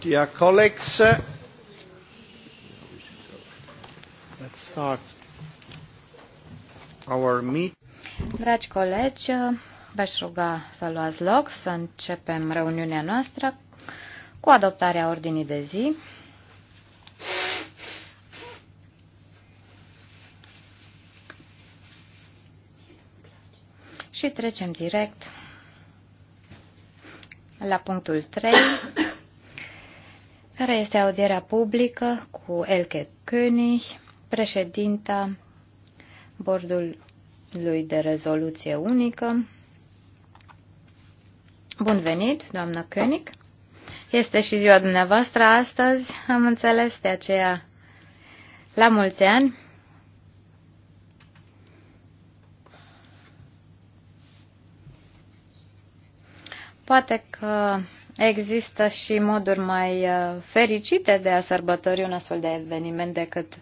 Dear colleagues, uh, let's start our meet. Dragi colegi, uh, v-aș ruga să luați loc, să începem reuniunea noastră cu adoptarea ordinii de zi. Și trecem direct la punctul 3, care este audierea publică cu Elke König, președinta Bordului de Rezoluție Unică. Bun venit, doamnă König! Este și ziua dumneavoastră astăzi, am înțeles, de aceea la mulți ani Poate că există și moduri mai uh, fericite de a sărbători un astfel de eveniment decât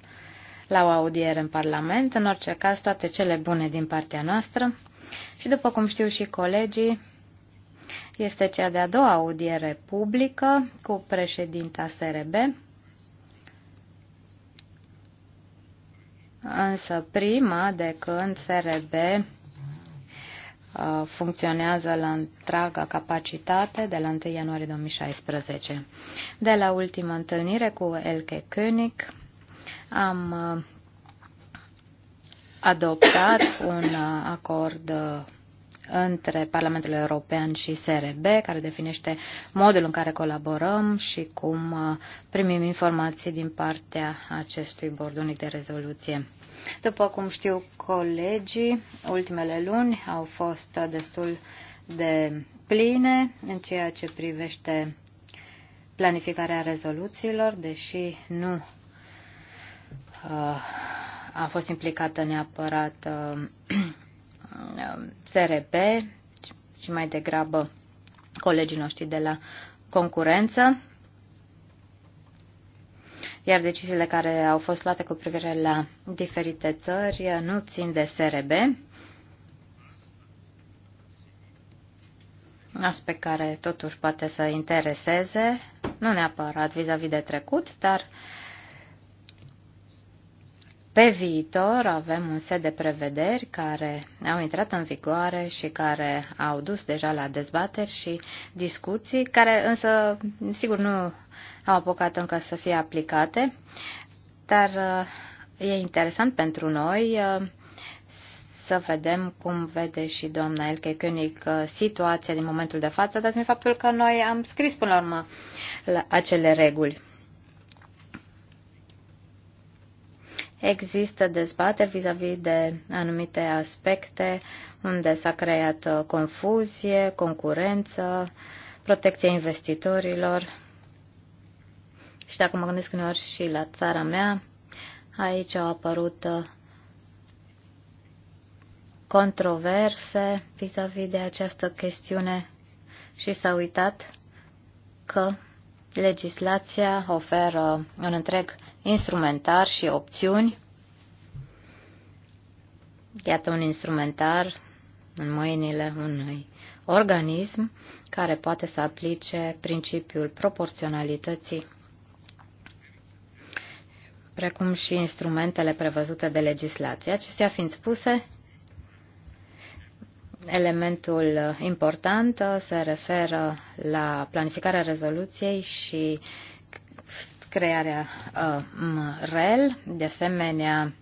la o audiere în Parlament. În orice caz, toate cele bune din partea noastră. Și după cum știu și colegii, este cea de-a doua audiere publică cu președinta SRB. Însă prima de când SRB Uh, funcționează la întreaga capacitate de la 1 ianuarie 2016. De la ultima întâlnire cu Elke König am uh, adoptat un uh, acord între Parlamentul European și SRB, care definește modul în care colaborăm și cum uh, primim informații din partea acestui bord unic de rezoluție. După cum știu colegii, ultimele luni au fost destul de pline în ceea ce privește planificarea rezoluțiilor, deși nu uh, a fost implicată neapărat uh, Um, SRB și mai degrabă colegii noștri de la concurență. Iar deciziile care au fost luate cu privire la diferite țări nu țin de SRB, aspect care totuși poate să intereseze, nu neapărat vis-a-vis -vis de trecut, dar uh, pe viitor avem un set de prevederi care au intrat în vigoare și care au dus deja la dezbateri și discuții, care însă, sigur, nu au apucat încă să fie aplicate, dar uh, e interesant pentru noi uh, să vedem cum vede și doamna Elke König uh, situația din momentul de față, dat fiind faptul că noi am scris până la urmă acele reguli. Există dezbateri vis-a-vis de anumite aspecte unde s-a creat uh, confuzie, concurență, protecția investitorilor. Și dacă mă gândesc uneori și la țara mea, aici au apărut uh, controverse vis-a-vis -vis de această chestiune și s-a uitat că legislația oferă un întreg instrumentar și opțiuni. Iată un instrumentar în mâinile unui organism care poate să aplice principiul proporționalității, precum și instrumentele prevăzute de legislație. Acestea fiind spuse, elementul important se referă la planificarea rezoluției și uh, crearea uh, REL. De asemenea,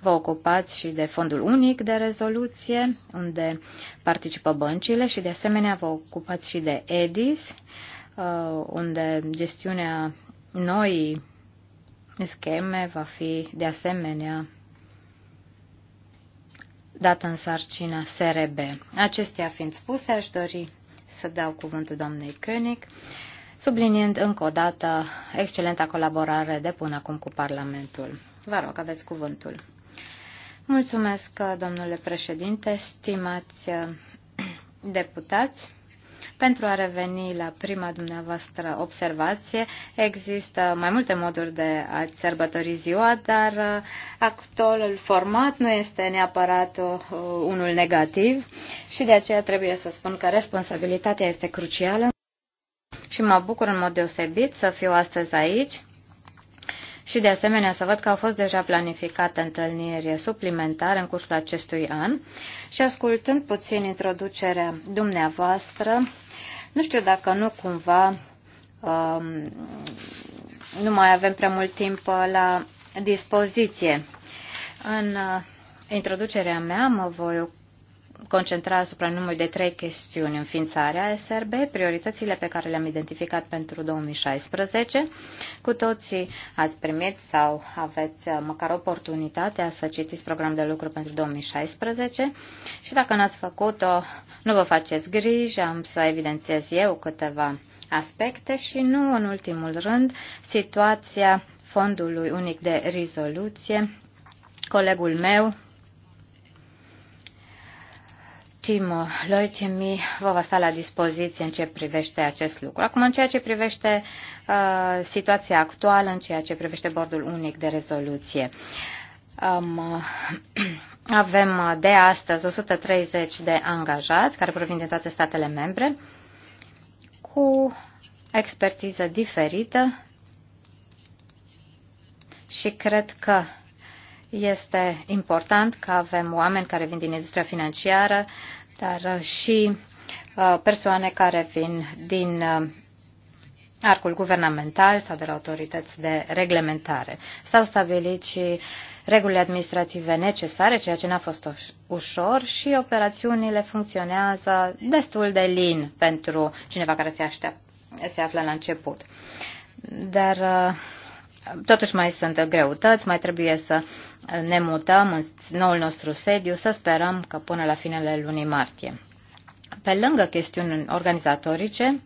vă ocupați și de fondul unic de rezoluție, unde participă băncile și de asemenea vă ocupați și de EDIS, uh, unde gestiunea noii scheme va fi de asemenea dată în sarcina SRB. Acestea fiind spuse, aș dori să dau cuvântul doamnei König subliniind încă o dată excelenta colaborare de până acum cu Parlamentul. Vă rog, aveți cuvântul. Mulțumesc, domnule președinte, stimați eh, deputați. Pentru a reveni la prima dumneavoastră observație, există mai multe moduri de a sărbători ziua, dar eh, actualul format nu este neapărat eh, unul negativ și de aceea trebuie să spun că responsabilitatea este crucială și mă bucur în mod deosebit să fiu astăzi aici și de asemenea să văd că au fost deja planificate întâlniri suplimentare în cursul acestui an și ascultând puțin introducerea dumneavoastră, nu știu dacă nu cumva um, nu mai avem prea mult timp uh, la dispoziție. În uh, introducerea mea mă voi concentra asupra numărului de trei chestiuni. Înființarea SRB, prioritățile pe care le-am identificat pentru 2016. Cu toții ați primit sau aveți uh, măcar oportunitatea să citiți program de lucru pentru 2016 și dacă n-ați făcut-o, nu vă faceți griji, am să evidențiez eu câteva aspecte și nu în ultimul rând situația Fondului Unic de rezoluție, Colegul meu, Timo mi vă va sta la dispoziție în ce privește acest lucru. Acum, în ceea ce privește uh, situația actuală, în ceea ce privește bordul unic de rezoluție. Um, uh, avem de astăzi 130 de angajați care provin din toate statele membre cu expertiză diferită și cred că este important că avem oameni care vin din industria financiară, dar uh, și uh, persoane care vin din uh, arcul guvernamental sau de la autorități de reglementare. S-au stabilit și regulile administrative necesare, ceea ce n-a fost ușor și operațiunile funcționează destul de lin pentru cineva care se, aștept, se află la început. Dar Totuși mai sunt greutăți, mai trebuie să ne mutăm în noul nostru sediu, să sperăm că până la finele lunii martie. Pe lângă chestiuni organizatorice,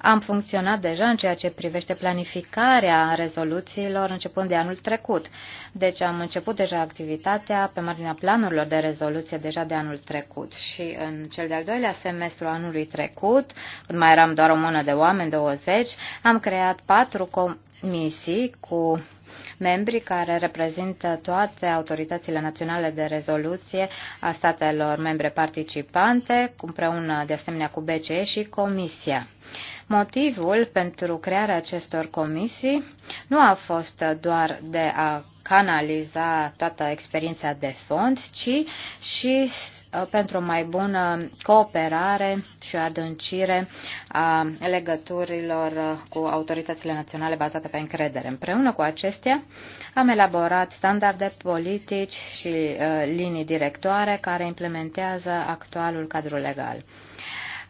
am funcționat deja în ceea ce privește planificarea rezoluțiilor începând de anul trecut. Deci am început deja activitatea pe marginea planurilor de rezoluție deja de anul trecut. Și în cel de-al doilea semestru anului trecut, când mai eram doar o mână de oameni, 20, am creat patru com- misii cu membri care reprezintă toate autoritățile naționale de rezoluție a statelor membre participante, împreună de asemenea cu BCE și Comisia. Motivul pentru crearea acestor comisii nu a fost doar de a canaliza toată experiența de fond, ci și Uh, pentru o mai bună cooperare și o adâncire a legăturilor uh, cu autoritățile naționale bazate pe încredere. Împreună cu acestea am elaborat standarde politici și uh, linii directoare care implementează actualul cadru legal.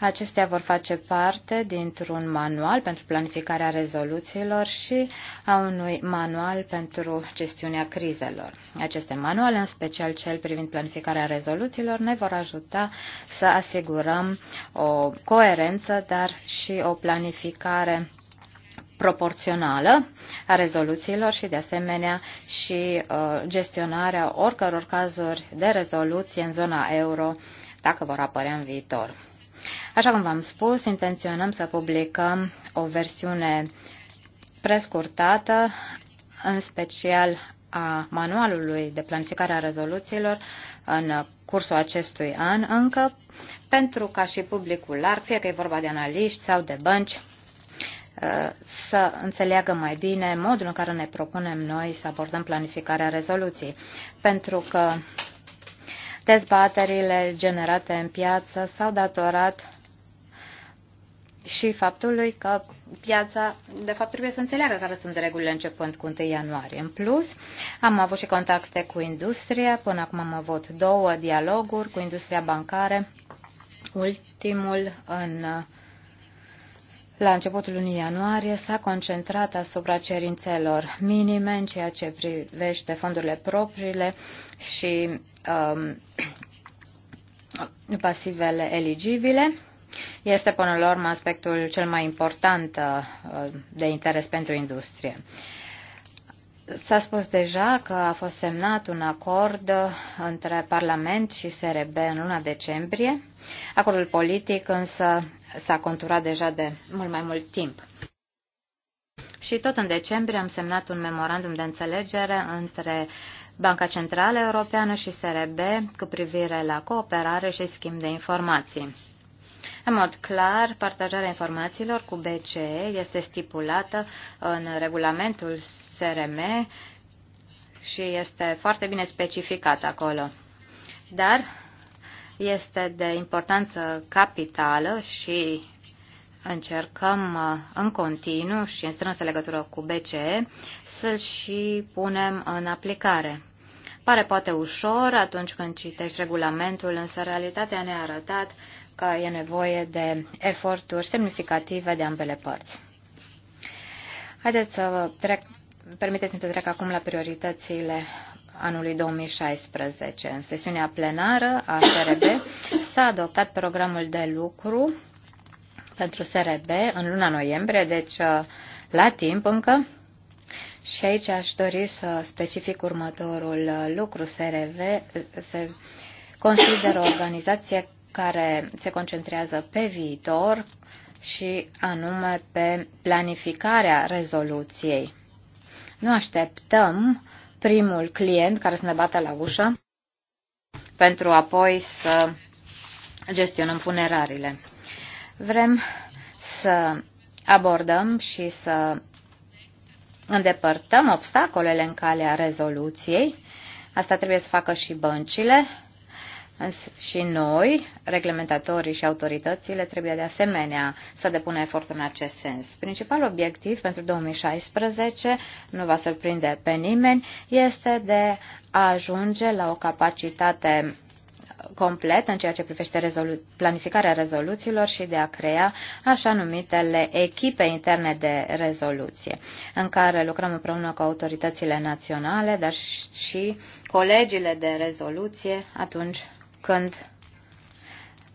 Acestea vor face parte dintr-un manual pentru planificarea rezoluțiilor și a unui manual pentru gestiunea crizelor. Aceste manuale, în special cel privind planificarea rezoluțiilor, ne vor ajuta să asigurăm o coerență, dar și o planificare proporțională a rezoluțiilor și, de asemenea, și uh, gestionarea oricăror cazuri de rezoluție în zona euro, dacă vor apărea în viitor. Așa cum v-am spus, intenționăm să publicăm o versiune prescurtată, în special a manualului de planificare a rezoluțiilor în cursul acestui an încă, pentru ca și publicul larg, fie că e vorba de analiști sau de bănci, să înțeleagă mai bine modul în care ne propunem noi să abordăm planificarea rezoluției. Pentru că Dezbaterile generate în piață s-au datorat și faptului că piața, de fapt, trebuie să înțeleagă care sunt regulile începând cu 1 ianuarie. În plus, am avut și contacte cu industria, până acum am avut două dialoguri cu industria bancare, ultimul în la începutul lunii ianuarie s-a concentrat asupra cerințelor minime în ceea ce privește fondurile propriile și um, pasivele eligibile. Este, până la urmă, aspectul cel mai important uh, de interes pentru industrie. S-a spus deja că a fost semnat un acord între Parlament și SRB în luna decembrie. Acordul politic însă s-a conturat deja de mult mai mult timp. Și tot în decembrie am semnat un memorandum de înțelegere între Banca Centrală Europeană și SRB cu privire la cooperare și schimb de informații. În mod clar, partajarea informațiilor cu BCE este stipulată în regulamentul SRM și este foarte bine specificat acolo. Dar este de importanță capitală și încercăm uh, în continuu și în strânsă legătură cu BCE să-l și punem în aplicare. Pare poate ușor atunci când citești regulamentul, însă realitatea ne-a arătat că e nevoie de eforturi semnificative de ambele părți. Haideți să trec, permiteți-mi să trec acum la prioritățile anului 2016. În sesiunea plenară a SRB s-a adoptat programul de lucru pentru SRB în luna noiembrie, deci uh, la timp încă. Și aici aș dori să specific următorul uh, lucru. SRV uh, se consideră o organizație care se concentrează pe viitor și anume pe planificarea rezoluției. Nu așteptăm primul client care să ne bată la ușă pentru apoi să gestionăm funerariile. Vrem să abordăm și să îndepărtăm obstacolele în calea rezoluției. Asta trebuie să facă și băncile, și noi, reglementatorii și autoritățile, trebuie de asemenea să depună efort în acest sens. Principalul obiectiv pentru 2016, nu va surprinde pe nimeni, este de a ajunge la o capacitate complet în ceea ce privește rezolu- planificarea rezoluțiilor și de a crea așa numitele echipe interne de rezoluție, în care lucrăm împreună cu autoritățile naționale, dar și colegile de rezoluție atunci când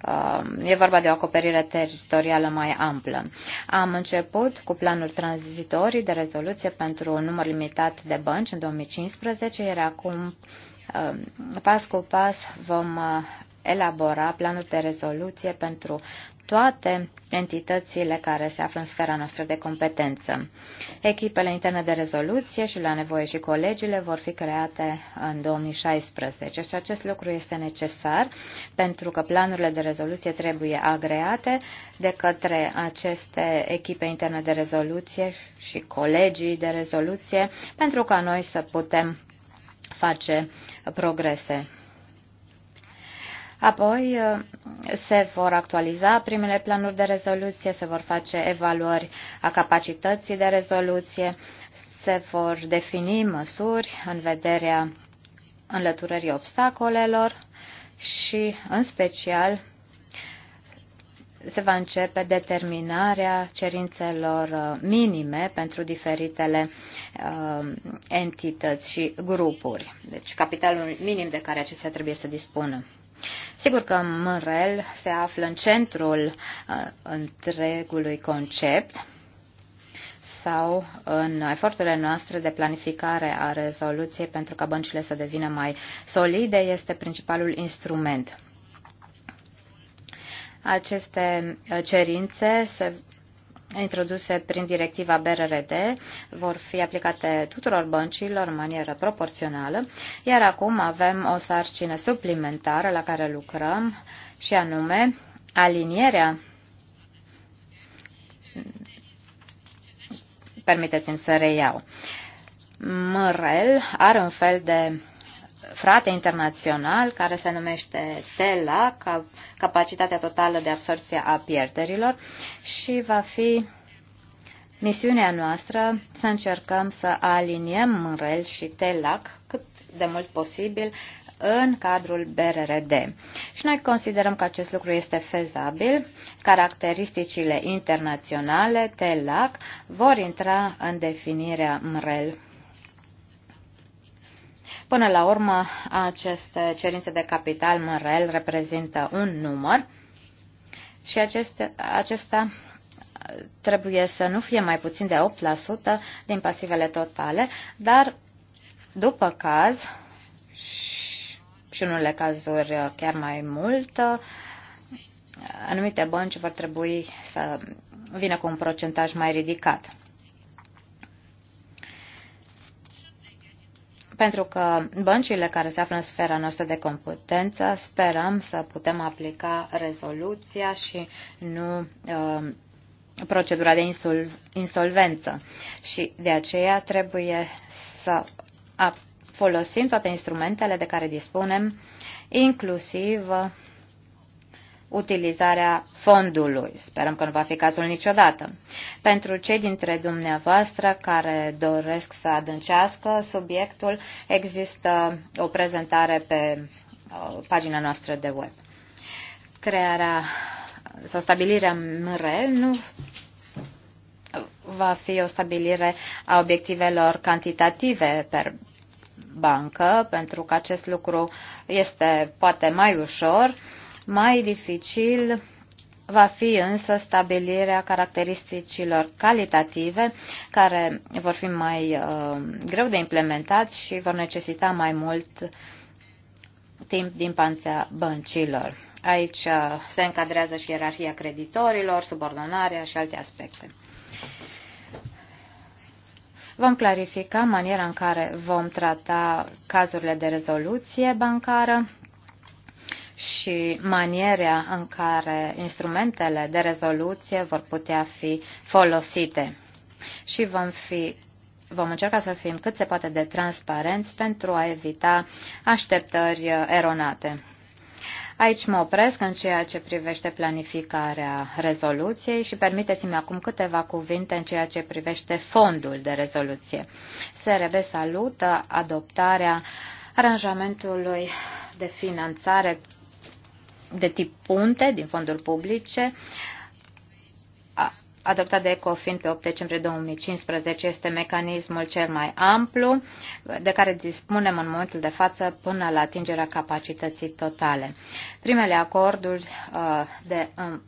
um, e vorba de o acoperire teritorială mai amplă. Am început cu planul tranzitorii de rezoluție pentru un număr limitat de bănci în 2015, iar acum um, pas cu pas vom uh, elabora planuri de rezoluție pentru toate entitățile care se află în sfera noastră de competență. Echipele interne de rezoluție și la nevoie și colegiile vor fi create în 2016 și acest lucru este necesar pentru că planurile de rezoluție trebuie agreate de către aceste echipe interne de rezoluție și colegii de rezoluție pentru ca noi să putem face progrese Apoi uh, se vor actualiza primele planuri de rezoluție, se vor face evaluări a capacității de rezoluție, se vor defini măsuri în vederea înlăturării obstacolelor și, în special, se va începe determinarea cerințelor uh, minime pentru diferitele uh, entități și grupuri, deci capitalul minim de care acestea trebuie să dispună. Sigur că Mărel se află în centrul uh, întregului concept sau în eforturile noastre de planificare a rezoluției pentru ca băncile să devină mai solide este principalul instrument. Aceste uh, cerințe se introduse prin directiva BRRD vor fi aplicate tuturor băncilor în manieră proporțională, iar acum avem o sarcină suplimentară la care lucrăm și anume alinierea permiteți-mi să reiau. MREL are un fel de frate internațional care se numește TELA, ca, capacitatea totală de absorpție a pierderilor și va fi misiunea noastră să încercăm să aliniem MREL și TELAC cât de mult posibil în cadrul BRRD. Și noi considerăm că acest lucru este fezabil. Caracteristicile internaționale TELAC vor intra în definirea MREL Până la urmă, aceste cerințe de capital MRL reprezintă un număr și aceste, acesta trebuie să nu fie mai puțin de 8% din pasivele totale, dar după caz și în unele cazuri chiar mai mult, anumite bănci vor trebui să vină cu un procentaj mai ridicat. pentru că băncile care se află în sfera noastră de competență sperăm să putem aplica rezoluția și nu uh, procedura de insol insolvență. Și de aceea trebuie să folosim toate instrumentele de care dispunem, inclusiv utilizarea fondului. Sperăm că nu va fi cazul niciodată. Pentru cei dintre dumneavoastră care doresc să adâncească subiectul, există o prezentare pe uh, pagina noastră de web. Crearea sau stabilirea MREL nu va fi o stabilire a obiectivelor cantitative per bancă, pentru că acest lucru este poate mai ușor mai dificil va fi însă stabilirea caracteristicilor calitative care vor fi mai uh, greu de implementat și vor necesita mai mult timp din panța băncilor. Aici uh, se încadrează și ierarhia creditorilor, subordonarea și alte aspecte. Vom clarifica maniera în care vom trata cazurile de rezoluție bancară și manierea în care instrumentele de rezoluție vor putea fi folosite. Și vom fi vom încerca să fim cât se poate de transparenți pentru a evita așteptări eronate. Aici mă opresc în ceea ce privește planificarea rezoluției și permiteți-mi acum câteva cuvinte în ceea ce privește fondul de rezoluție. SRB salută adoptarea aranjamentului de finanțare de tip punte din fonduri publice adoptat de ECOFIN pe 8 decembrie 2015 este mecanismul cel mai amplu de care dispunem în momentul de față până la atingerea capacității totale. Primele acorduri de um,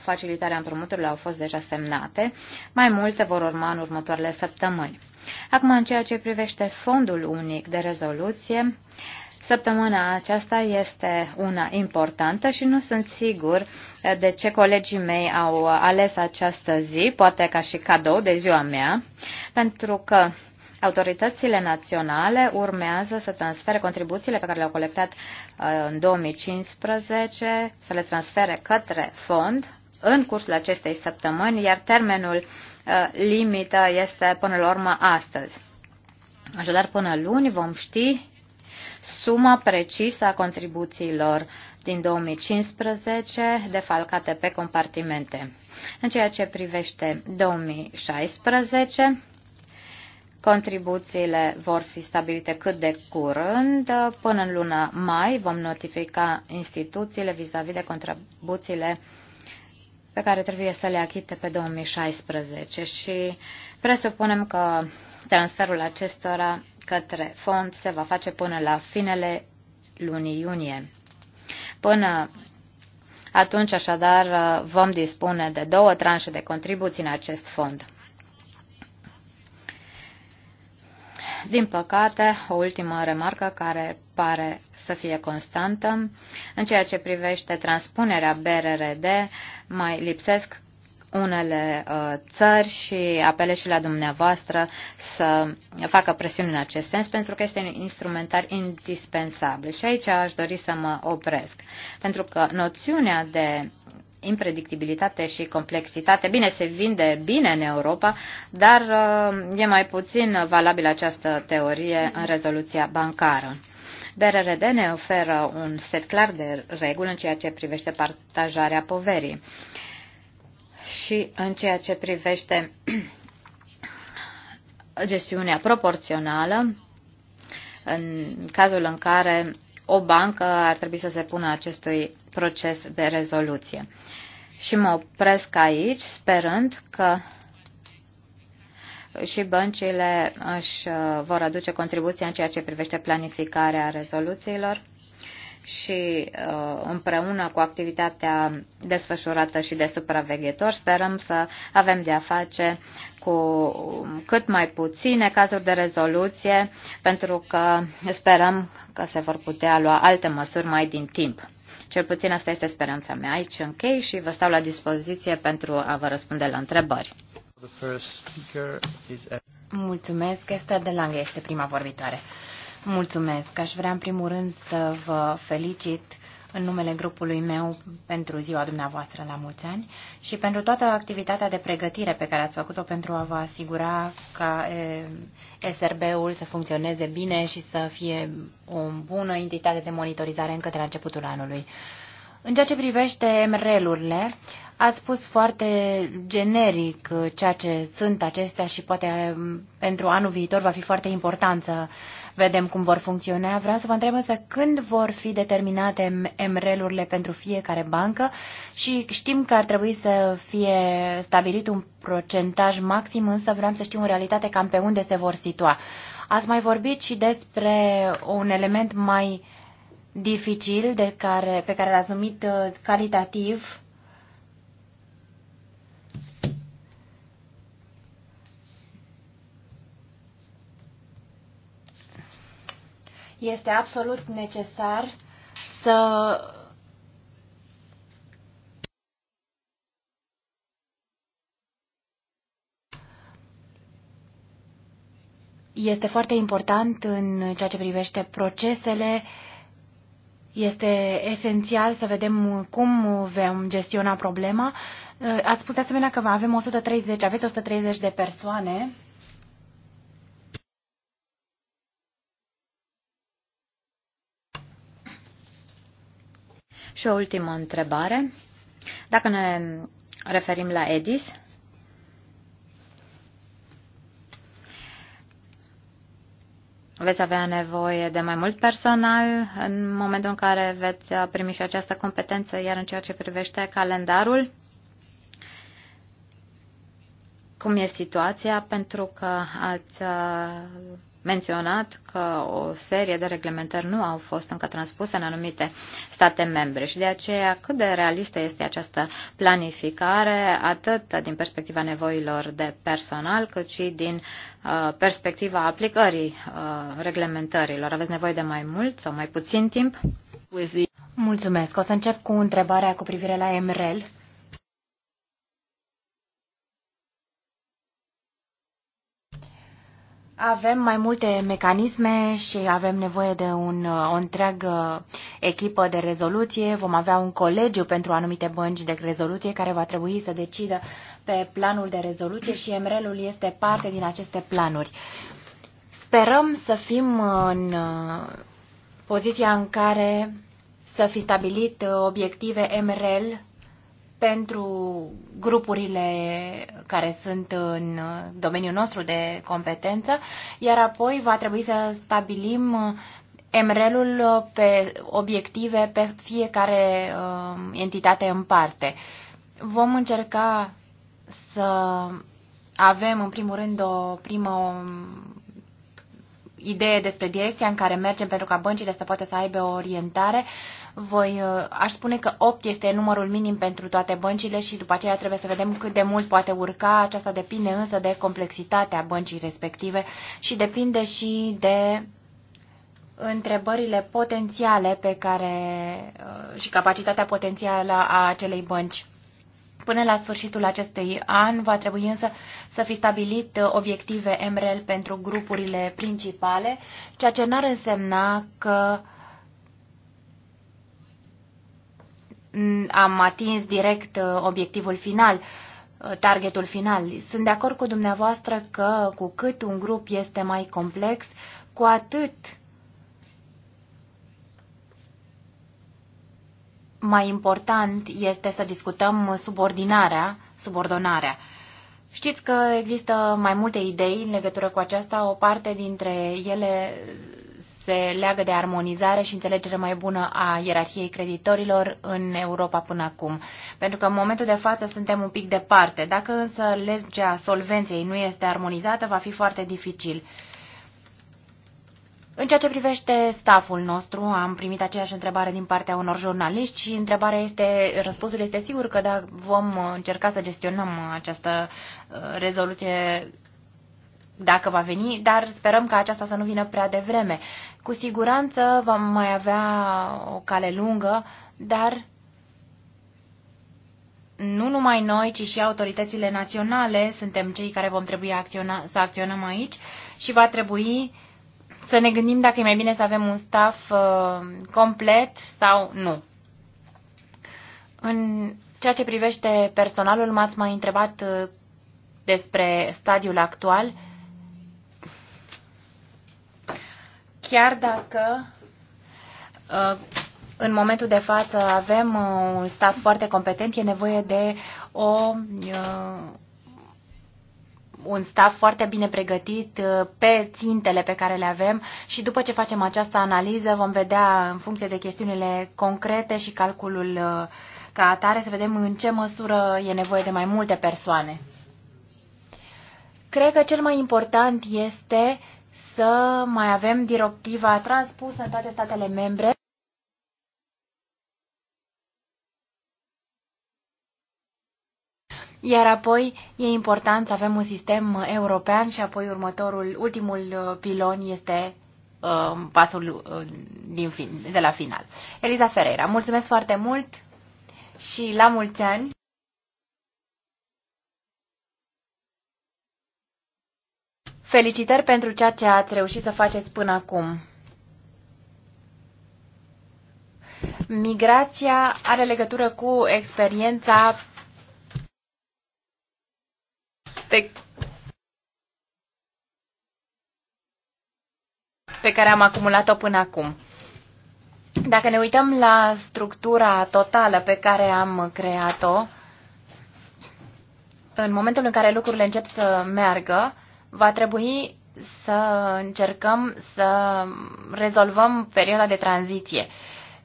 facilitarea împrumuturilor au fost deja semnate. Mai multe vor urma în următoarele săptămâni. Acum, în ceea ce privește fondul unic de rezoluție, Săptămâna aceasta este una importantă și nu sunt sigur de ce colegii mei au ales această zi, poate ca și cadou de ziua mea, pentru că Autoritățile naționale urmează să transfere contribuțiile pe care le-au colectat uh, în 2015, să le transfere către fond în cursul acestei săptămâni, iar termenul uh, limită este până la urmă astăzi. Așadar, până luni vom ști suma precisă a contribuțiilor din 2015 defalcate pe compartimente. În ceea ce privește 2016, Contribuțiile vor fi stabilite cât de curând. Până în luna mai vom notifica instituțiile vis-a-vis -vis de contribuțiile pe care trebuie să le achite pe 2016 și presupunem că transferul acestora către fond se va face până la finele lunii iunie. Până atunci, așadar, vom dispune de două tranșe de contribuții în acest fond. Din păcate, o ultimă remarcă care pare să fie constantă, în ceea ce privește transpunerea BRRD, mai lipsesc unele uh, țări și apele și la dumneavoastră să facă presiuni în acest sens, pentru că este un instrumentar indispensabil. Și aici aș dori să mă opresc, pentru că noțiunea de impredictibilitate și complexitate. Bine, se vinde bine în Europa, dar uh, e mai puțin valabilă această teorie în rezoluția bancară. BRRD ne oferă un set clar de reguli în ceea ce privește partajarea poverii. Uh, și în ceea ce privește gestiunea proporțională, în cazul în care o bancă ar trebui să se pună acestui proces de rezoluție. Și mă opresc aici sperând că și băncile își uh, vor aduce contribuția în ceea ce privește planificarea rezoluțiilor și uh, împreună cu activitatea desfășurată și de supraveghetor sperăm să avem de a face cu cât mai puține cazuri de rezoluție pentru că sperăm că se vor putea lua alte măsuri mai din timp. Cel puțin asta este speranța mea. Aici închei și vă stau la dispoziție pentru a vă răspunde la întrebări. Mulțumesc, Esther de langă este prima vorbitoare. Mulțumesc. Aș vrea în primul rând să vă felicit în numele grupului meu pentru ziua dumneavoastră la mulți ani și pentru toată activitatea de pregătire pe care ați făcut-o pentru a vă asigura ca SRB-ul să funcționeze bine și să fie o bună entitate de monitorizare încă de la începutul anului. În ceea ce privește MREL-urile, ați spus foarte generic ceea ce sunt acestea și poate pentru anul viitor va fi foarte important să vedem cum vor funcționa. Vreau să vă întreb însă când vor fi determinate MREL-urile pentru fiecare bancă și știm că ar trebui să fie stabilit un procentaj maxim, însă vreau să știu în realitate cam pe unde se vor situa. Ați mai vorbit și despre un element mai dificil de care, pe care l-ați numit uh, calitativ, Este absolut necesar să este foarte important în ceea ce privește procesele. Este esențial să vedem cum vom gestiona problema. Ați spus de asemenea că avem 130, aveți 130 de persoane Și o ultimă întrebare. Dacă ne referim la EDIS, veți avea nevoie de mai mult personal în momentul în care veți primi și această competență, iar în ceea ce privește calendarul, cum e situația, pentru că ați menționat că o serie de reglementări nu au fost încă transpuse în anumite state membre și de aceea cât de realistă este această planificare, atât din perspectiva nevoilor de personal, cât și din uh, perspectiva aplicării uh, reglementărilor. Aveți nevoie de mai mult sau mai puțin timp? Mulțumesc. O să încep cu întrebarea cu privire la MREL. Avem mai multe mecanisme și avem nevoie de un, o întreagă echipă de rezoluție. Vom avea un colegiu pentru anumite bănci de rezoluție care va trebui să decidă pe planul de rezoluție și mrl ul este parte din aceste planuri. Sperăm să fim în uh, poziția în care să fi stabilit uh, obiective MRL pentru grupurile care sunt în domeniul nostru de competență, iar apoi va trebui să stabilim uh, mrl ul uh, pe obiective pe fiecare uh, entitate în parte. Vom încerca să avem, în primul rând, o primă um, idee despre direcția în care mergem pentru ca băncile să poată să aibă o orientare voi, uh, aș spune că 8 este numărul minim pentru toate băncile și după aceea trebuie să vedem cât de mult poate urca. Aceasta depinde însă de complexitatea băncii respective și depinde și de întrebările potențiale pe care uh, și capacitatea potențială a acelei bănci. Până la sfârșitul acestui an va trebui însă să fi stabilit uh, obiective MREL pentru grupurile principale, ceea ce n-ar însemna că uh, am atins direct uh, obiectivul final, uh, targetul final. Sunt de acord cu dumneavoastră că cu cât un grup este mai complex, cu atât mai important este să discutăm subordinarea, subordonarea. Știți că există mai multe idei în legătură cu aceasta, o parte dintre ele se leagă de armonizare și înțelegere mai bună a ierarhiei creditorilor în Europa până acum. Pentru că în momentul de față suntem un pic departe. Dacă însă legea solvenței nu este armonizată, va fi foarte dificil. În ceea ce privește staful nostru, am primit aceeași întrebare din partea unor jurnaliști și întrebarea este, răspunsul este sigur că da, vom încerca să gestionăm această uh, rezoluție dacă va veni, dar sperăm ca aceasta să nu vină prea devreme. Cu siguranță vom mai avea o cale lungă, dar nu numai noi, ci și autoritățile naționale suntem cei care vom trebui acționa, să acționăm aici și va trebui să ne gândim dacă e mai bine să avem un staff uh, complet sau nu. În ceea ce privește personalul, m-ați mai întrebat uh, despre stadiul actual. Uh, Chiar dacă uh, în momentul de față avem uh, un stat foarte competent, e nevoie de o, uh, un staff foarte bine pregătit pe țintele pe care le avem și după ce facem această analiză vom vedea în funcție de chestiunile concrete și calculul ca atare să vedem în ce măsură e nevoie de mai multe persoane. Cred că cel mai important este să mai avem directiva transpusă în toate statele membre. Iar apoi e important să avem un sistem european și apoi următorul, ultimul uh, pilon este uh, pasul uh, din fin, de la final. Eliza Ferreira, mulțumesc foarte mult și la mulți ani! Felicitări pentru ceea ce ați reușit să faceți până acum. Migrația are legătură cu experiența pe, pe care am acumulat-o până acum. Dacă ne uităm la structura totală pe care am creat-o, în momentul în care lucrurile încep să meargă, va trebui să încercăm să rezolvăm perioada de tranziție.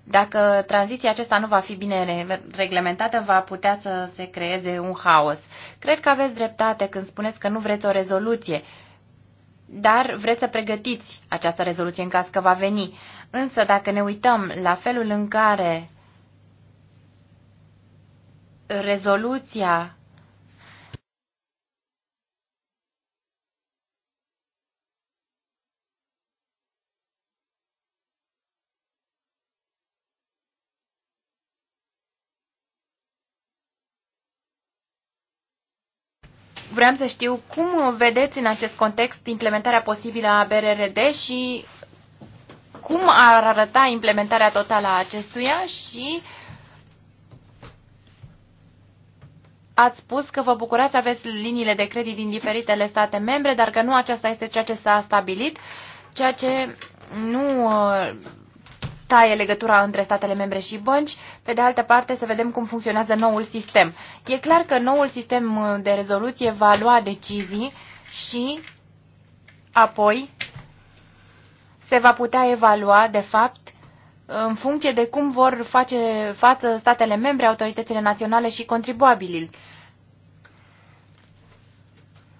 Dacă tranziția aceasta nu va fi bine reglementată, va putea să se creeze un haos. Cred că aveți dreptate când spuneți că nu vreți o rezoluție, dar vreți să pregătiți această rezoluție în caz că va veni. Însă dacă ne uităm la felul în care rezoluția Vreau să știu cum vedeți în acest context implementarea posibilă a BRRD și cum ar arăta implementarea totală a acestuia și ați spus că vă bucurați aveți liniile de credit din diferitele state membre, dar că nu aceasta este ceea ce s-a stabilit, ceea ce nu taie legătura între statele membre și bănci, pe de altă parte să vedem cum funcționează noul sistem. E clar că noul sistem uh, de rezoluție va lua decizii și apoi se va putea evalua, de fapt, în funcție de cum vor face față statele membre, autoritățile naționale și contribuabililor.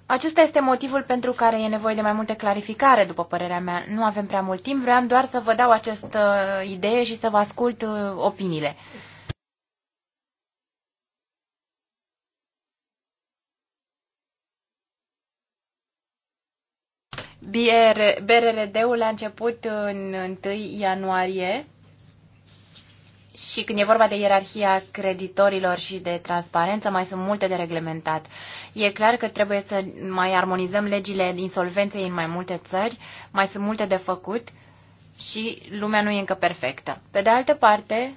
Acesta este motivul pentru care e nevoie de mai multe clarificare, după părerea mea. Nu avem prea mult timp, vreau doar să vă dau această idee și să vă ascult uh, opiniile. BRRD-ul a început în 1 ianuarie și când e vorba de ierarhia creditorilor și de transparență, mai sunt multe de reglementat. E clar că trebuie să mai armonizăm legile insolvenței în mai multe țări, mai sunt multe de făcut și lumea nu e încă perfectă. Pe de altă parte,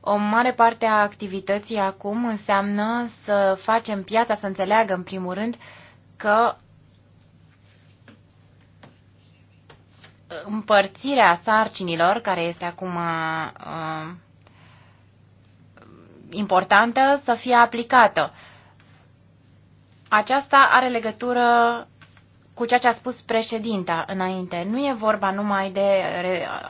o mare parte a activității acum înseamnă să facem piața să înțeleagă, în primul rând, că împărțirea sarcinilor, care este acum uh, importantă, să fie aplicată. Aceasta are legătură cu ceea ce a spus președinta înainte. Nu e vorba numai de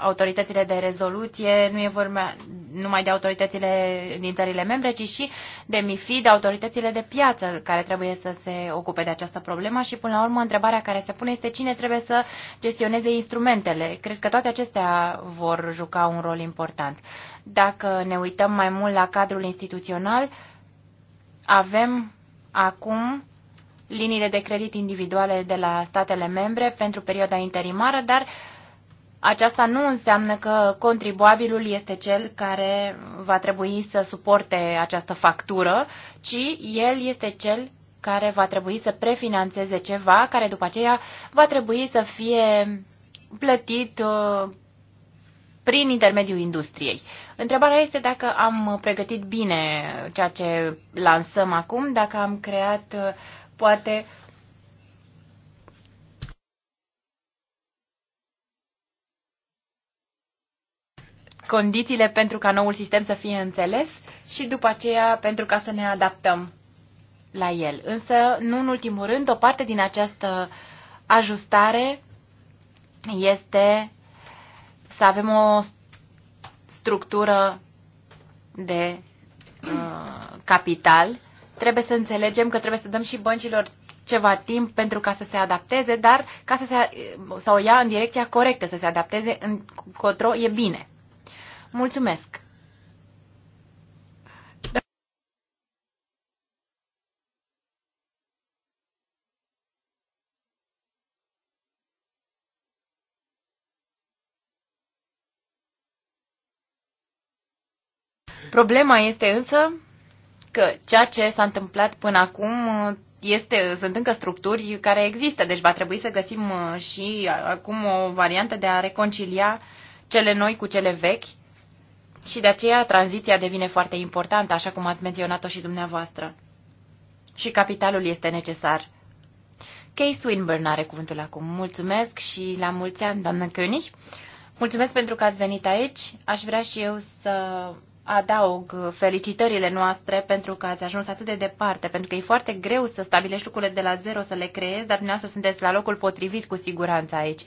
autoritățile de rezoluție, nu e vorba numai de autoritățile din țările membre, ci și de MIFI, de autoritățile de piață care trebuie să se ocupe de această problemă și până la urmă întrebarea care se pune este cine trebuie să gestioneze instrumentele. Cred că toate acestea vor juca un rol important. Dacă ne uităm mai mult la cadrul instituțional, avem acum liniile de credit individuale de la statele membre pentru perioada interimară, dar aceasta nu înseamnă că contribuabilul este cel care va trebui să suporte această factură, ci el este cel care va trebui să prefinanțeze ceva, care după aceea va trebui să fie plătit uh, prin intermediul industriei. Întrebarea este dacă am pregătit bine ceea ce lansăm acum, dacă am creat uh, poate condițiile pentru ca noul sistem să fie înțeles și după aceea pentru ca să ne adaptăm la el. Însă, nu în ultimul rând, o parte din această ajustare este să avem o structură de uh, capital Trebuie să înțelegem că trebuie să dăm și băncilor ceva timp pentru ca să se adapteze, dar ca să se, să o ia în direcția corectă, să se adapteze în cotro e bine. Mulțumesc! Problema este însă că ceea ce s-a întâmplat până acum uh, este, sunt încă structuri care există, deci va trebui să găsim uh, și acum o variantă de a reconcilia cele noi cu cele vechi și de aceea tranziția devine foarte importantă, așa cum ați menționat-o și dumneavoastră. Și capitalul este necesar. Kay Swinburne are cuvântul acum. Mulțumesc și la mulți ani, doamnă König. Mulțumesc pentru că ați venit aici. Aș vrea și eu să adaug felicitările noastre pentru că ați ajuns atât de departe, pentru că e foarte greu să stabilești lucrurile de la zero, să le creezi, dar dumneavoastră sunteți la locul potrivit cu siguranță aici.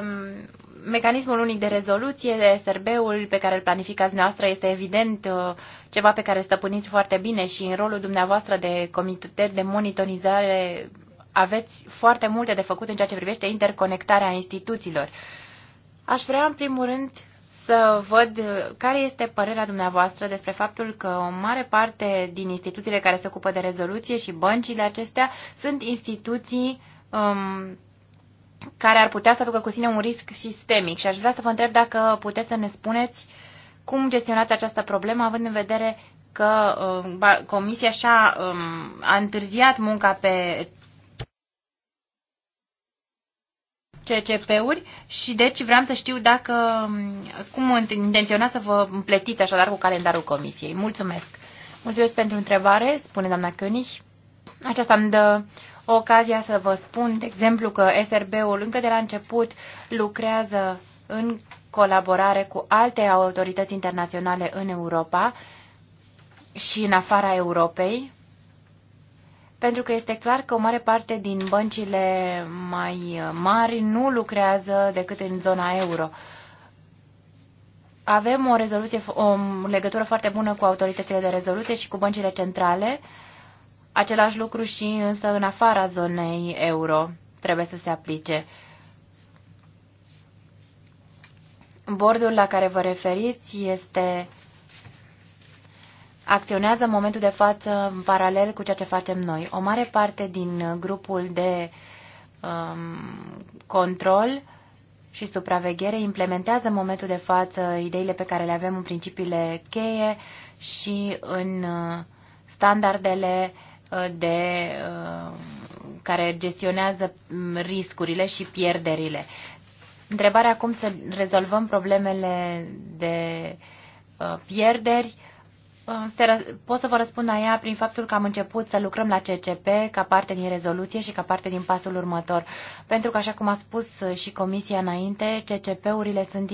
Um, mecanismul unic de rezoluție, SRB-ul pe care îl planificați noastră este evident uh, ceva pe care stăpâniți foarte bine și în rolul dumneavoastră de comitet de monitorizare aveți foarte multe de făcut în ceea ce privește interconectarea instituțiilor. Aș vrea, în primul rând, să văd care este părerea dumneavoastră despre faptul că o mare parte din instituțiile care se ocupă de rezoluție și băncile acestea sunt instituții um, care ar putea să aducă cu sine un risc sistemic. Și aș vrea să vă întreb dacă puteți să ne spuneți cum gestionați această problemă, având în vedere că um, Comisia și-a um, a întârziat munca pe CCP-uri și deci vreau să știu dacă, um, cum intenționați să vă împletiți așadar cu calendarul comisiei. Mulțumesc! Mulțumesc pentru întrebare, spune doamna König. Aceasta îmi dă ocazia să vă spun, de exemplu, că SRB-ul încă de la început lucrează în colaborare cu alte autorități internaționale în Europa și în afara Europei, pentru că este clar că o mare parte din băncile mai mari nu lucrează decât în zona euro. Avem o, rezoluție, o legătură foarte bună cu autoritățile de rezoluție și cu băncile centrale. Același lucru și însă în afara zonei euro trebuie să se aplice. Bordul la care vă referiți este acționează în momentul de față în paralel cu ceea ce facem noi. O mare parte din grupul de um, control și supraveghere implementează în momentul de față ideile pe care le avem în principiile cheie și în uh, standardele uh, de, uh, care gestionează mm, riscurile și pierderile. Întrebarea cum să rezolvăm problemele de pierderi Uh, se pot să vă răspund la ea prin faptul că am început să lucrăm la CCP ca parte din rezoluție și ca parte din pasul următor. Pentru că, așa cum a spus și Comisia înainte, CCP-urile sunt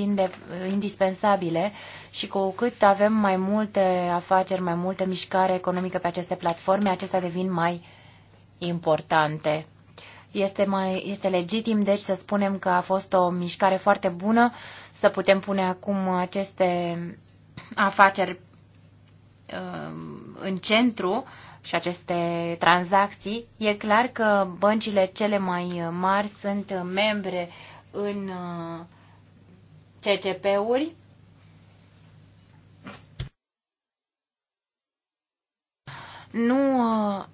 indispensabile și cu cât avem mai multe afaceri, mai multe mișcare economică pe aceste platforme, acestea devin mai importante. Este, mai, este legitim, deci, să spunem că a fost o mișcare foarte bună să putem pune acum aceste afaceri Um, în centru și aceste tranzacții, e clar că băncile cele mai mari sunt membre în uh, CCP-uri. Nu uh,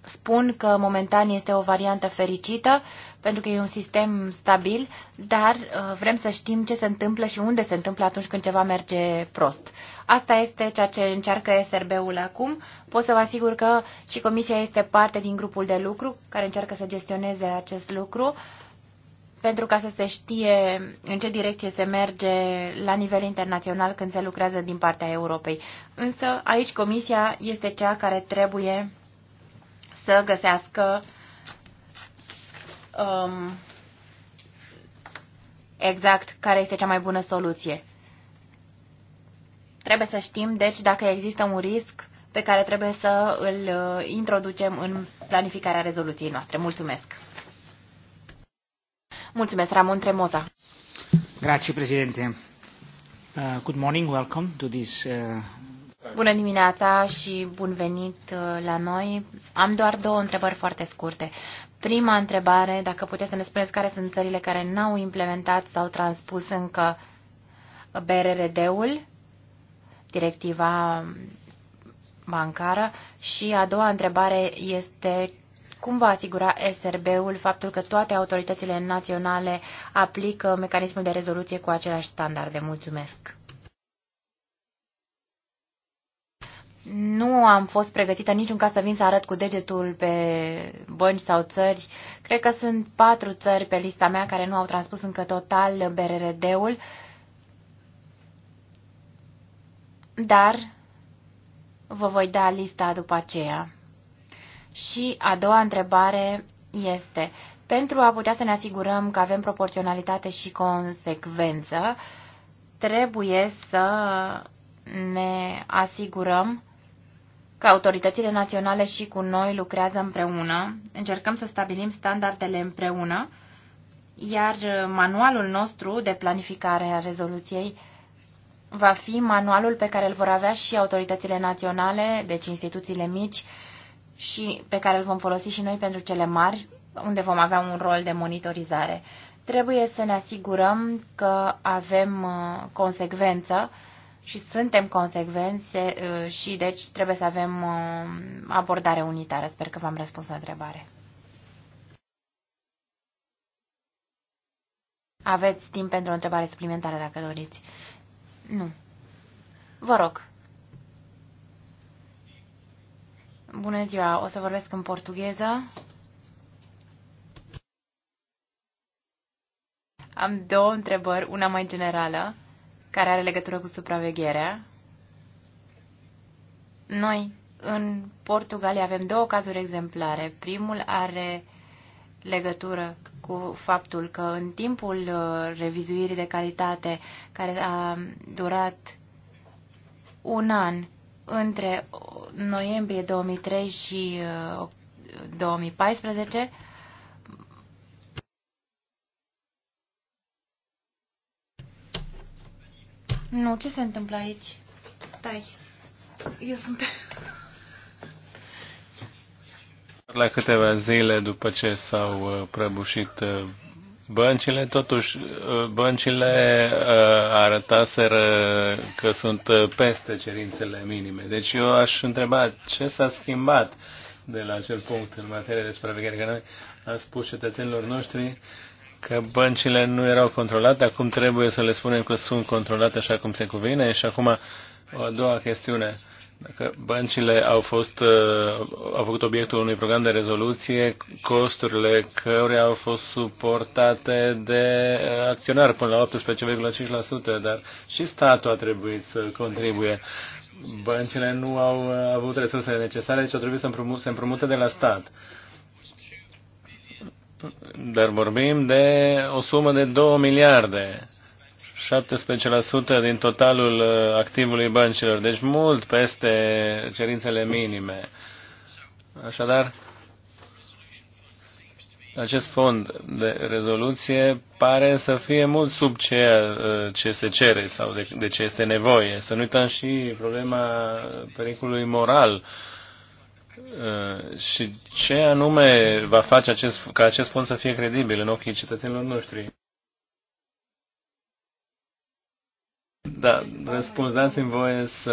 spun că momentan este o variantă fericită, pentru că e un sistem stabil, dar uh, vrem să știm ce se întâmplă și unde se întâmplă atunci când ceva merge prost. Asta este ceea ce încearcă SRB-ul acum. Pot să vă asigur că și Comisia este parte din grupul de lucru care încearcă să gestioneze acest lucru pentru ca să se știe în ce direcție se merge la nivel internațional când se lucrează din partea Europei. Însă aici Comisia este cea care trebuie să găsească uh, um, exact care este cea mai bună soluție. Trebuie să știm, deci, dacă există un risc pe care trebuie să îl uh, introducem în planificarea rezoluției noastre. Mulțumesc! Mulțumesc, Ramon Tremoza. Grazie, președinte. Uh, good morning, welcome to this... Uh... Bună dimineața și bun venit uh, la noi. Am doar două întrebări foarte scurte. Prima întrebare, dacă puteți să ne spuneți care sunt țările care n-au implementat sau transpus încă BRRD-ul, directiva bancară. Și a doua întrebare este cum va asigura SRB-ul faptul că toate autoritățile naționale aplică mecanismul de rezoluție cu același standard? Mulțumesc! nu am fost pregătită niciun caz să vin să arăt cu degetul pe bănci sau țări. Cred că sunt patru țări pe lista mea care nu au transpus încă total BRRD-ul, dar vă voi da lista după aceea. Și a doua întrebare este, pentru a putea să ne asigurăm că avem proporționalitate și consecvență, trebuie să ne asigurăm că autoritățile naționale și cu noi lucrează împreună, încercăm să stabilim standardele împreună, iar manualul nostru de planificare a rezoluției va fi manualul pe care îl vor avea și autoritățile naționale, deci instituțiile mici, și pe care îl vom folosi și noi pentru cele mari, unde vom avea un rol de monitorizare. Trebuie să ne asigurăm că avem uh, consecvență și suntem consecvenți și deci trebuie să avem um, abordare unitară. Sper că v-am răspuns la întrebare. Aveți timp pentru o întrebare suplimentară dacă doriți. Nu. Vă rog. Bună ziua, o să vorbesc în portugheză. Am două întrebări, una mai generală care are legătură cu supravegherea. Noi, în Portugalia, avem două cazuri exemplare. Primul are legătură cu faptul că în timpul uh, revizuirii de calitate, care a durat un an între noiembrie 2003 și 2014, uh, Nu, ce se întâmplă aici? Tai. Eu sunt La câteva zile după ce s-au uh, prăbușit uh, băncile, totuși uh, băncile arătaseră că sunt peste cerințele minime. Deci eu aș întreba ce s-a schimbat de la acel punct în materie de supraveghere, că noi am spus cetățenilor noștri că băncile nu erau controlate, acum trebuie să le spunem că sunt controlate așa cum se cuvine. Și acum o a doua chestiune. Dacă băncile au, fost, uh, au făcut obiectul unui program de rezoluție, costurile căruia au fost suportate de uh, acționar până la 18,5%, dar și statul a trebuit să contribuie. Băncile nu au uh, avut resursele necesare, deci au trebuit să se împrumute de la stat dar vorbim de o sumă de 2 miliarde, 17% din totalul uh, activului băncilor, deci mult peste cerințele minime. Așadar, acest fond de rezoluție pare să fie mult sub ceea uh, ce se cere sau de, de ce este nevoie. Să nu uităm și problema pericolului moral uh, Uh, și ce anume va face acest, ca acest fond să fie credibil în ochii cetățenilor noștri? Da, răspuns, dați-mi voie să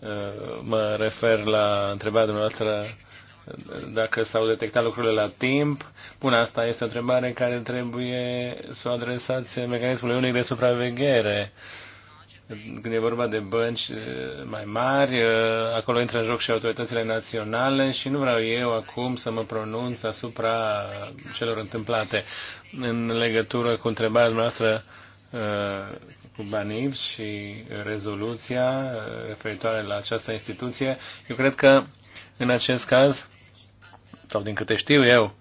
uh, mă refer la întrebarea dumneavoastră uh, dacă s-au detectat lucrurile la timp. Bun, asta este o întrebare care trebuie să o adresați mecanismului unic de supraveghere. Uh, când e vorba de bănci mai mari, acolo intră în joc și autoritățile naționale și nu vreau eu acum să mă pronunț asupra celor întâmplate în legătură cu întrebarea noastră cu Banib și rezoluția referitoare la această instituție. Eu cred că în acest caz, sau din câte știu eu,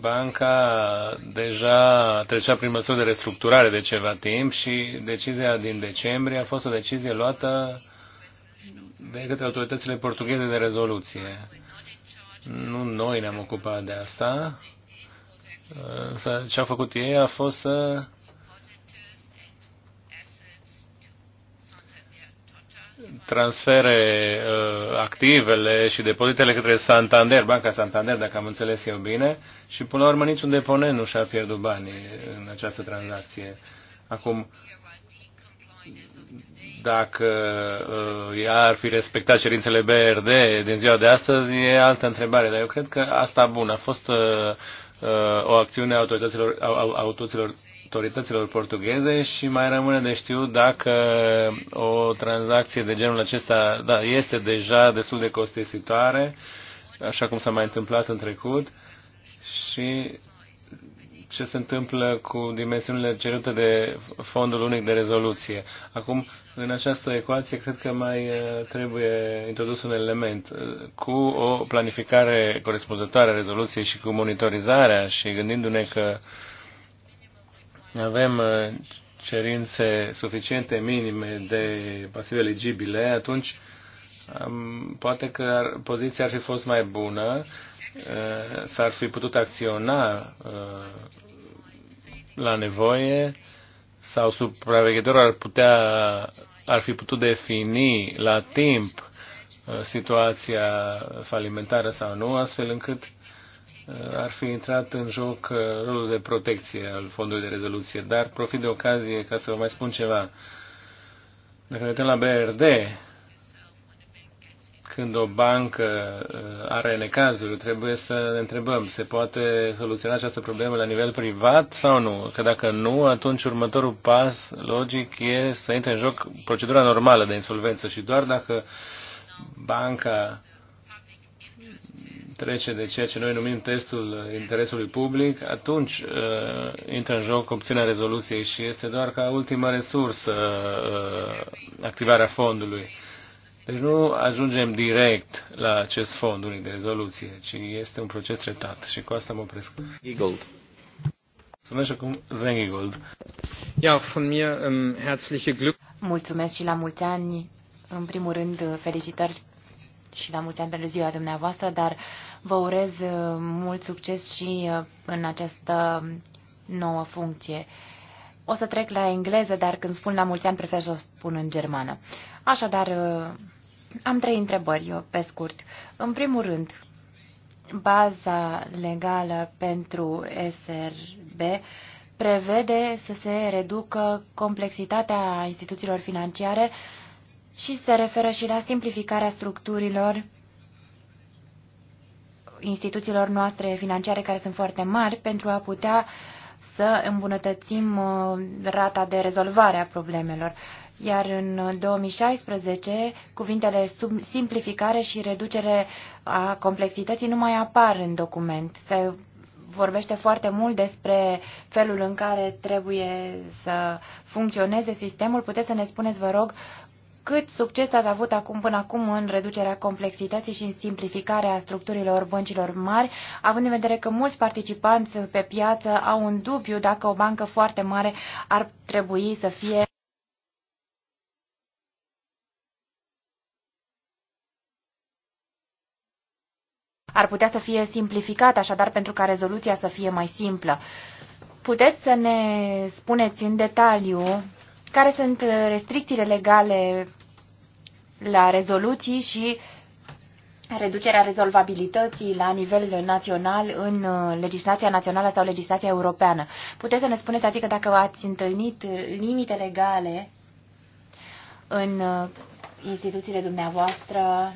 banca deja trecea prin măsuri de restructurare de ceva timp și decizia din decembrie a fost o decizie luată de către autoritățile portugheze de rezoluție. Nu noi ne-am ocupat de asta, ce au făcut ei a fost să transfere uh, activele și depozitele către Santander, Banca Santander, dacă am înțeles eu bine, și până la urmă niciun deponent nu și-a pierdut banii în această tranzacție. Acum, dacă uh, ea ar fi respectat cerințele BRD din ziua de astăzi, e altă întrebare, dar eu cred că asta bun, a fost uh, uh, o acțiune a autorităților, a, a, autorităților autorităților portugheze și mai rămâne de știut dacă o tranzacție de genul acesta da, este deja destul de costisitoare, așa cum s-a mai întâmplat în trecut, și ce se întâmplă cu dimensiunile cerute de fondul unic de rezoluție. Acum, în această ecuație, cred că mai uh, trebuie introdus un element. Uh, cu o planificare corespunzătoare a rezoluției și cu monitorizarea și gândindu-ne că uh, avem uh, cerințe suficiente minime de pasive eligibile, atunci poate că poziția ar fi fost mai bună, uh, s-ar fi putut acționa uh, la nevoie sau supraveghetorul ar putea ar fi putut defini la timp situația falimentară sau nu, astfel încât Uh, ar fi intrat în joc uh, rolul de protecție al fondului de rezoluție. Dar profit de ocazie ca să vă mai spun ceva. Dacă ne uităm la BRD, când o bancă uh, are necazuri, trebuie să ne întrebăm, se poate soluționa această problemă la nivel privat sau nu? Că dacă nu, atunci următorul pas logic e să intre în joc procedura normală de insolvență și doar dacă banca trece de ceea ce noi numim testul interesului public, atunci uh, intră în joc opțiunea rezoluției și este doar ca ultima resursă uh, activarea fondului. Deci nu ajungem direct la acest fond unic de rezoluție, ci este un proces tretat și cu asta mă opresc. Gold. Mulțumesc acum Sven Ja, von mir um, herzliche Glück. Mulțumesc și la mulți ani. În primul rând, felicitări și la mulți ani pentru ziua dumneavoastră, dar Vă urez uh, mult succes și uh, în această nouă funcție. O să trec la engleză, dar când spun la mulți ani, prefer să o spun în germană. Așadar, uh, am trei întrebări, eu, pe scurt. În primul rând, baza legală pentru SRB prevede să se reducă complexitatea instituțiilor financiare și se referă și la simplificarea structurilor instituțiilor noastre financiare care sunt foarte mari pentru a putea să îmbunătățim uh, rata de rezolvare a problemelor. Iar în 2016, uh, cuvintele simplificare și reducere a complexității nu mai apar în document. Se vorbește foarte mult despre felul în care trebuie să funcționeze sistemul. Puteți să ne spuneți, vă rog, cât succes ați avut acum până acum în reducerea complexității și în simplificarea structurilor băncilor mari, având în vedere că mulți participanți pe piață au un dubiu dacă o bancă foarte mare ar trebui să fie ar putea să fie simplificat, așadar pentru ca rezoluția să fie mai simplă. Puteți să ne spuneți în detaliu care sunt uh, restricțiile legale la rezoluții și reducerea rezolvabilității la nivel național în uh, legislația națională sau legislația europeană. Puteți să ne spuneți, adică, dacă ați întâlnit uh, limite legale în instituțiile dumneavoastră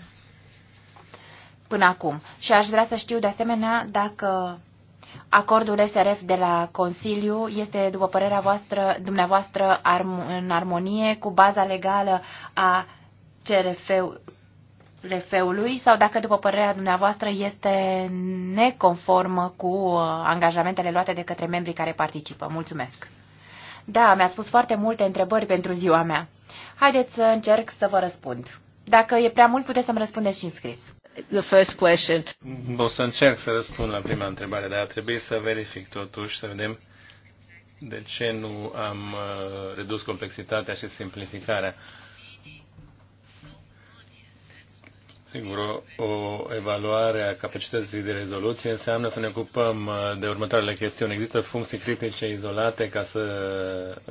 până acum. Și aș vrea să știu, de asemenea, dacă Acordul SRF de la Consiliu este, după părerea voastră, dumneavoastră în armonie cu baza legală a CRF-ului sau dacă, după părerea dumneavoastră, este neconformă cu uh, angajamentele luate de către membrii care participă. Mulțumesc! Da, mi-a spus foarte multe întrebări pentru ziua mea. Haideți să încerc să vă răspund. Dacă e prea mult, puteți să-mi răspundeți și în scris the first question. O să încerc să răspund la prima întrebare, dar trebuie să verific totuși, să vedem de ce nu am uh, redus complexitatea și simplificarea. Sigur, o, o evaluare a capacității de rezoluție înseamnă să ne ocupăm uh, de următoarele chestiuni. Există funcții critice izolate ca să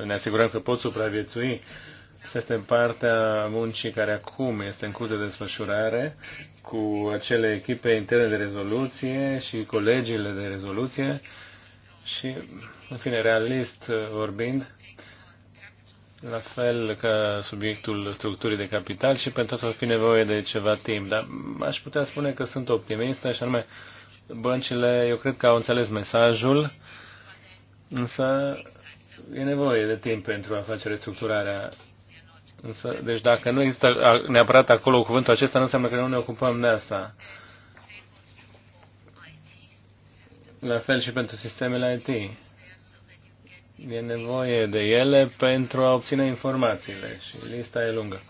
ne asigurăm că pot supraviețui Asta este partea muncii care acum este în curs de desfășurare cu acele echipe interne de rezoluție și colegiile de rezoluție și, în fine, realist vorbind, la fel ca subiectul structurii de capital și pentru asta va fi nevoie de ceva timp. Dar aș putea spune că sunt optimist, și anume băncile, eu cred că au înțeles mesajul, însă e nevoie de timp pentru a face restructurarea Însă, deci dacă nu există neapărat acolo cuvântul acesta, nu înseamnă că nu ne ocupăm de asta. La fel și pentru sistemele IT. E nevoie de ele pentru a obține informațiile și lista e lungă.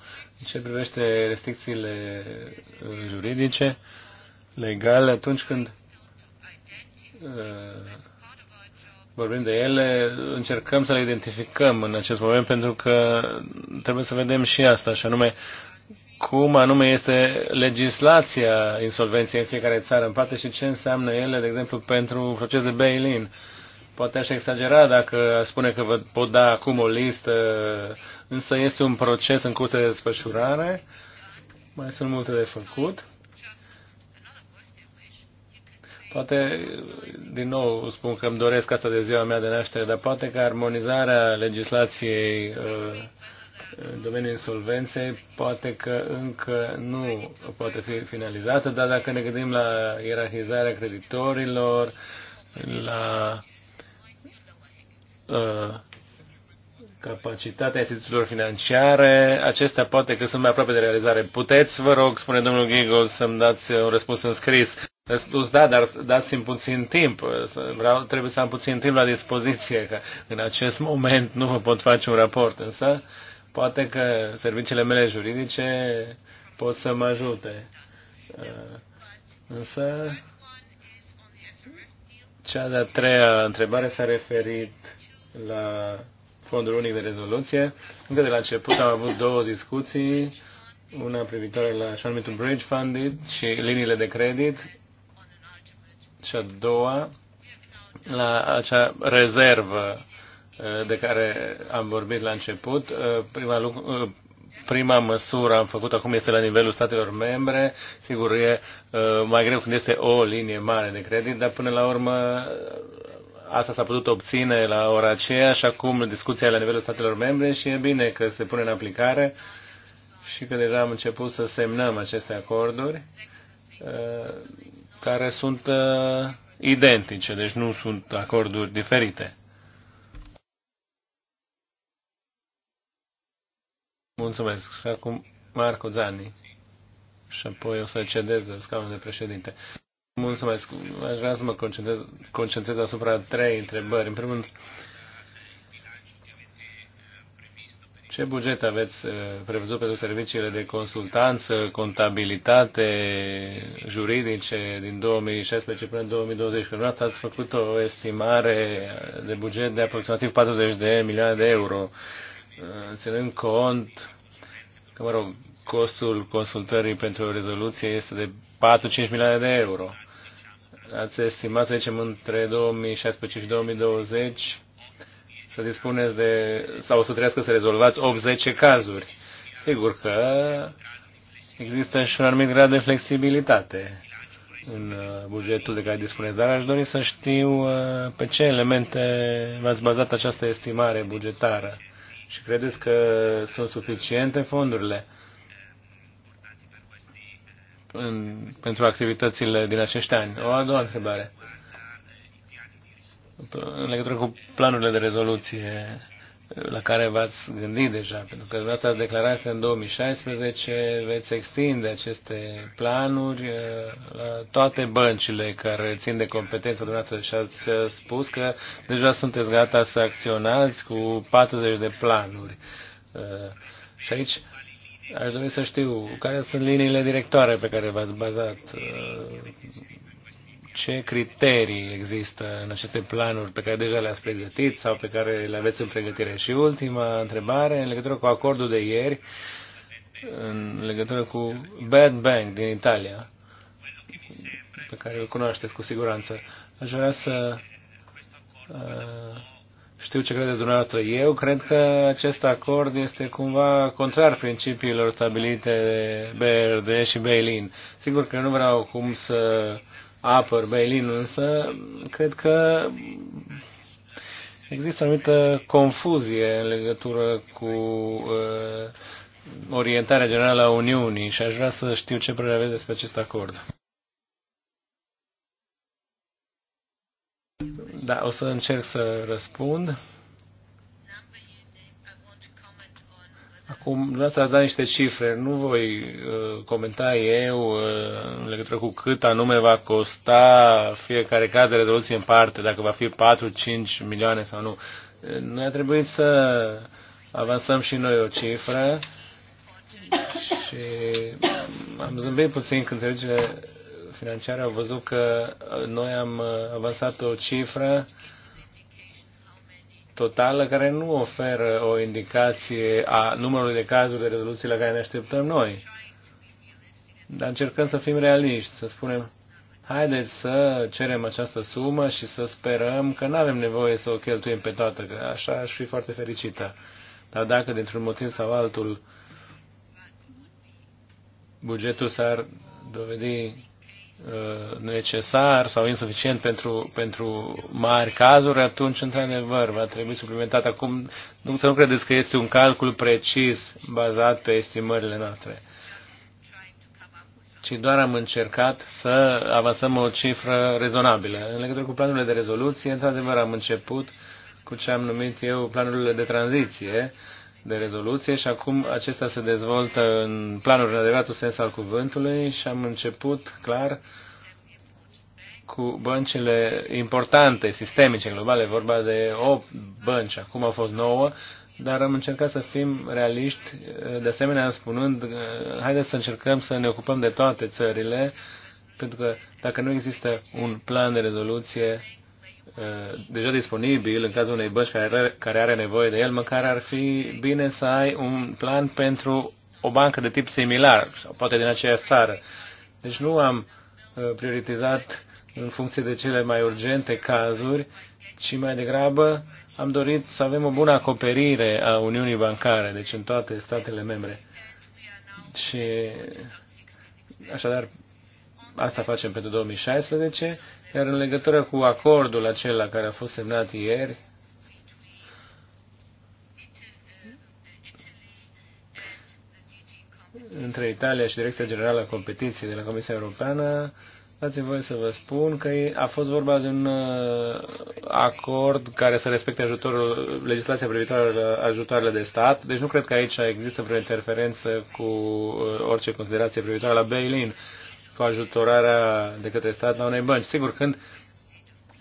În ce privește restricțiile juridice, legale, atunci când uh, vorbim de ele, încercăm să le identificăm în acest moment pentru că trebuie să vedem și asta, și anume cum anume este legislația insolvenției în fiecare țară în parte și ce înseamnă ele, de exemplu, pentru un proces de bail-in. Poate aș exagera dacă spune că vă pot da acum o listă, însă este un proces în curte de desfășurare, mai sunt multe de făcut Poate, din nou, spun că îmi doresc asta de ziua mea de naștere, dar poate că armonizarea legislației uh, în domeniul insolvenței poate că încă nu poate fi finalizată, dar dacă ne gândim la ierarhizarea creditorilor, la uh, capacitatea instituțiilor financiare, acestea poate că sunt mai aproape de realizare. Puteți, vă rog, spune domnul Giggle, să-mi dați un răspuns în scris da, dar dați-mi puțin timp. Vreau, trebuie să am puțin timp la dispoziție, că în acest moment nu vă pot face un raport, însă poate că serviciile mele juridice pot să mă ajute. Însă, cea de-a treia întrebare s-a referit la fondul unic de rezoluție. Încă de la început am avut două discuții, una privitoare la așa numitul bridge funded și liniile de credit și a doua, la acea rezervă eh, de care am vorbit la început, eh, prima, eh, prima măsură am făcut acum este la nivelul statelor membre. Sigur, e mai greu când este o linie mare de credit, dar până la urmă asta s-a putut obține la ora aceea și acum discuția e la nivelul statelor membre și e bine că se pune în aplicare și că deja am început să semnăm aceste acorduri care sunt uh, identice, deci nu sunt acorduri diferite. Mulțumesc. Și acum Marco Zani. Și apoi o să cedez scaunul de președinte. Mulțumesc. Aș vrea să mă concentrez, concentrez asupra trei întrebări. În primul rând, Ce buget aveți uh, prevăzut pentru serviciile de consultanță, contabilitate, juridice din 2016 până în 2020? Asta ați făcut o estimare de buget de aproximativ 40 de milioane de euro, uh, ținând cont că, mă rog, costul consultării pentru o rezoluție este de 4-5 milioane de euro. Ați estimat, să zicem, între 2016 și 2020 să dispuneți de, sau să trească să rezolvați 80 cazuri. Sigur că există și un anumit grad de flexibilitate în uh, bugetul de care dispuneți, dar aș dori să știu uh, pe ce elemente v-ați bazat această estimare bugetară și credeți că sunt suficiente fondurile în, pentru activitățile din acești ani. O a doua întrebare în legătură cu planurile de rezoluție la care v-ați gândit deja, pentru că v ați declarat că în 2016 veți extinde aceste planuri uh, la toate băncile care țin de competența dumneavoastră și ați uh, spus că deja sunteți gata să acționați cu 40 de planuri. Uh, și aici aș dori să știu care sunt liniile directoare pe care v-ați bazat ce criterii există în aceste planuri pe care deja le-ați pregătit sau pe care le aveți în pregătire. Și ultima întrebare, în legătură cu acordul de ieri, în legătură cu Bad Bank din Italia, pe care îl cunoașteți cu siguranță. Aș vrea să uh, știu ce credeți dumneavoastră. Eu cred că acest acord este cumva contrar principiilor stabilite de BRD și Beilin. Sigur că nu vreau cum să apăr Berlin, însă cred că există anumită confuzie în legătură cu uh, orientarea generală a Uniunii și aș vrea să știu ce părere aveți despre acest acord. Da, o să încerc să răspund Acum, vreau ați ți da niște cifre. Nu voi uh, comenta eu uh, în legătură cu cât anume va costa fiecare caz de rezoluție în parte, dacă va fi 4-5 milioane sau nu. Noi a trebuit să avansăm și noi o cifră și am zâmbit puțin când înțelegerile financiare au văzut că noi am uh, avansat o cifră uh, totală care nu oferă o indicație a numărului de cazuri de rezoluții la care ne așteptăm noi. Dar încercăm să fim realiști, să spunem, haideți să cerem această sumă și să sperăm că nu avem nevoie să o cheltuim pe toată, că așa aș fi foarte fericită. Dar dacă dintr-un motiv sau altul bugetul s-ar dovedi Uh, necesar sau insuficient pentru, pentru mari cazuri, atunci, într-adevăr, va trebui suplimentat. Acum, nu, să nu credeți că este un calcul precis bazat pe estimările noastre, ci doar am încercat să avansăm o cifră rezonabilă. În legătură cu planurile de rezoluție, într-adevăr, am început cu ce am numit eu planurile de tranziție, uh, de rezoluție și acum acesta se dezvoltă în planul în adevăratul sens al cuvântului și am început clar cu băncile importante, sistemice, globale, vorba de 8 bănci, acum au fost 9, dar am încercat să fim realiști, de asemenea spunând, haideți să încercăm să ne ocupăm de toate țările, pentru că dacă nu există un plan de rezoluție, Uh, deja disponibil în cazul unei bănci care are, care are nevoie de el, măcar ar fi bine să ai un plan pentru o bancă de tip similar, sau poate din aceeași țară. Deci nu am uh, prioritizat în funcție de cele mai urgente cazuri, ci mai degrabă am dorit să avem o bună acoperire a Uniunii Bancare, deci în toate statele membre. Și așadar, asta facem pentru 2016 iar în legătură cu acordul acela care a fost semnat ieri, între Italia și Direcția Generală a Competiției de la Comisia Europeană, dați-mi voie să vă spun că a fost vorba de un uh, acord care să respecte ajutorul, legislația privitoare la ajutoarele de stat, deci nu cred că aici există vreo interferență cu uh, orice considerație privitoare la bail-in cu ajutorarea de către stat la unei bănci. Sigur, când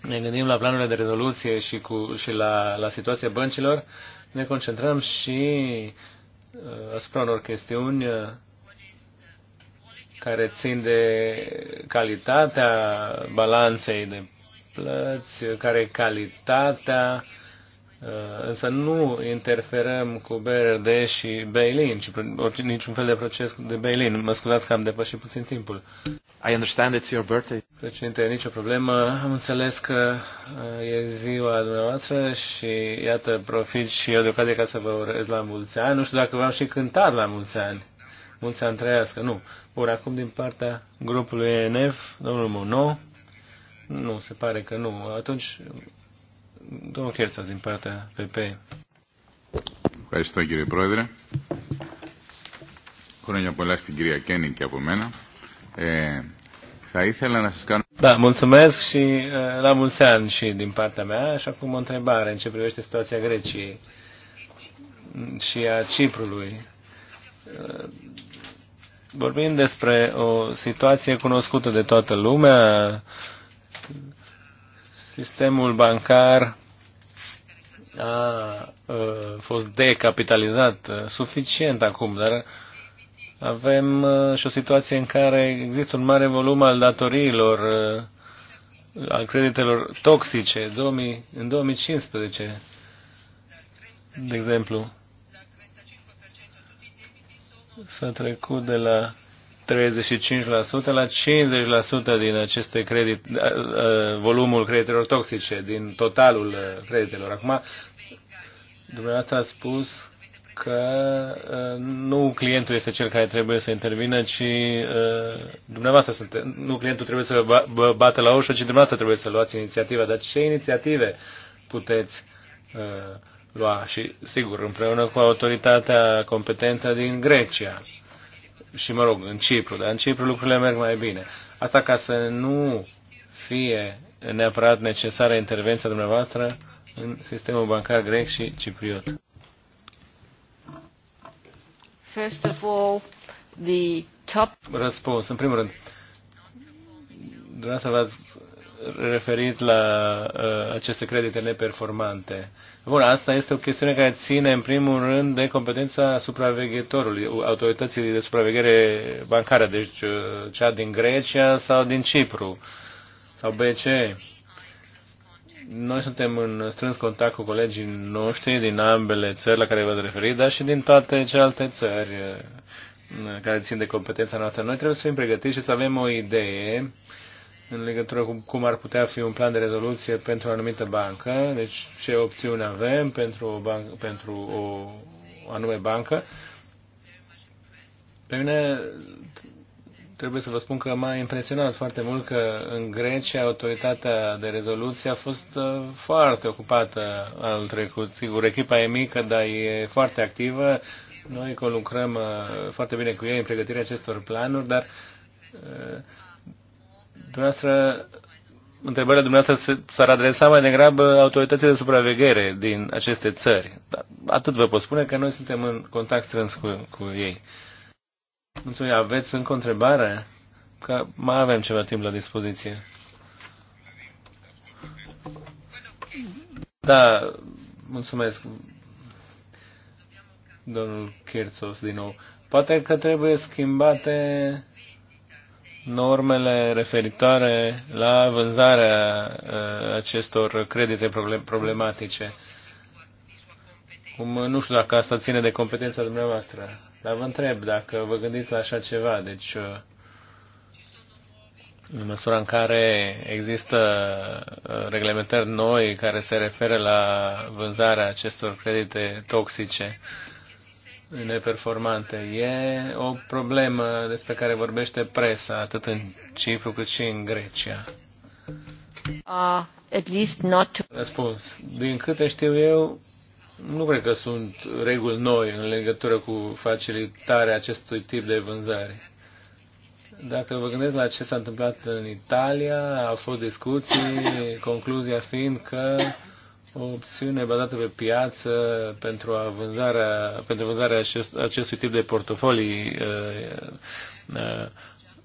ne gândim la planurile de rezoluție și, cu, și la, la situația băncilor, ne concentrăm și uh, asupra unor chestiuni uh, care țin de calitatea balanței de plăți, care e calitatea uh, Uh, însă nu interferăm cu BRD și Beilin, ci niciun fel de proces de Beilin. Mă scuzați că am depășit puțin timpul. I understand it's your birthday. Președinte, nicio problemă. Am înțeles că uh, e ziua dumneavoastră și iată, profit și eu de ocazie ca să vă urez la mulți ani. Nu știu dacă v-am și cântat la mulți ani. Mulți ani trăiască, nu. Bun, acum din partea grupului ENF, domnul Mono. Nu, se pare că nu. Atunci Domnul Cherțas, din partea PP. Ευχαριστώ κύριε Πρόεδρε. Χρόνια πολλά στην κυρία Κένιν και από μένα. Ε, θα ήθελα να σας κάνω... Da, mulțumesc și la mulți ani și din partea mea și acum o întrebare în ce privește situația Greciei și a Ciprului. Vorbim despre o situație cunoscută de toată lumea, Sistemul bancar a fost decapitalizat suficient acum, dar avem și o situație în care există un mare volum al datoriilor, al creditelor toxice. în 2015, de exemplu, s-a trecut de la 35% la 50% din aceste credit, volumul creditelor toxice, din totalul uh, creditelor. Acum, dumneavoastră a spus că uh, nu clientul este cel care trebuie să intervină, ci uh, dumneavoastră sunte, nu clientul trebuie să vă bată la ușă, ci dumneavoastră trebuie să luați inițiativa. Dar ce inițiative puteți lua? Și, sigur, împreună cu autoritatea competentă din Grecia și, mă rog, în Cipru, dar în Cipru lucrurile merg mai bine. Asta ca să nu fie neapărat necesară intervenția dumneavoastră în sistemul bancar grec și cipriot. First of all, the top... Răspuns. În primul rând, dumneavoastră v-ați referit la uh, aceste credite neperformante. Bun, asta este o chestiune care ține în primul rând de competența supraveghetorului, autorității de supraveghere bancară, deci uh, cea din Grecia sau din Cipru sau BCE. Noi suntem în strâns contact cu colegii noștri din ambele țări la care v-ați referit, dar și din toate celelalte țări uh, care țin de competența noastră. Noi trebuie să fim pregătiți și să avem o idee uh, în legătură cu cum ar putea fi un plan de rezoluție pentru o anumită bancă, deci ce opțiuni avem pentru o, bancă, pentru o anume bancă. Pe mine trebuie să vă spun că m-a impresionat foarte mult că în Grecia autoritatea de rezoluție a fost uh, foarte ocupată anul trecut. Sigur, echipa e mică, dar e foarte activă. Noi lucrăm uh, foarte bine cu ei în pregătirea acestor planuri, dar uh, Dumneavoastră, întrebarea dumneavoastră s-ar adresa mai degrabă autorității de supraveghere din aceste țări. Atât vă pot spune că noi suntem în contact strâns cu, cu ei. Mulțumim, aveți încă o întrebare? Că mai avem ceva timp la dispoziție. Da, mulțumesc. Domnul Kirțos, din nou. Poate că trebuie schimbate normele referitoare la vânzarea ă, acestor credite problematice. Cum nu știu dacă asta ține de competența dumneavoastră, dar vă întreb dacă vă gândiți la așa ceva. Deci, ă, în măsura în care există ă, reglementări noi care se referă la vânzarea acestor credite toxice, neperformante. E o problemă despre care vorbește presa, atât în Cipru cât și în Grecia. Uh, at least not to... Răspuns. Din câte știu eu, nu cred că sunt reguli noi în legătură cu facilitarea acestui tip de vânzare. Dacă vă gândiți la ce s-a întâmplat în Italia, au fost discuții, concluzia fiind că o opțiune bazată pe piață pentru, a vânzarea, pentru vânzarea acest, acestui tip de portofolii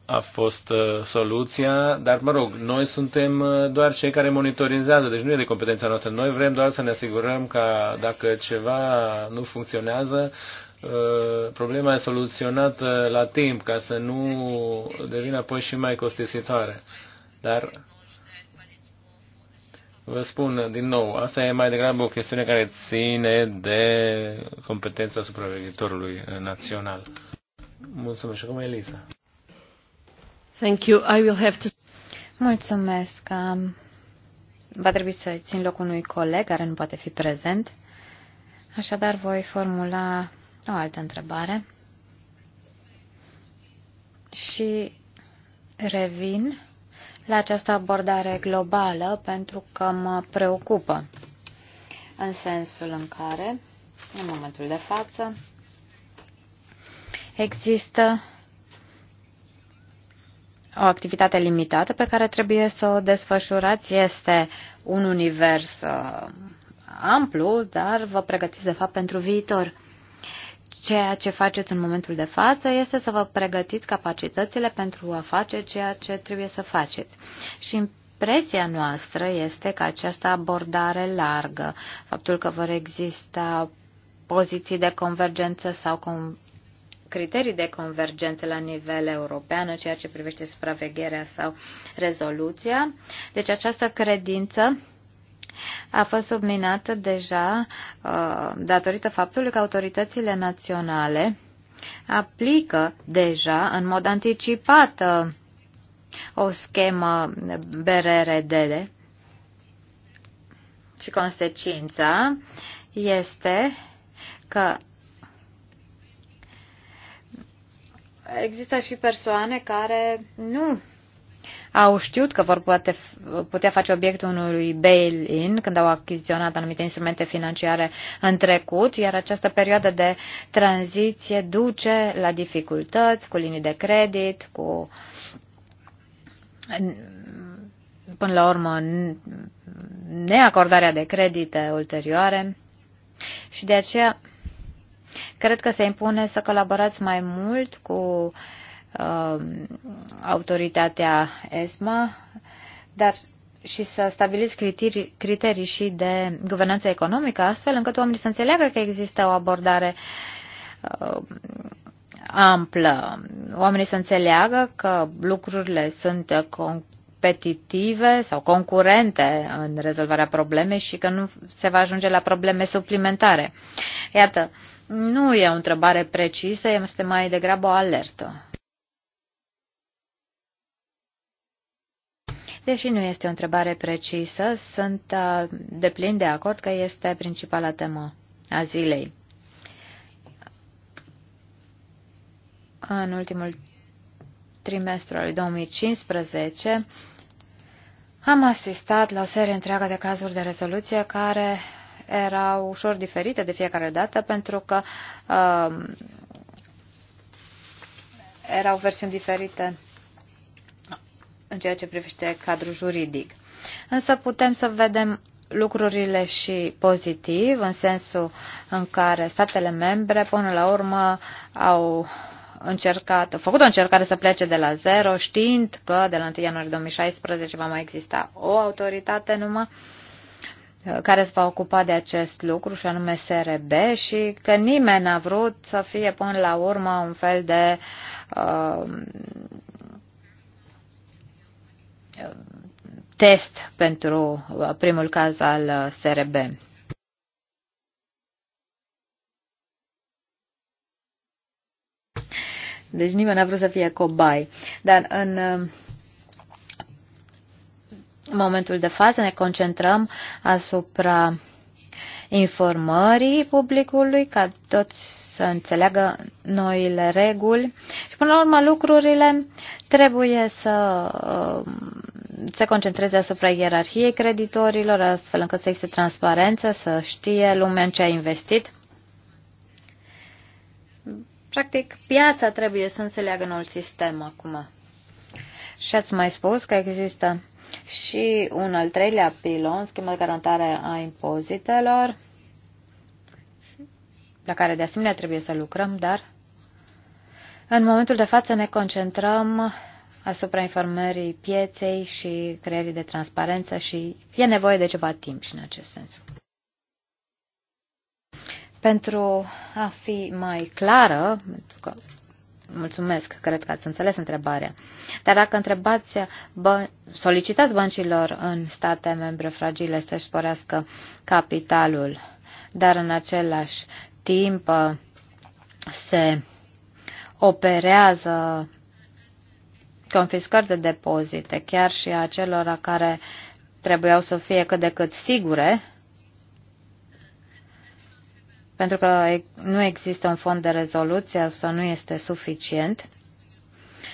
a fost soluția, dar mă rog, noi suntem doar cei care monitorizează, deci nu e de competența noastră. Noi vrem doar să ne asigurăm că dacă ceva nu funcționează, problema e soluționată la timp ca să nu devină apoi și mai costisitoare. Dar Vă spun din nou, asta e mai degrabă o chestiune care ține de competența supraveghetorului național. Mulțumesc. acum Elisa. Thank you. I will have to... Mulțumesc. Va trebui să țin locul unui coleg care nu poate fi prezent. Așadar, voi formula o altă întrebare. Și revin la această abordare globală pentru că mă preocupă în sensul în care, în momentul de față, există o activitate limitată pe care trebuie să o desfășurați. Este un univers uh, amplu, dar vă pregătiți de fapt pentru viitor. Ceea ce faceți în momentul de față este să vă pregătiți capacitățile pentru a face ceea ce trebuie să faceți. Și impresia noastră este că această abordare largă, faptul că vor exista poziții de convergență sau com- criterii de convergență la nivel european în ceea ce privește supravegherea sau rezoluția. Deci această credință a fost subminată deja uh, datorită faptului că autoritățile naționale aplică deja în mod anticipat uh, o schemă BRRD și consecința este că există și persoane care nu au știut că vor poate, putea face obiectul unui bail-in când au achiziționat anumite instrumente financiare în trecut, iar această perioadă de tranziție duce la dificultăți cu linii de credit, cu până la urmă neacordarea de credite ulterioare și de aceea cred că se impune să colaborați mai mult cu uh, uh, autoritatea ESMA, dar și să stabiliți criterii, criterii și de guvernanță economică, astfel încât oamenii să înțeleagă că există o abordare uh, amplă, oamenii să înțeleagă că lucrurile sunt competitive sau concurente în rezolvarea problemei și că nu se va ajunge la probleme suplimentare. Iată, nu e o întrebare precisă, este mai degrabă o alertă. Deși nu este o întrebare precisă, sunt uh, deplin de acord că este principala temă a zilei. În ultimul trimestru al 2015 am asistat la o serie întreagă de cazuri de rezoluție care erau ușor diferite de fiecare dată pentru că uh, erau versiuni diferite în ceea ce privește cadrul juridic. Însă putem să vedem lucrurile și pozitiv, în sensul în care statele membre, până la urmă, au încercat, au făcut o încercare să plece de la zero, știind că de la 1 ianuarie 2016 va mai exista o autoritate numai uh, care se va ocupa de acest lucru, și anume SRB, și că nimeni n-a vrut să fie până la urmă un fel de uh, test pentru uh, primul caz al uh, SRB. Deci nimeni n-a vrut să fie cobai. Dar în uh, momentul de față ne concentrăm asupra informării publicului ca toți să înțeleagă noile reguli și până la urmă lucrurile trebuie să se concentreze asupra ierarhiei creditorilor, astfel încât să existe transparență, să știe lumea în ce a investit. Practic, piața trebuie să înțeleagă noul sistem acum. Și ați mai spus că există și un al treilea pilon, schema de garantare a impozitelor, la care de asemenea trebuie să lucrăm, dar în momentul de față ne concentrăm asupra informării pieței și creierii de transparență și e nevoie de ceva timp și în acest sens. Pentru a fi mai clară, pentru că Mulțumesc, cred că ați înțeles întrebarea. Dar dacă întrebați, bă, solicitați băncilor în state membre fragile să-și sporească capitalul, dar în același timp uh, se operează confiscări de depozite, chiar și a celor care trebuiau să fie cât de cât sigure, pentru că nu există un fond de rezoluție sau nu este suficient,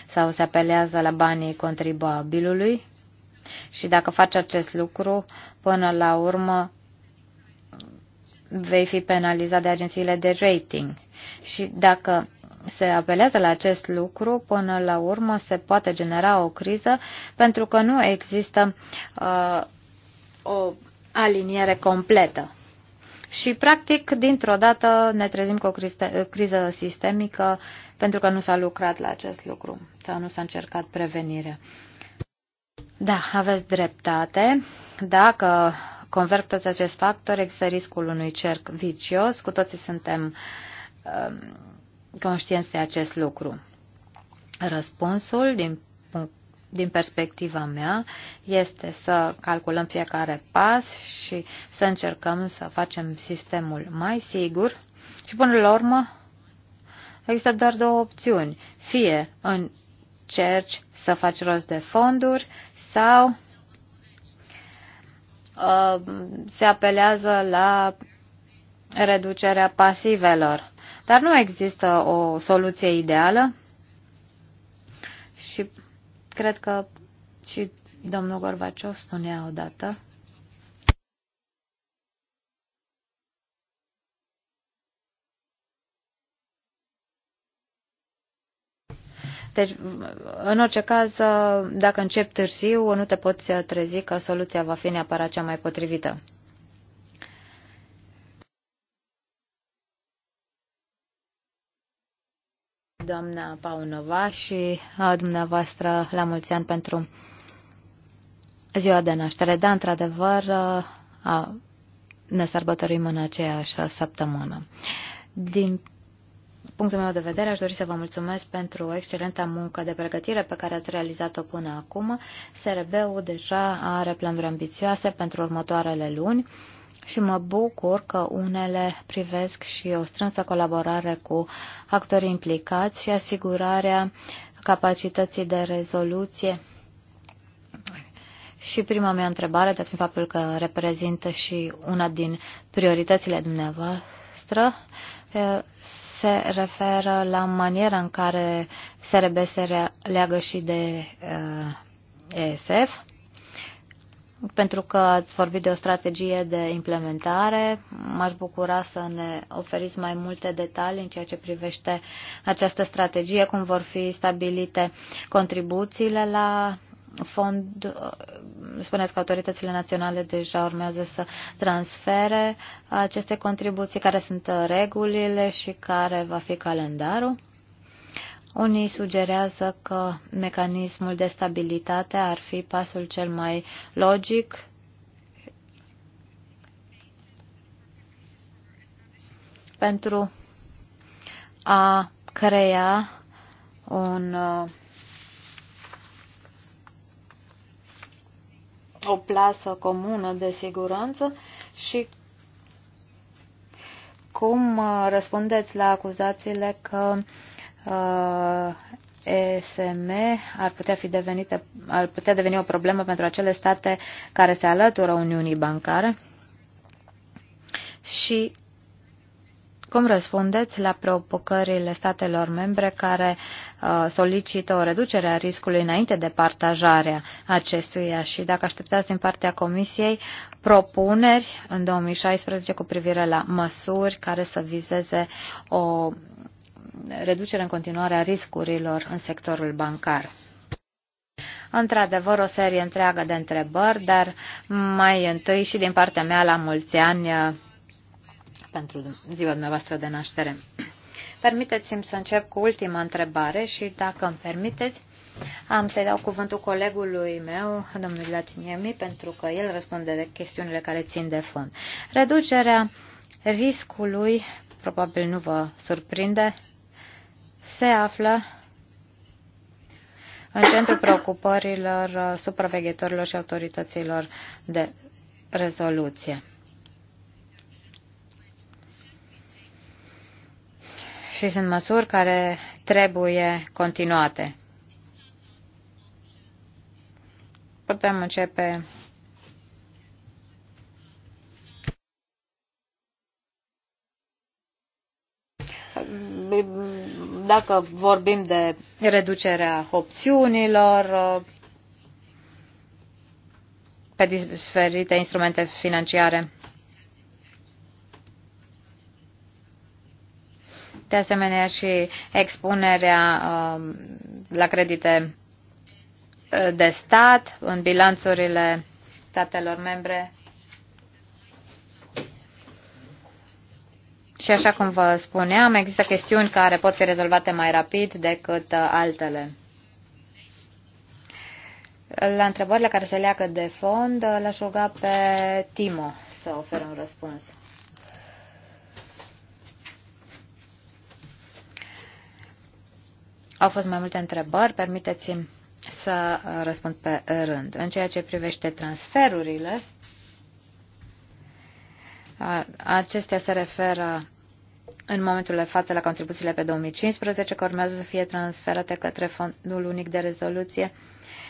sau se apelează la banii contribuabilului. Și dacă faci acest lucru, până la urmă vei fi penalizat de agențiile de rating. Și dacă se apelează la acest lucru, până la urmă se poate genera o criză pentru că nu există uh, o aliniere completă. Și, practic, dintr-o dată ne trezim cu o criză sistemică pentru că nu s-a lucrat la acest lucru sau nu s-a încercat prevenire. Da, aveți dreptate. Dacă converg toți acest factor, există riscul unui cerc vicios. Cu toții suntem um, conștienți de acest lucru. Răspunsul din punct din perspectiva mea, este să calculăm fiecare pas și să încercăm să facem sistemul mai sigur. Și până la urmă, există doar două opțiuni. Fie încerci să faci rost de fonduri sau uh, se apelează la reducerea pasivelor. Dar nu există o soluție ideală și cred că și domnul Gorbaciov spunea odată Deci, în orice caz, dacă începi târziu, nu te poți trezi că soluția va fi neapărat cea mai potrivită. doamna Paunova și a dumneavoastră la mulți ani pentru ziua de naștere. Da, într-adevăr, ne sărbătorim în aceeași săptămână. Din punctul meu de vedere, aș dori să vă mulțumesc pentru excelenta muncă de pregătire pe care ați realizat-o până acum. SRB-ul deja are planuri ambițioase pentru următoarele luni și mă bucur că unele privesc și o strânsă colaborare cu actorii implicați și asigurarea capacității de rezoluție. Și prima mea întrebare, dat fiind faptul că reprezintă și una din prioritățile dumneavoastră, se referă la maniera în care SRB se leagă și de ESF pentru că ați vorbit de o strategie de implementare. M-aș bucura să ne oferiți mai multe detalii în ceea ce privește această strategie, cum vor fi stabilite contribuțiile la fond. Spuneți că autoritățile naționale deja urmează să transfere aceste contribuții, care sunt regulile și care va fi calendarul. Unii sugerează că mecanismul de stabilitate ar fi pasul cel mai logic pentru a crea un, uh, o plasă comună de siguranță și cum uh, răspundeți la acuzațiile că uh, Uh, ESM ar putea, fi devenită, ar putea deveni o problemă pentru acele state care se alătură Uniunii Bancare? Și cum răspundeți la provocările statelor membre care uh, solicită o reducere a riscului înainte de partajarea acestuia și dacă așteptați din partea Comisiei propuneri în 2016 cu privire la măsuri care să vizeze o reducerea în continuare a riscurilor în sectorul bancar. Într-adevăr, o serie întreagă de întrebări, dar mai întâi și din partea mea la mulți ani pentru ziua dumneavoastră de naștere. Permiteți-mi să încep cu ultima întrebare și, dacă îmi permiteți, am să-i dau cuvântul colegului meu, domnul Latiniemi, pentru că el răspunde de chestiunile care țin de fond. Reducerea riscului, probabil nu vă surprinde, se află în centrul preocupărilor supraveghetorilor și autorităților de rezoluție. Și sunt măsuri care trebuie continuate. Putem începe dacă vorbim de reducerea opțiunilor uh, pe diferite instrumente financiare. De asemenea și expunerea uh, la credite uh, de stat în bilanțurile statelor membre Și așa cum vă spuneam, există chestiuni care pot fi rezolvate mai rapid decât uh, altele. La întrebările care se leagă de fond, uh, l-aș ruga pe Timo să ofere un răspuns. Au fost mai multe întrebări, permiteți-mi să uh, răspund pe rând. În ceea ce privește transferurile, acestea se referă în momentul de față la contribuțiile pe 2015, că urmează să fie transferate către Fondul Unic de Rezoluție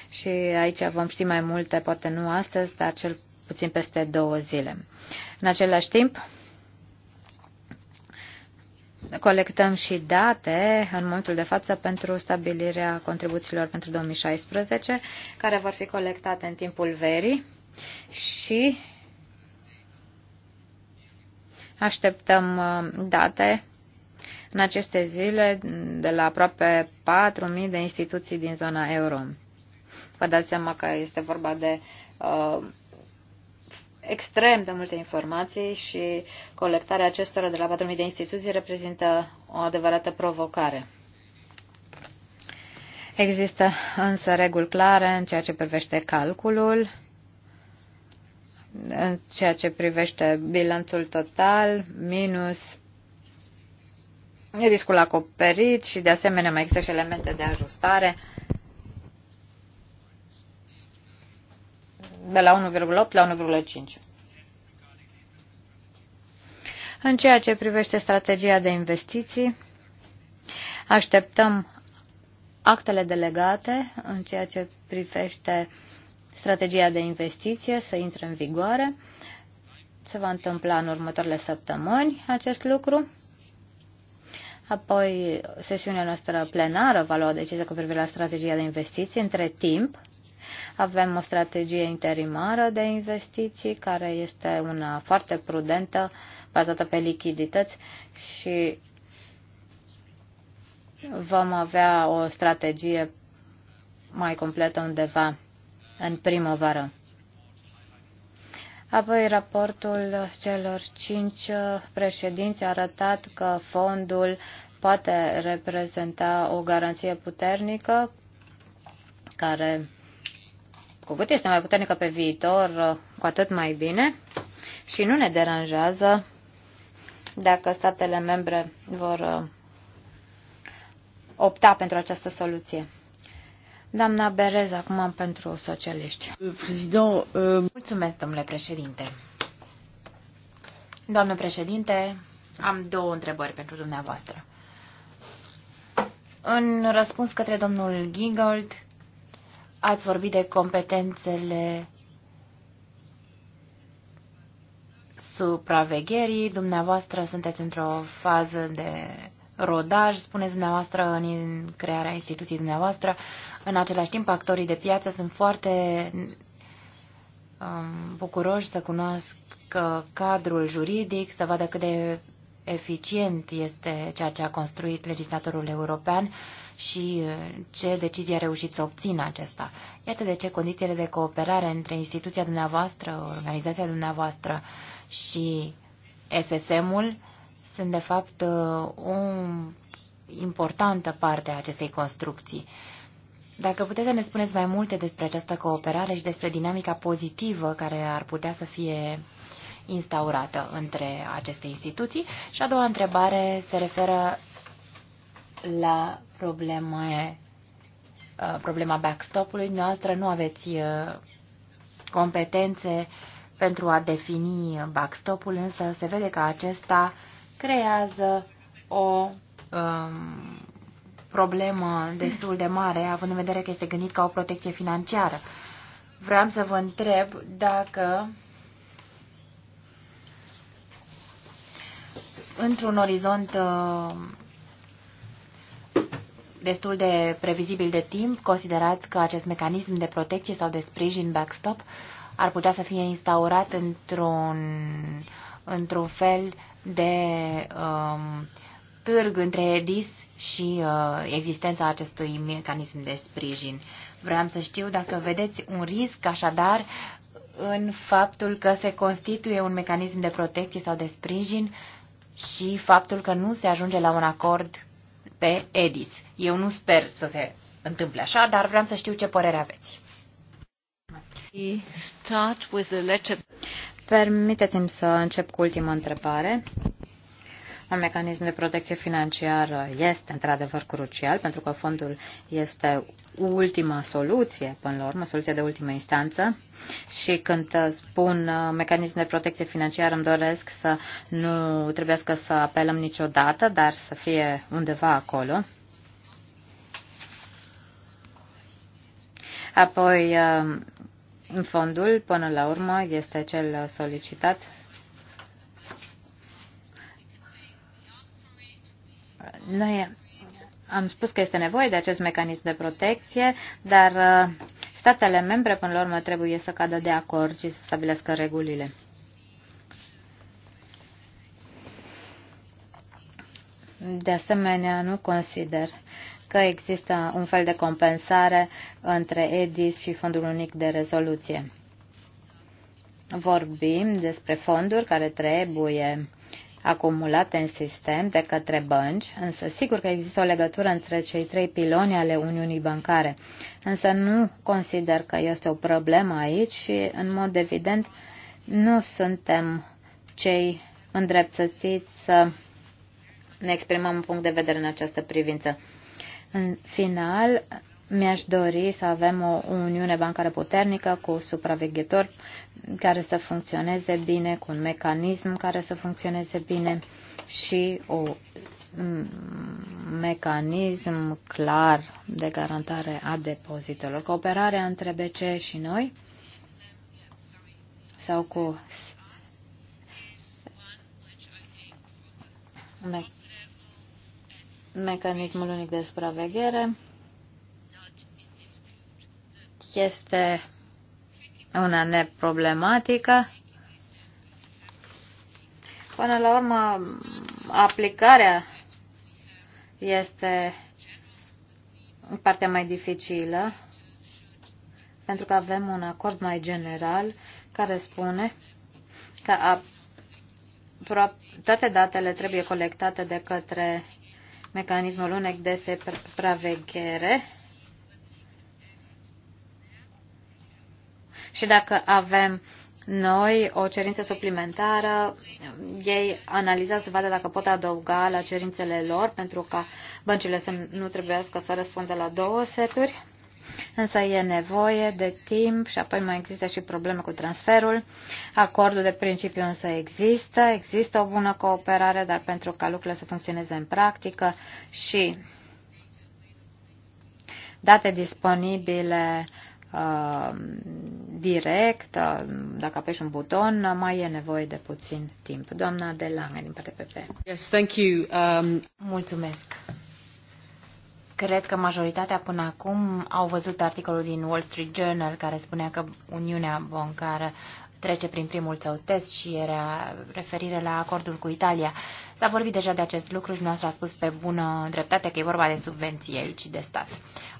și aici vom ști mai multe, poate nu astăzi, dar cel puțin peste două zile. În același timp, colectăm și date în momentul de față pentru stabilirea contribuțiilor pentru 2016, care vor fi colectate în timpul verii și Așteptăm uh, date în aceste zile de la aproape 4.000 de instituții din zona euro. Vă dați seama că este vorba de uh, extrem de multe informații și colectarea acestora de la 4.000 de instituții reprezintă o adevărată provocare. Există însă reguli clare în ceea ce privește calculul în ceea ce privește bilanțul total, minus riscul acoperit și de asemenea mai există și elemente de ajustare de la 1,8 la 1,5. În ceea ce privește strategia de investiții, așteptăm actele delegate în ceea ce privește uh, strategia de investiție să intre în vigoare. Se va întâmpla în următoarele săptămâni acest lucru. Apoi, sesiunea noastră plenară va lua o decizie cu privire la strategia de investiții. Între timp, avem o strategie interimară de investiții, care este una foarte prudentă, bazată pe lichidități și vom avea o strategie mai completă undeva în primăvară. Apoi, raportul celor cinci președinți a arătat că fondul poate reprezenta o garanție puternică care, cu cât este mai puternică pe viitor, cu atât mai bine și nu ne deranjează dacă statele membre vor opta pentru această soluție. Doamna Berez, acum pentru socialiști. Prezident, uh... Mulțumesc, domnule președinte. Doamnă președinte, am două întrebări pentru dumneavoastră. În răspuns către domnul Gingold, ați vorbit de competențele supravegherii. Dumneavoastră sunteți într-o fază de rodaj, spuneți dumneavoastră, în crearea instituției dumneavoastră. În același timp, actorii de piață sunt foarte um, bucuroși să cunoască cadrul juridic, să vadă cât de eficient este ceea ce a construit legislatorul european și uh, ce decizie a reușit să obțină acesta. Iată de ce condițiile de cooperare între instituția dumneavoastră, organizația dumneavoastră și SSM-ul sunt de fapt uh, o importantă parte a acestei construcții. Dacă puteți să ne spuneți mai multe despre această cooperare și despre dinamica pozitivă care ar putea să fie instaurată între aceste instituții. Și a doua întrebare se referă la probleme, uh, problema backstop-ului. Noastră nu aveți uh, competențe pentru a defini backstop-ul, însă se vede că acesta creează o um, problemă destul de mare, având în vedere că este gândit ca o protecție financiară. Vreau să vă întreb dacă într-un orizont uh, destul de previzibil de timp, considerați că acest mecanism de protecție sau de sprijin backstop ar putea să fie instaurat într-un într-un fel de um, târg între EDIS și uh, existența acestui mecanism de sprijin. Vreau să știu dacă vedeți un risc așadar în faptul că se constituie un mecanism de protecție sau de sprijin și faptul că nu se ajunge la un acord pe EDIS. Eu nu sper să se întâmple așa, dar vreau să știu ce părere aveți. Permiteți-mi să încep cu ultima întrebare un mecanism de protecție financiară este într-adevăr crucial, pentru că fondul este ultima soluție, până la urmă, soluția de ultimă instanță. Și când spun uh, mecanism de protecție financiară, îmi doresc să nu trebuie să apelăm niciodată, dar să fie undeva acolo. Apoi, uh, fondul, până la urmă, este cel solicitat Noi am spus că este nevoie de acest mecanism de protecție, dar uh, statele membre, până la urmă, trebuie să cadă de acord și să stabilească regulile. De asemenea, nu consider că există un fel de compensare între EDIS și Fondul Unic de Rezoluție. Vorbim despre fonduri care trebuie acumulate în sistem de către bănci, însă sigur că există o legătură între cei trei piloni ale Uniunii Bancare. Însă nu consider că este o problemă aici și, în mod evident, nu suntem cei îndreptățiți să ne exprimăm un punct de vedere în această privință. În final, mi-aș dori să avem o uniune bancară puternică cu supraveghetori care să funcționeze bine, cu un mecanism care să funcționeze bine și o mm, mecanism clar de garantare a depozitelor. Cooperarea între BC și noi sau cu mecanismul unic de supraveghere este una neproblematică. Până la urmă, aplicarea este partea mai dificilă, pentru că avem un acord mai general care spune că toate datele trebuie colectate de către mecanismul UNEC de supraveghere și dacă avem noi o cerință suplimentară, ei analizează să vadă dacă pot adăuga la cerințele lor pentru ca băncile să nu trebuiască să răspundă la două seturi, însă e nevoie de timp și apoi mai există și probleme cu transferul. Acordul de principiu însă există, există o bună cooperare, dar pentru ca lucrurile să funcționeze în practică și date disponibile Um, direct, um, dacă apeși un buton, mai e nevoie de puțin timp. Doamna de Lange, din PTPP. Yes, thank you. Um... Mulțumesc. Cred că majoritatea până acum au văzut articolul din Wall Street Journal care spunea că Uniunea Bancară trece prin primul său test și era referire la acordul cu Italia. S-a vorbit deja de acest lucru și dumneavoastră a spus pe bună dreptate că e vorba de subvenții aici de stat.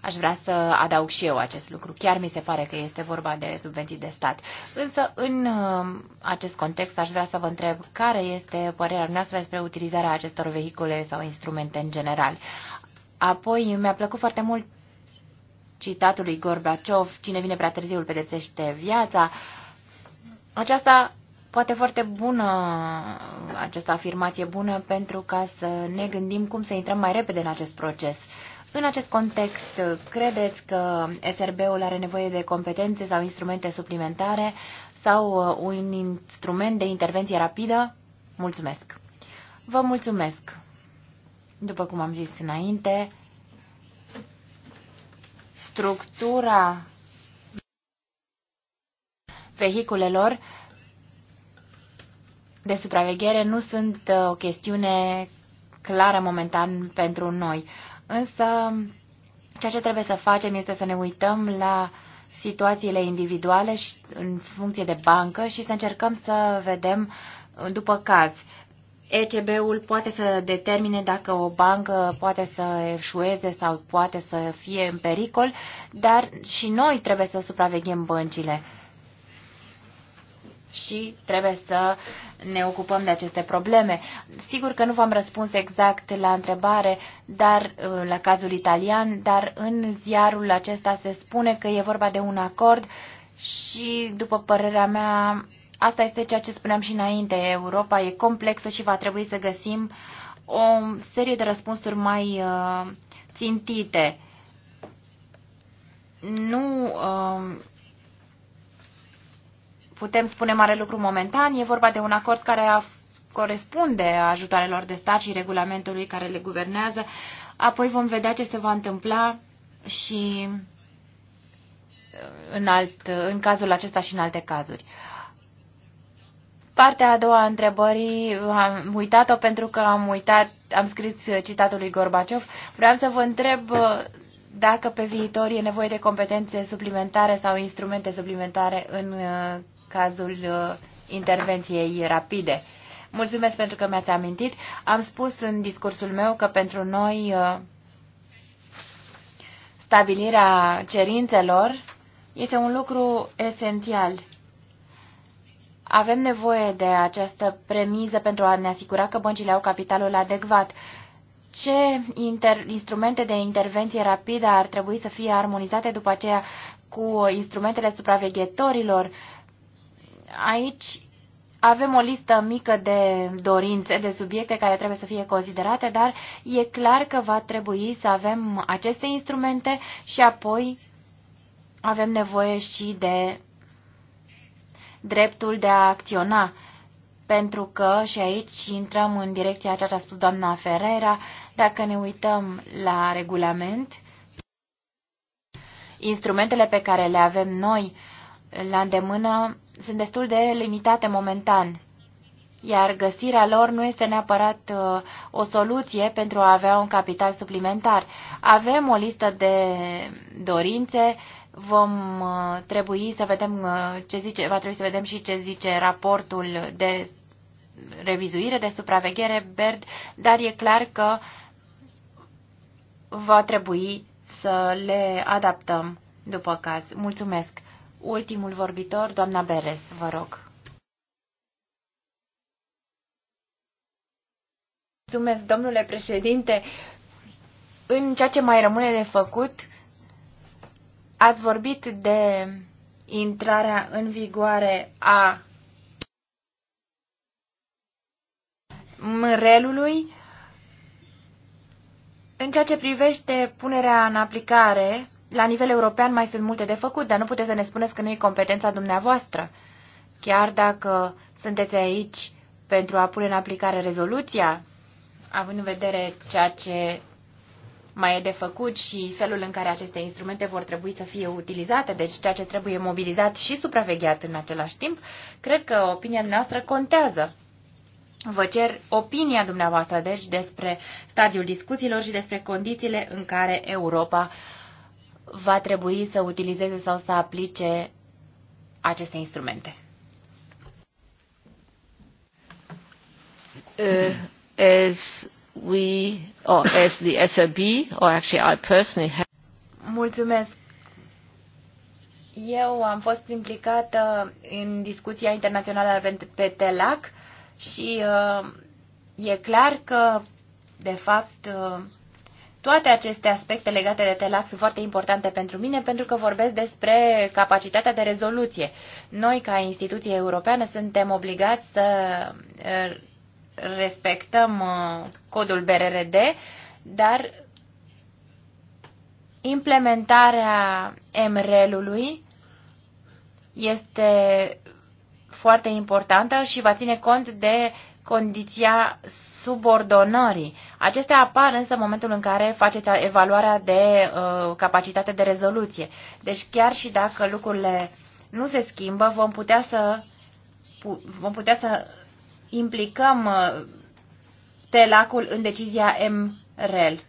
Aș vrea să adaug și eu acest lucru. Chiar mi se pare că este vorba de subvenții de stat. Însă, în um, acest context, aș vrea să vă întreb care este părerea noastră despre utilizarea acestor vehicule sau instrumente în general. Apoi, mi-a plăcut foarte mult citatul lui Gorbaciov, cine vine prea târziu îl pedepsește viața. Uh, aceasta poate foarte bună, această afirmație bună pentru ca să ne gândim cum să intrăm mai repede în acest proces. În acest context, credeți că SRB-ul are nevoie de competențe sau instrumente suplimentare sau uh, un instrument de intervenție rapidă? Mulțumesc! Vă mulțumesc! După cum am zis înainte, structura vehiculelor de supraveghere nu sunt uh, o chestiune clară momentan pentru noi. Însă, ceea ce trebuie să facem este să ne uităm la situațiile individuale și în funcție de bancă și să încercăm să vedem uh, după caz. ECB-ul poate să determine dacă o bancă poate să eșueze sau poate să fie în pericol, dar și noi trebuie să supraveghem băncile și trebuie să ne ocupăm de aceste probleme. Sigur că nu v-am răspuns exact la întrebare, dar uh, la cazul italian, dar în ziarul acesta se spune că e vorba de un acord și, după părerea mea, asta este ceea ce spuneam și înainte. Europa e complexă și va trebui să găsim o serie de răspunsuri mai uh, țintite. Nu uh, putem spune mare lucru momentan. E vorba de un acord care a corespunde ajutoarelor de stat și regulamentului care le guvernează. Apoi vom vedea ce se va întâmpla și uh, în, alt, uh, în cazul acesta și în alte cazuri. Partea a doua a întrebării am uitat-o pentru că am uitat, am scris citatul lui Gorbaciov. Vreau să vă întreb uh, dacă pe viitor e nevoie de competențe suplimentare sau instrumente suplimentare în cazul uh, intervenției rapide. Mulțumesc pentru că mi-ați amintit. Am spus în discursul meu că pentru noi uh, stabilirea cerințelor este un lucru esențial. Avem nevoie de această premiză pentru a ne asigura că băncile au capitalul adecvat. Ce inter- instrumente de intervenție rapidă ar trebui să fie armonizate după aceea cu instrumentele supraveghetorilor Aici avem o listă mică de dorințe, de subiecte care trebuie să fie considerate, dar e clar că va trebui să avem aceste instrumente și apoi avem nevoie și de dreptul de a acționa, pentru că și aici intrăm în direcția ceea ce a spus doamna Ferreira, dacă ne uităm la regulament, instrumentele pe care le avem noi, la îndemână sunt destul de limitate momentan, iar găsirea lor nu este neapărat uh, o soluție pentru a avea un capital suplimentar. Avem o listă de dorințe, vom uh, trebui să vedem uh, ce zice, va trebui să vedem și ce zice raportul de revizuire, de supraveghere BERD, dar e clar că va trebui să le adaptăm după caz. Mulțumesc! Ultimul vorbitor, doamna Beres, vă rog. Mulțumesc, domnule președinte. În ceea ce mai rămâne de făcut, ați vorbit de intrarea în vigoare a mărelului. În ceea ce privește punerea în aplicare la nivel european mai sunt multe de făcut, dar nu puteți să ne spuneți că nu e competența dumneavoastră. Chiar dacă sunteți aici pentru a pune în aplicare rezoluția, având în vedere ceea ce mai e de făcut și felul în care aceste instrumente vor trebui să fie utilizate, deci ceea ce trebuie mobilizat și supravegheat în același timp, cred că opinia noastră contează. Vă cer opinia dumneavoastră, deci, despre stadiul discuțiilor și despre condițiile în care Europa va trebui să utilizeze sau să aplice aceste instrumente. Uh, as we, or as the SRB, or actually I personally have... Mulțumesc. Eu am fost implicată în discuția internațională pe TELAC și uh, e clar că, de fapt, uh, toate aceste aspecte legate de TELAC sunt foarte importante pentru mine pentru că vorbesc despre capacitatea de rezoluție. Noi, ca instituție europeană, suntem obligați să respectăm codul BRRD, dar implementarea MREL-ului este foarte importantă și va ține cont de condiția subordonării. Acestea apar însă în momentul în care faceți evaluarea de uh, capacitate de rezoluție. Deci chiar și dacă lucrurile nu se schimbă, vom putea să, vom putea să implicăm uh, telacul în decizia MREL.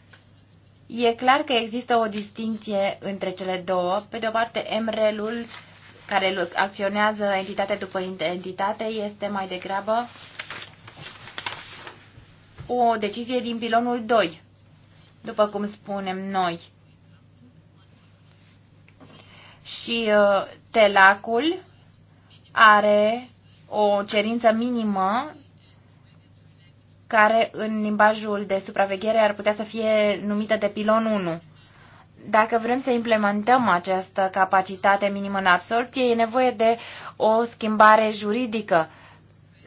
E clar că există o distinție între cele două. Pe de o parte, MREL-ul care acționează entitate după entitate este mai degrabă uh, o decizie din pilonul 2, după cum spunem noi. Și uh, telacul are o cerință minimă care în limbajul de supraveghere ar putea să fie numită de pilon 1. Dacă vrem să implementăm această capacitate minimă în absorpție, e nevoie de o schimbare juridică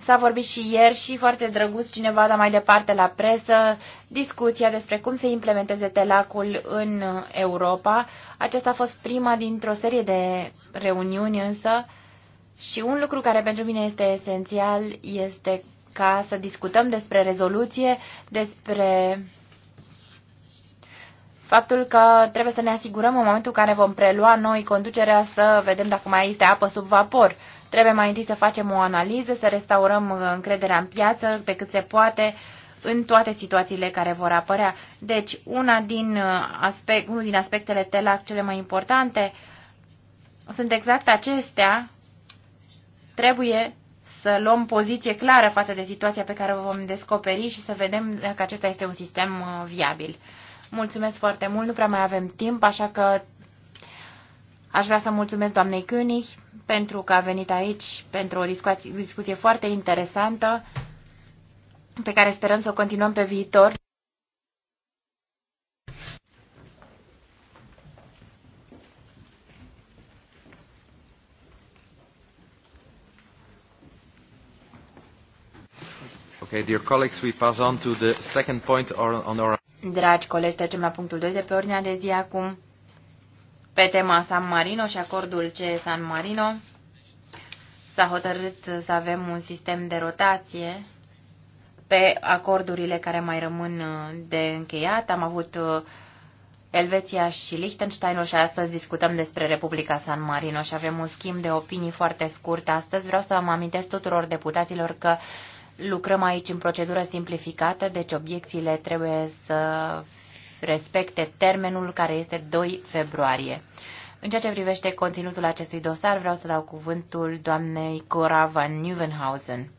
S-a vorbit și ieri și foarte drăguț cineva da mai departe la presă discuția despre cum se implementeze telacul în Europa. Aceasta a fost prima dintr-o serie de reuniuni însă și un lucru care pentru mine este esențial este ca să discutăm despre rezoluție, despre faptul că trebuie să ne asigurăm în momentul în care vom prelua noi conducerea să vedem dacă mai este apă sub vapor. Uh, Trebuie mai întâi să facem o analiză, să restaurăm uh, încrederea în piață pe cât se poate în toate situațiile care vor apărea. Deci, una din uh, aspect, unul din aspectele TELAC cele mai importante sunt exact acestea. Trebuie să luăm poziție clară față de situația pe care o vom descoperi și să vedem dacă acesta este un sistem uh, viabil. Mulțumesc foarte mult, nu prea mai avem timp, așa că Aș vrea să mulțumesc doamnei König pentru că a venit aici pentru o discuție, foarte interesantă pe care sperăm să o continuăm pe viitor. Okay, dear colleagues, we pass on to the second point on our... Dragi colegi, trecem la punctul 2 de pe ordinea de zi acum pe tema San Marino și acordul ce San Marino s-a hotărât să avem un sistem de rotație pe acordurile care mai rămân uh, de încheiat. Am avut uh, Elveția și Liechtenstein și astăzi discutăm despre Republica San Marino și avem un schimb de opinii foarte scurt astăzi. Vreau să mă amintesc tuturor deputaților că lucrăm aici în procedură simplificată, deci obiecțiile trebuie să respecte termenul care este 2 februarie. În ceea ce privește conținutul acestui dosar, vreau să dau cuvântul doamnei Cora van Nieuwenhausen.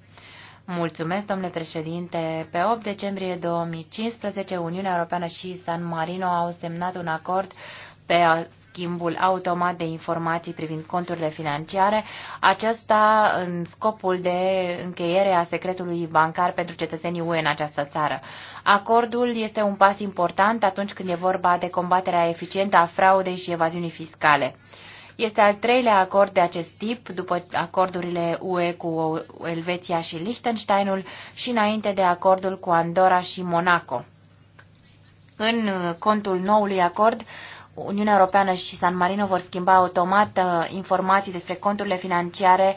Mulțumesc, domnule președinte. Pe 8 decembrie 2015, Uniunea Europeană și San Marino au semnat un acord pe schimbul automat de informații privind conturile financiare, aceasta în scopul de încheiere a secretului bancar pentru cetățenii UE în această țară. Acordul este un pas important atunci când e vorba de combaterea eficientă a fraudei și evaziunii fiscale. Este al treilea acord de acest tip, după acordurile UE cu Elveția și Liechtensteinul și înainte de acordul cu Andorra și Monaco. În contul noului acord Uniunea Europeană și San Marino vor schimba automat uh, informații despre conturile financiare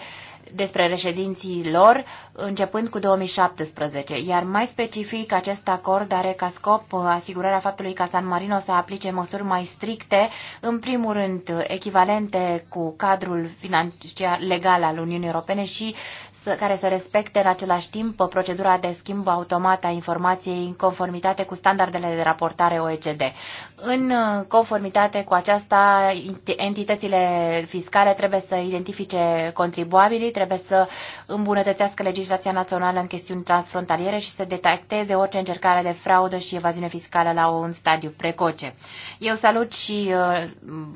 despre reședinții lor începând cu 2017, iar mai specific acest acord are ca scop uh, asigurarea faptului ca San Marino să aplice măsuri mai stricte, în primul rând uh, echivalente cu cadrul financiar legal al Uniunii Europene și care să respecte în același timp procedura de schimb automat a informației în conformitate cu standardele de raportare OECD. În uh, conformitate cu aceasta, entitățile fiscale trebuie să identifice contribuabilii, trebuie să îmbunătățească legislația legislația națională în chestiuni transfrontaliere și să detecteze orice încercare de fraudă și evaziune fiscală la un stadiu precoce. Eu salut și uh,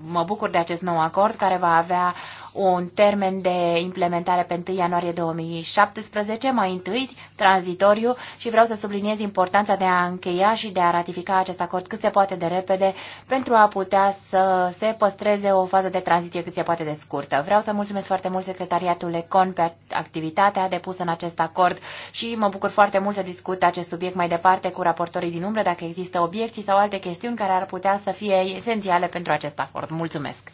mă bucur de acest nou acord care va avea un termen de implementare pe 1 ianuarie 2017, mai întâi tranzitoriu și vreau să subliniez importanța de a încheia și de a ratifica acest acord cât se poate de repede pentru a putea să se păstreze o fază de tranziție cât se poate de scurtă. Vreau să mulțumesc foarte mult secretariatul ECON pe activitatea depusă în acest acord și mă bucur foarte mult să discut acest subiect mai departe cu raportorii din umbră dacă există obiecții sau alte chestiuni care ar putea să fie esențiale pentru acest acord. Mulțumesc!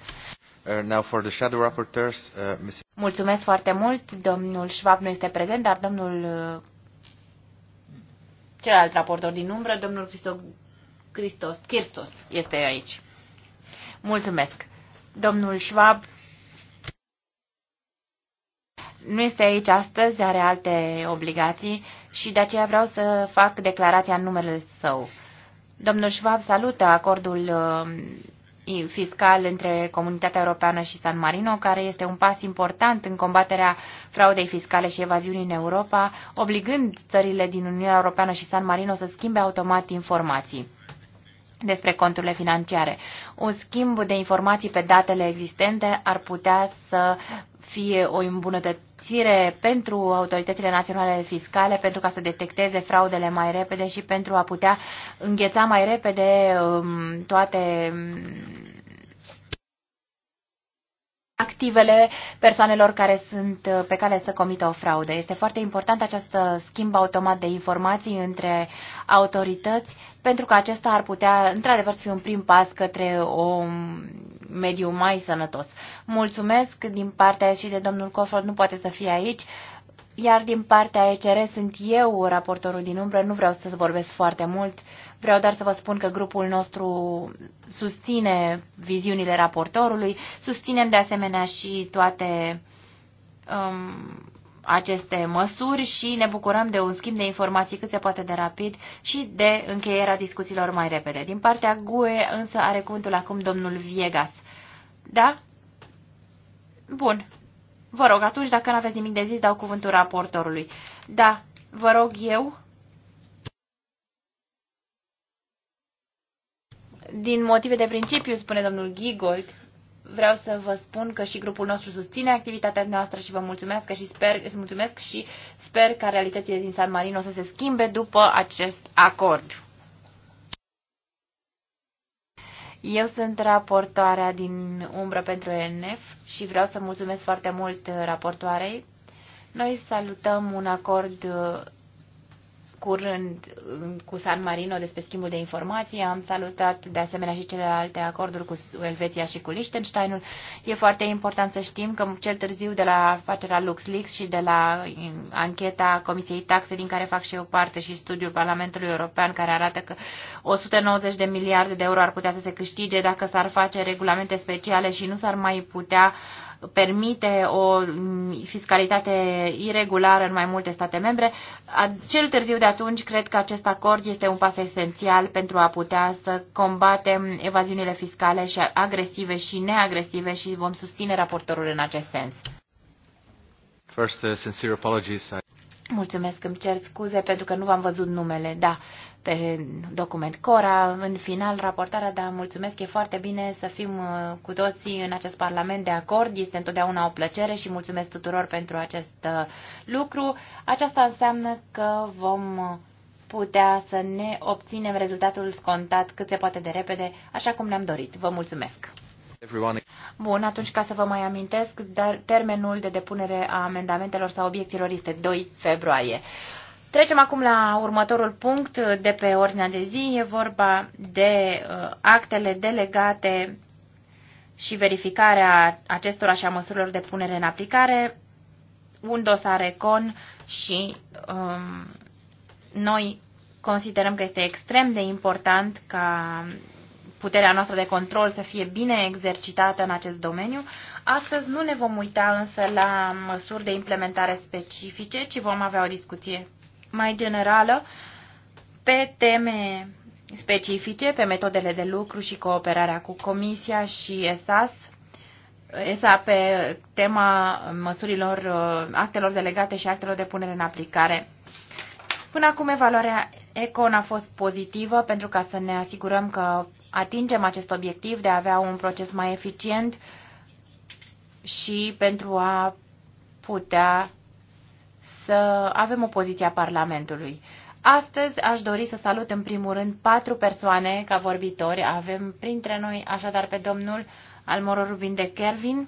Uh, now for the shadow rapporteurs, uh, Mulțumesc foarte mult. Domnul Schwab nu este prezent, dar domnul uh, celălalt raportor din umbră, domnul Christo, Christos, Kirstos, este aici. Mulțumesc. Domnul Schwab nu este aici astăzi, are alte obligații și de aceea vreau să fac declarația în numele său. Domnul Schwab salută acordul uh, fiscal între Comunitatea Europeană și San Marino, care este un pas important în combaterea fraudei fiscale și evaziunii în Europa, obligând țările din Uniunea Europeană și San Marino să schimbe automat informații despre conturile financiare. Un schimb de informații pe datele existente ar putea să fie o îmbunătățire pentru autoritățile naționale fiscale pentru ca să detecteze fraudele mai repede și pentru a putea îngheța mai repede um, toate um, activele persoanelor care sunt uh, pe cale să comită o fraudă. Este foarte important această schimb automat de informații între autorități, pentru că acesta ar putea, într-adevăr, să fie un prim pas către o mm, mediu mai sănătos. Mulțumesc din partea și de domnul Cofrod, nu poate să fie aici, iar din partea ECR sunt eu raportorul din umbră, nu vreau să vorbesc foarte mult, Vreau doar să vă spun că grupul nostru susține viziunile raportorului, susținem de asemenea și toate um, aceste măsuri și ne bucurăm de un schimb de informații cât se poate de rapid și de încheierea discuțiilor mai repede. Din partea GUE însă are cuvântul acum domnul Viegas. Da? Bun. Vă rog, atunci, dacă nu aveți nimic de zis, dau cuvântul raportorului. Da, vă rog eu Din motive de principiu, spune domnul Gigold, vreau să vă spun că și grupul nostru susține activitatea noastră și vă mulțumesc și sper, mulțumesc și sper ca realitățile din San Marino să se schimbe după acest acord. Eu sunt raportoarea din umbră pentru ENF și vreau să mulțumesc foarte mult raportoarei. Noi salutăm un acord curând cu San Marino despre schimbul de informații. Am salutat de asemenea și celelalte acorduri cu Elveția și cu Liechtensteinul. E foarte important să știm că cel târziu de la afacerea LuxLeaks și de la ancheta Comisiei Taxe, din care fac și eu parte, și studiul Parlamentului European, care arată că 190 de miliarde de euro ar putea să se câștige dacă s-ar face regulamente speciale și nu s-ar mai putea uh, permite o fiscalitate irregulară în mai multe state membre. Cel târziu de atunci, cred că acest acord este un pas esențial pentru a putea să combatem evaziunile fiscale și agresive și neagresive și vom susține raportorul în acest sens. First, uh, sincere apologies. Mulțumesc, îmi cer scuze pentru că nu v-am văzut numele. Da, pe document Cora. În final, raportarea, dar mulțumesc, e foarte bine să fim uh, cu toții în acest Parlament de acord. Este întotdeauna o plăcere și mulțumesc tuturor pentru acest uh, lucru. Aceasta înseamnă că vom uh, putea să ne obținem rezultatul scontat cât se poate de repede, așa cum ne-am dorit. Vă mulțumesc! Bun, atunci ca să vă mai amintesc, dar termenul de depunere a amendamentelor sau obiecțiilor este 2 februarie. Trecem acum la următorul punct de pe ordinea de zi. E vorba de uh, actele delegate și verificarea acestora și a măsurilor de punere în aplicare, un dosar econ și um, noi considerăm că este extrem de important ca puterea noastră de control să fie bine exercitată în acest domeniu. Astăzi nu ne vom uita însă la măsuri de implementare specifice, ci vom avea o discuție mai generală pe teme specifice, pe metodele de lucru și cooperarea cu Comisia și esas ESA pe tema măsurilor, actelor delegate și actelor de punere în aplicare. Până acum evaluarea ECON a fost pozitivă pentru ca să ne asigurăm că atingem acest obiectiv de a avea un proces mai eficient și pentru a putea să avem o poziție a Parlamentului. Astăzi aș dori să salut în primul rând patru persoane ca vorbitori. Avem printre noi așadar pe domnul Almoro Rubin de Kervin,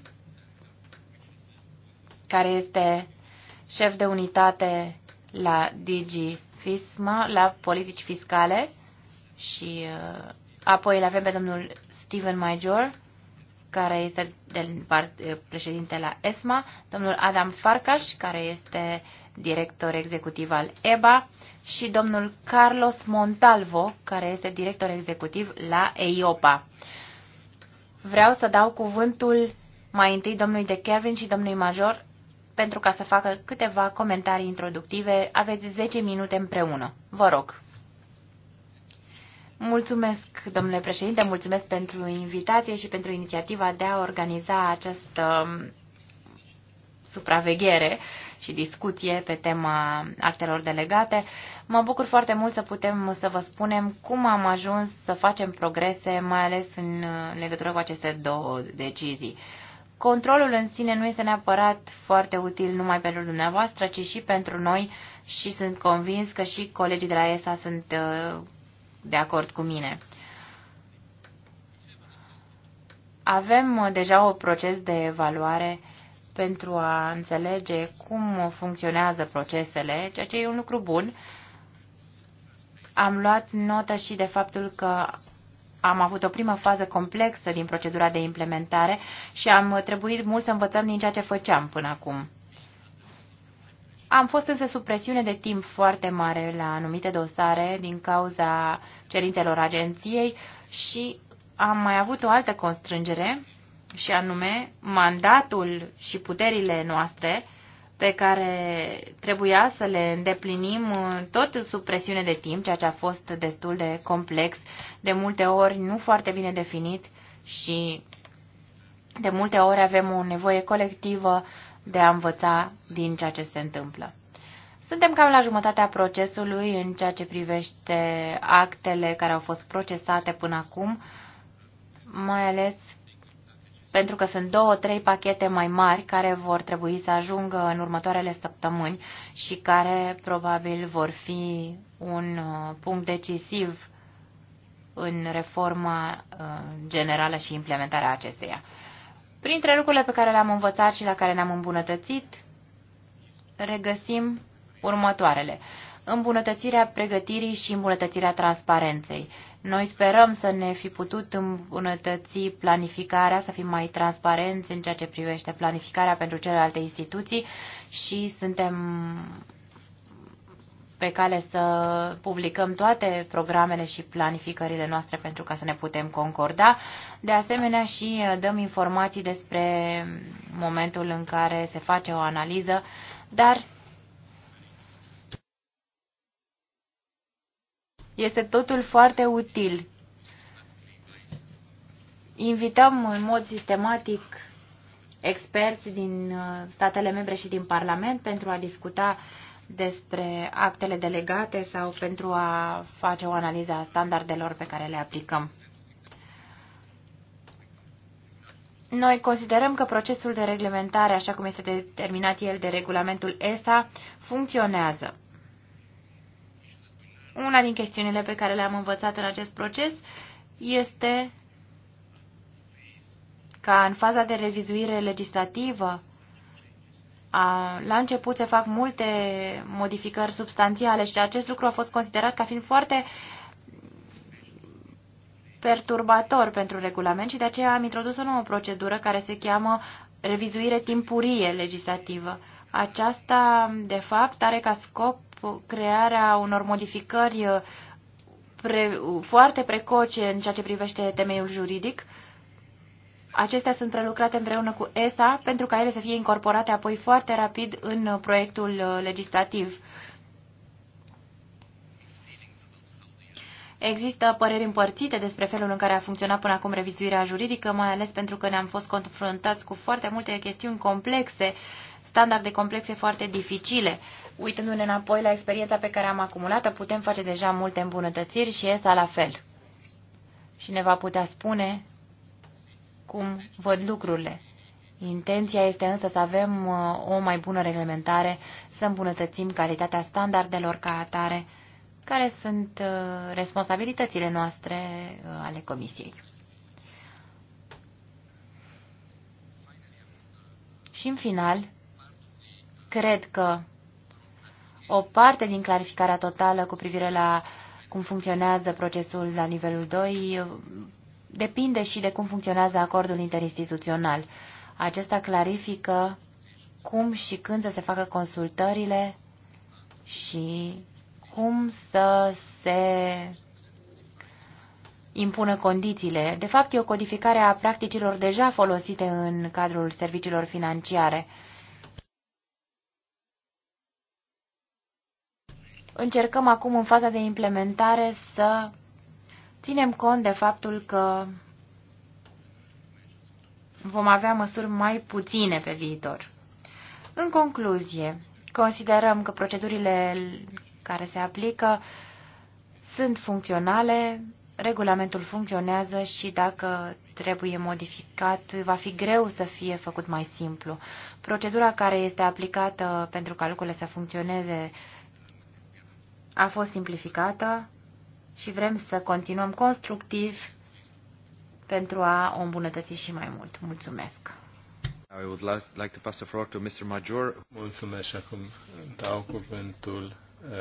care este șef de unitate la DG FISMA, la politici fiscale și uh, apoi îl avem pe domnul Steven Major, care este de uh, președinte la ESMA, domnul Adam Farcaș, care este uh, director executiv al EBA, și domnul Carlos Montalvo, care este director executiv la EIOPA. Vreau să dau cuvântul mai întâi domnului de Kevin și domnului Major pentru ca să facă câteva comentarii introductive. Aveți 10 minute împreună. Vă rog. Mulțumesc, domnule președinte, mulțumesc pentru invitație și pentru inițiativa de a organiza această um, supraveghere și discuție pe tema actelor delegate. Mă bucur foarte mult să putem să vă spunem cum am ajuns să facem progrese, mai ales în legătură cu aceste două decizii. Controlul în sine nu este neapărat foarte util numai pentru dumneavoastră, ci și pentru noi și sunt convins că și colegii de la ESA sunt uh, de acord cu mine. Avem uh, deja un proces de evaluare uh, pentru a înțelege cum funcționează procesele, ceea ce e un lucru bun. Am luat notă și de faptul că am avut o primă fază complexă din procedura de implementare și am trebuit mult să învățăm din ceea ce făceam până acum. Am fost însă sub presiune de timp foarte mare la anumite dosare din cauza cerințelor agenției și am mai avut o altă constrângere și anume mandatul și puterile noastre pe care trebuia să le îndeplinim uh, tot sub presiune de timp, ceea ce a fost destul de complex, de multe ori nu foarte bine definit și de multe ori avem o nevoie colectivă de a învăța din ceea ce se întâmplă. Suntem cam la jumătatea procesului în ceea ce privește actele care au fost procesate până acum, mai ales pentru că sunt două, trei pachete mai mari care vor trebui să ajungă în următoarele săptămâni și care probabil vor fi un uh, punct decisiv în reforma uh, generală și implementarea acesteia. Printre lucrurile pe care le-am învățat și la care ne-am îmbunătățit, regăsim următoarele îmbunătățirea pregătirii și îmbunătățirea transparenței. Noi sperăm să ne fi putut îmbunătăți planificarea, să fim mai transparenți în ceea ce privește planificarea pentru celelalte instituții și suntem pe cale să publicăm toate programele și planificările noastre pentru ca să ne putem concorda. De asemenea și dăm informații despre momentul în care se face o analiză, dar Este totul foarte util. Invităm în mod sistematic experți din uh, statele membre și din Parlament pentru a discuta despre actele delegate sau pentru a face o analiză a standardelor pe care le aplicăm. Noi considerăm că procesul de reglementare, așa cum este determinat el de regulamentul ESA, funcționează. Una din chestiunile pe care le-am învățat în acest proces este ca în faza de revizuire legislativă, a, la început se fac multe modificări substanțiale și acest lucru a fost considerat ca fiind foarte perturbator pentru regulament și de aceea am introdus o nouă procedură care se cheamă revizuire timpurie legislativă. Aceasta, de fapt, are ca scop crearea unor modificări uh, pre, foarte precoce în ceea ce privește temeiul juridic. Acestea sunt prelucrate împreună cu ESA pentru ca ele să fie incorporate apoi foarte rapid în uh, proiectul uh, legislativ. Există păreri împărțite despre felul în care a funcționat până acum revizuirea juridică, mai ales pentru că ne-am fost confruntați cu foarte multe chestiuni complexe, standarde complexe foarte dificile uitându-ne înapoi la experiența pe care am acumulat-o, putem face deja multe îmbunătățiri și ESA la fel. Și ne va putea spune cum văd lucrurile. Intenția este însă să avem uh, o mai bună reglementare, să îmbunătățim calitatea standardelor ca atare, care sunt uh, responsabilitățile noastre uh, ale Comisiei. Și în final, cred că o parte din clarificarea totală cu privire la cum funcționează procesul la nivelul 2 depinde și de cum funcționează acordul interinstituțional. Acesta clarifică cum și când să se facă consultările și cum să se impună condițiile. De fapt, e o codificare a practicilor deja folosite în cadrul serviciilor financiare. Încercăm acum în faza de implementare să ținem cont de faptul că vom avea măsuri mai puține pe viitor. În concluzie, considerăm că procedurile care se aplică sunt funcționale, regulamentul funcționează și dacă trebuie modificat, va fi greu să fie făcut mai simplu. Procedura care este aplicată pentru ca lucrurile să funcționeze a fost simplificată și vrem să continuăm constructiv pentru a o îmbunătăți și mai mult. Mulțumesc! I would like to pass the floor to Mr. Major. Mulțumesc și acum dau cuvântul uh,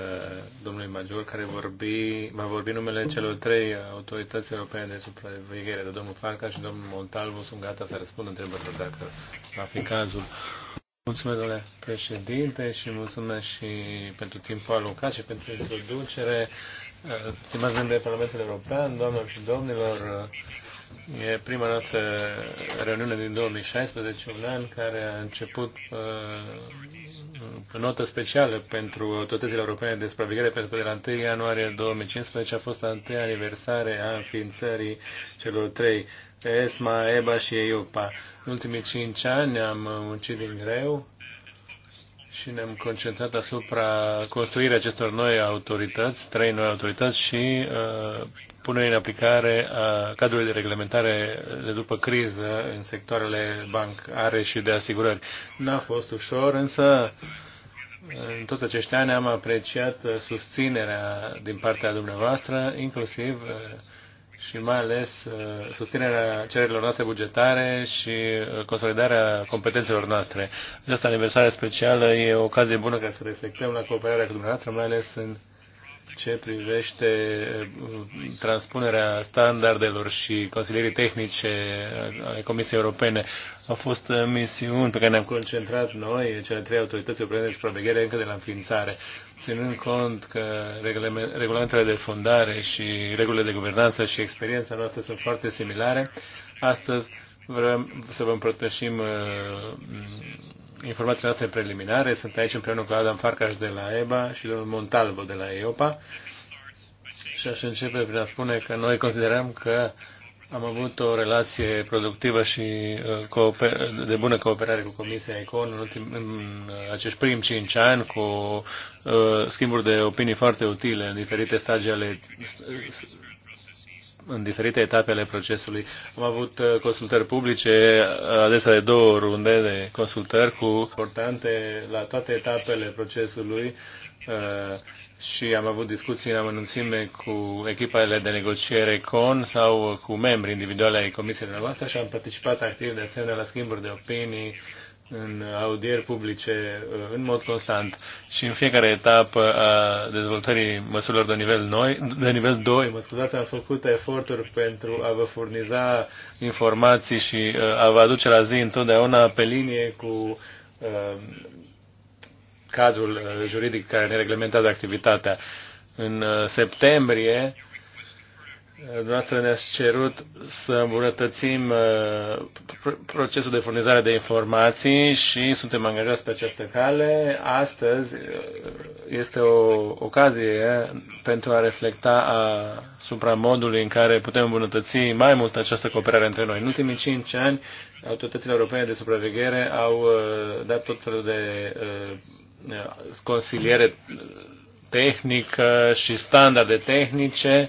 domnului Major, care vorbi, va vorbi numele celor trei autorități europene de supraveghere, de domnul Farca și domnul Montalvo, sunt gata să răspund întrebările dacă va fi cazul. Mulțumesc, domnule președinte, și mulțumesc și pentru timpul alocat și pentru introducere. Stimați membri ai Parlamentului European, doamnelor și domnilor, E prima noastră reuniune din 2016, un an care a început uh, notă specială pentru autoritățile europene de supraveghere, pentru că de la 1 ianuarie 2015 a fost a întâia aniversare a înființării celor trei, ESMA, EBA și EUPA. În ultimii cinci ani am muncit din greu și ne-am concentrat asupra construirea acestor noi autorități, trei noi autorități și uh, punerea în aplicare a cadrului de reglementare de după criză în sectoarele bancare și de asigurări. N-a fost ușor, însă în toți acești ani am apreciat susținerea din partea dumneavoastră, inclusiv uh, și mai ales uh, susținerea cererilor noastre bugetare și uh, consolidarea competențelor noastre. Această aniversare specială e o ocazie bună ca să reflectăm la cooperarea cu dumneavoastră, mai ales în ce privește uh, transpunerea standardelor și consilierii tehnice ale Comisiei Europene. Au fost uh, misiuni pe care ne-am concentrat noi, cele trei autorități europene și proveghere încă de la înființare, ținând cont că regulamentele de fondare și regulile de guvernanță și experiența noastră sunt foarte similare. Astăzi vrem să vă împărtășim uh, informațiile noastre preliminare. Sunt aici împreună cu Adam Farcaș de la EBA și domnul Montalvo de la EOPA. Și aș începe prin a spune că noi considerăm că am avut o relație productivă și uh, de bună cooperare cu Comisia ICON în, ultim, în uh, acești primi cinci ani, cu uh, schimburi de opinii foarte utile în diferite stadii ale în diferite etape ale procesului. Am avut uh, consultări publice, uh, adesea de două runde de consultări cu importante la toate etapele procesului uh, și am avut discuții în amănunțime cu echipele de negociere CON sau cu membri individuale ai comisiei noastre și am participat activ de asemenea la schimburi de opinii în audieri publice uh, în mod constant și în fiecare etapă a dezvoltării măsurilor de nivel, noi, de nivel 2, mă scuzați, am făcut eforturi pentru a vă furniza informații și uh, a vă aduce la zi întotdeauna pe linie cu uh, cadrul juridic care ne reglementează activitatea. În septembrie Dumneavoastră ne-ați cerut să îmbunătățim uh, procesul de furnizare de informații și suntem angajați pe această cale. Astăzi uh, este o ocazie pentru a reflecta asupra modului în care putem îmbunătăți mai mult această cooperare între noi. În ultimii cinci ani, autoritățile europene de supraveghere au uh, dat tot felul de consiliere tehnică și standarde tehnice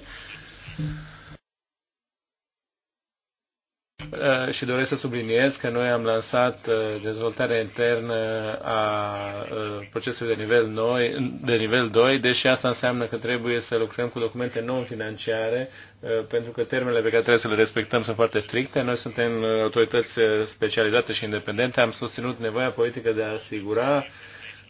Eh, și doresc să subliniez că noi am lansat eh, dezvoltarea internă a eh, procesului de nivel, noi, de nivel 2, deși asta înseamnă că trebuie să lucrăm cu documente non-financiare, pentru că termenele pe care trebuie să le respectăm sunt foarte stricte. Noi suntem autorități specializate și independente, am susținut nevoia politică de a asigura uh,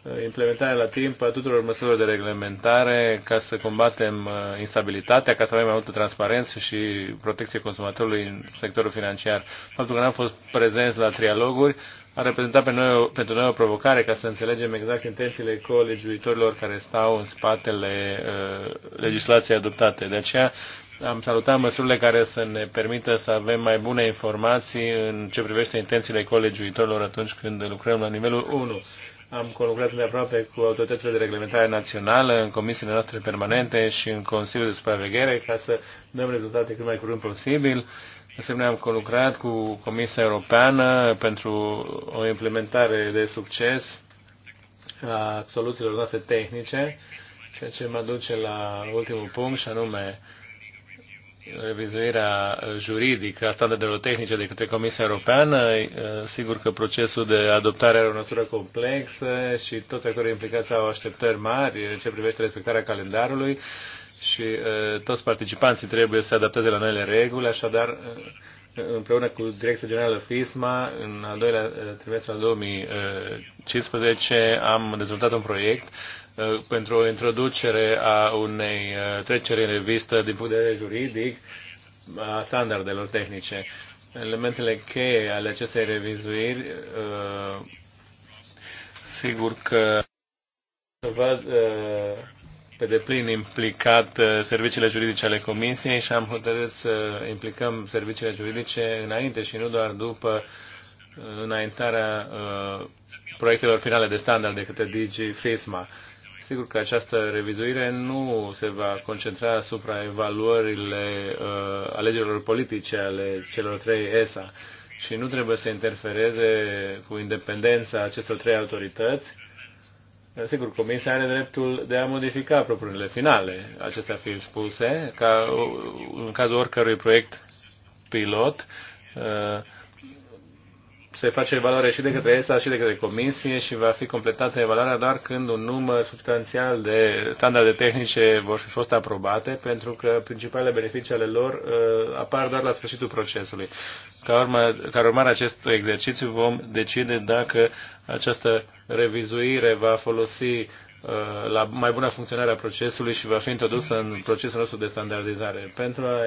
Uh, implementarea la timp a tuturor măsurilor de reglementare ca să combatem uh, instabilitatea, ca să avem mai multă transparență și protecție consumatorului în sectorul financiar. Faptul că n-am fost prezenți la trialoguri a reprezentat noi, pentru noi o provocare ca să înțelegem exact intențiile colegiuitorilor care stau în spatele uh, legislației adoptate. De aceea am salutat măsurile care să ne permită să avem mai bune informații în ce privește intențiile colegiuitorilor atunci când lucrăm la nivelul 1. Am colaborat de aproape cu autoritățile de reglementare națională, în comisiile noastre permanente și în Consiliul de Supraveghere ca să dăm rezultate cât mai curând posibil. De asemenea, am colaborat cu Comisia Europeană pentru o implementare de succes a soluțiilor noastre tehnice, ceea ce mă duce la ultimul punct, și anume revizuirea juridică a standardelor tehnice de către Comisia Europeană. Sigur că procesul de adoptare are o măsură complexă și toți actorii implicați au așteptări mari în ce privește respectarea calendarului și toți participanții trebuie să se adapteze la noile reguli, așadar împreună cu Direcția Generală FISMA, în al doilea trimestru al 2015, am dezvoltat un proiect Uh, pentru o introducere a unei uh, treceri în revistă din punct de vedere juridic a standardelor tehnice. Elementele cheie ale acestei revizuiri, uh, sigur că va pe deplin implicat serviciile juridice ale Comisiei și am hotărât să implicăm serviciile juridice înainte și nu doar după înaintarea proiectelor finale de standard de către DG FISMA. Sigur că această revizuire nu se va concentra asupra evaluările uh, alegerilor politice ale celor trei ESA și nu trebuie să interfereze cu independența acestor trei autorități. Sigur, Comisia are dreptul de a modifica propunerile finale, acestea fiind spuse, ca uh, în cazul oricărui proiect pilot, uh, se face evaluare și de către ESA și de către Comisie și va fi completată evaluarea doar când un număr substanțial de standarde tehnice vor fi fost aprobate, pentru că principalele beneficii ale lor uh, apar doar la sfârșitul procesului. Ca, urmă, ca urmare acest exercițiu vom decide dacă această revizuire va folosi Uh, la mai bună funcționare a procesului și va fi introdusă în procesul nostru de standardizare. Pentru a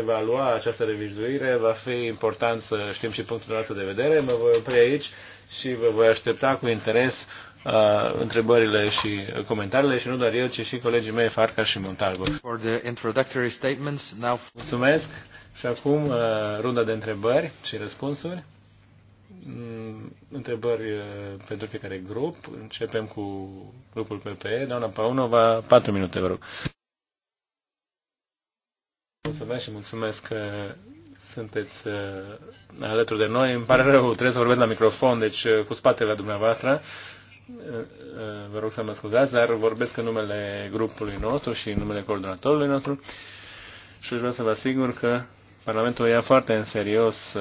evalua această revizuire va fi important să știm și punctul nostru de vedere. Mă voi opri aici și vă voi aștepta cu interes uh, întrebările și comentariile și nu doar eu, ci și colegii mei Farca și Montalvo. Mulțumesc și acum uh, runda de întrebări și răspunsuri. Mm, întrebări uh, pentru fiecare grup. Începem cu grupul PPE. Doamna Paunova, patru minute, vă rog. Mulțumesc și mulțumesc că sunteți uh, alături de noi. Îmi pare rău, trebuie să vorbesc la microfon, deci uh, cu spatele la dumneavoastră. Vă rog să mă scuzați, dar vorbesc în numele grupului nostru și în numele coordonatorului nostru și vreau să vă asigur că Parlamentul ia foarte în serios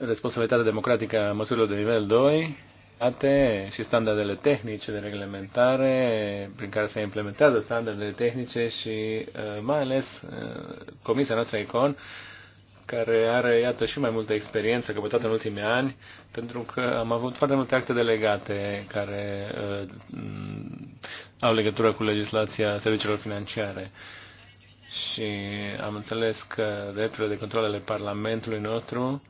responsabilitatea democratică a măsurilor de nivel 2, ate și standardele tehnice de reglementare prin care se implementează standardele tehnice și uh, mai ales uh, Comisia noastră ICON, care are, iată, și mai multă experiență toate în ultimii ani, pentru că am avut foarte multe acte delegate care uh, au legătură cu legislația serviciilor financiare. Și am înțeles că drepturile de control ale Parlamentului nostru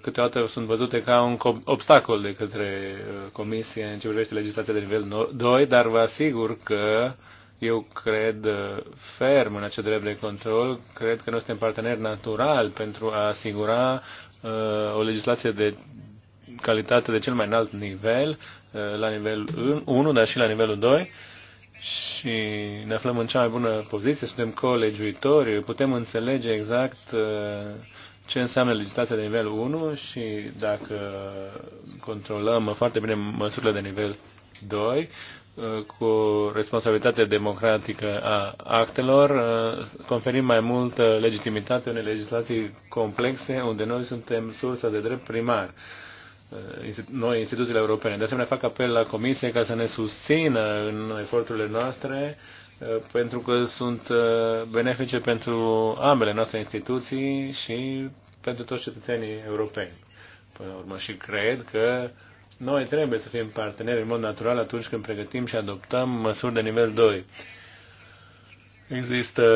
câteodată sunt văzute ca un obstacol de către uh, Comisie în ce privește legislația de nivel 2, dar vă asigur că eu cred uh, ferm în acest drept de control, cred că noi suntem parteneri natural pentru a asigura uh, o legislație de calitate de cel mai înalt nivel, uh, la nivel 1, dar și la nivelul 2 și ne aflăm în cea mai bună poziție, suntem colegiuitori, putem înțelege exact uh, ce înseamnă legislația de nivel 1 și dacă controlăm foarte bine măsurile de nivel 2 uh, cu responsabilitate democratică a actelor, uh, conferim mai multă legitimitate unei legislații complexe unde noi suntem sursa de drept primar uh, noi, instituțiile europene. De asemenea, fac apel la Comisie ca să ne susțină în eforturile noastre uh, Uh, pentru că sunt uh, benefice pentru ambele noastre instituții și pentru toți cetățenii europeni. Până la urmă și cred că noi trebuie să fim parteneri în mod natural atunci când pregătim și adoptăm măsuri de nivel 2. Există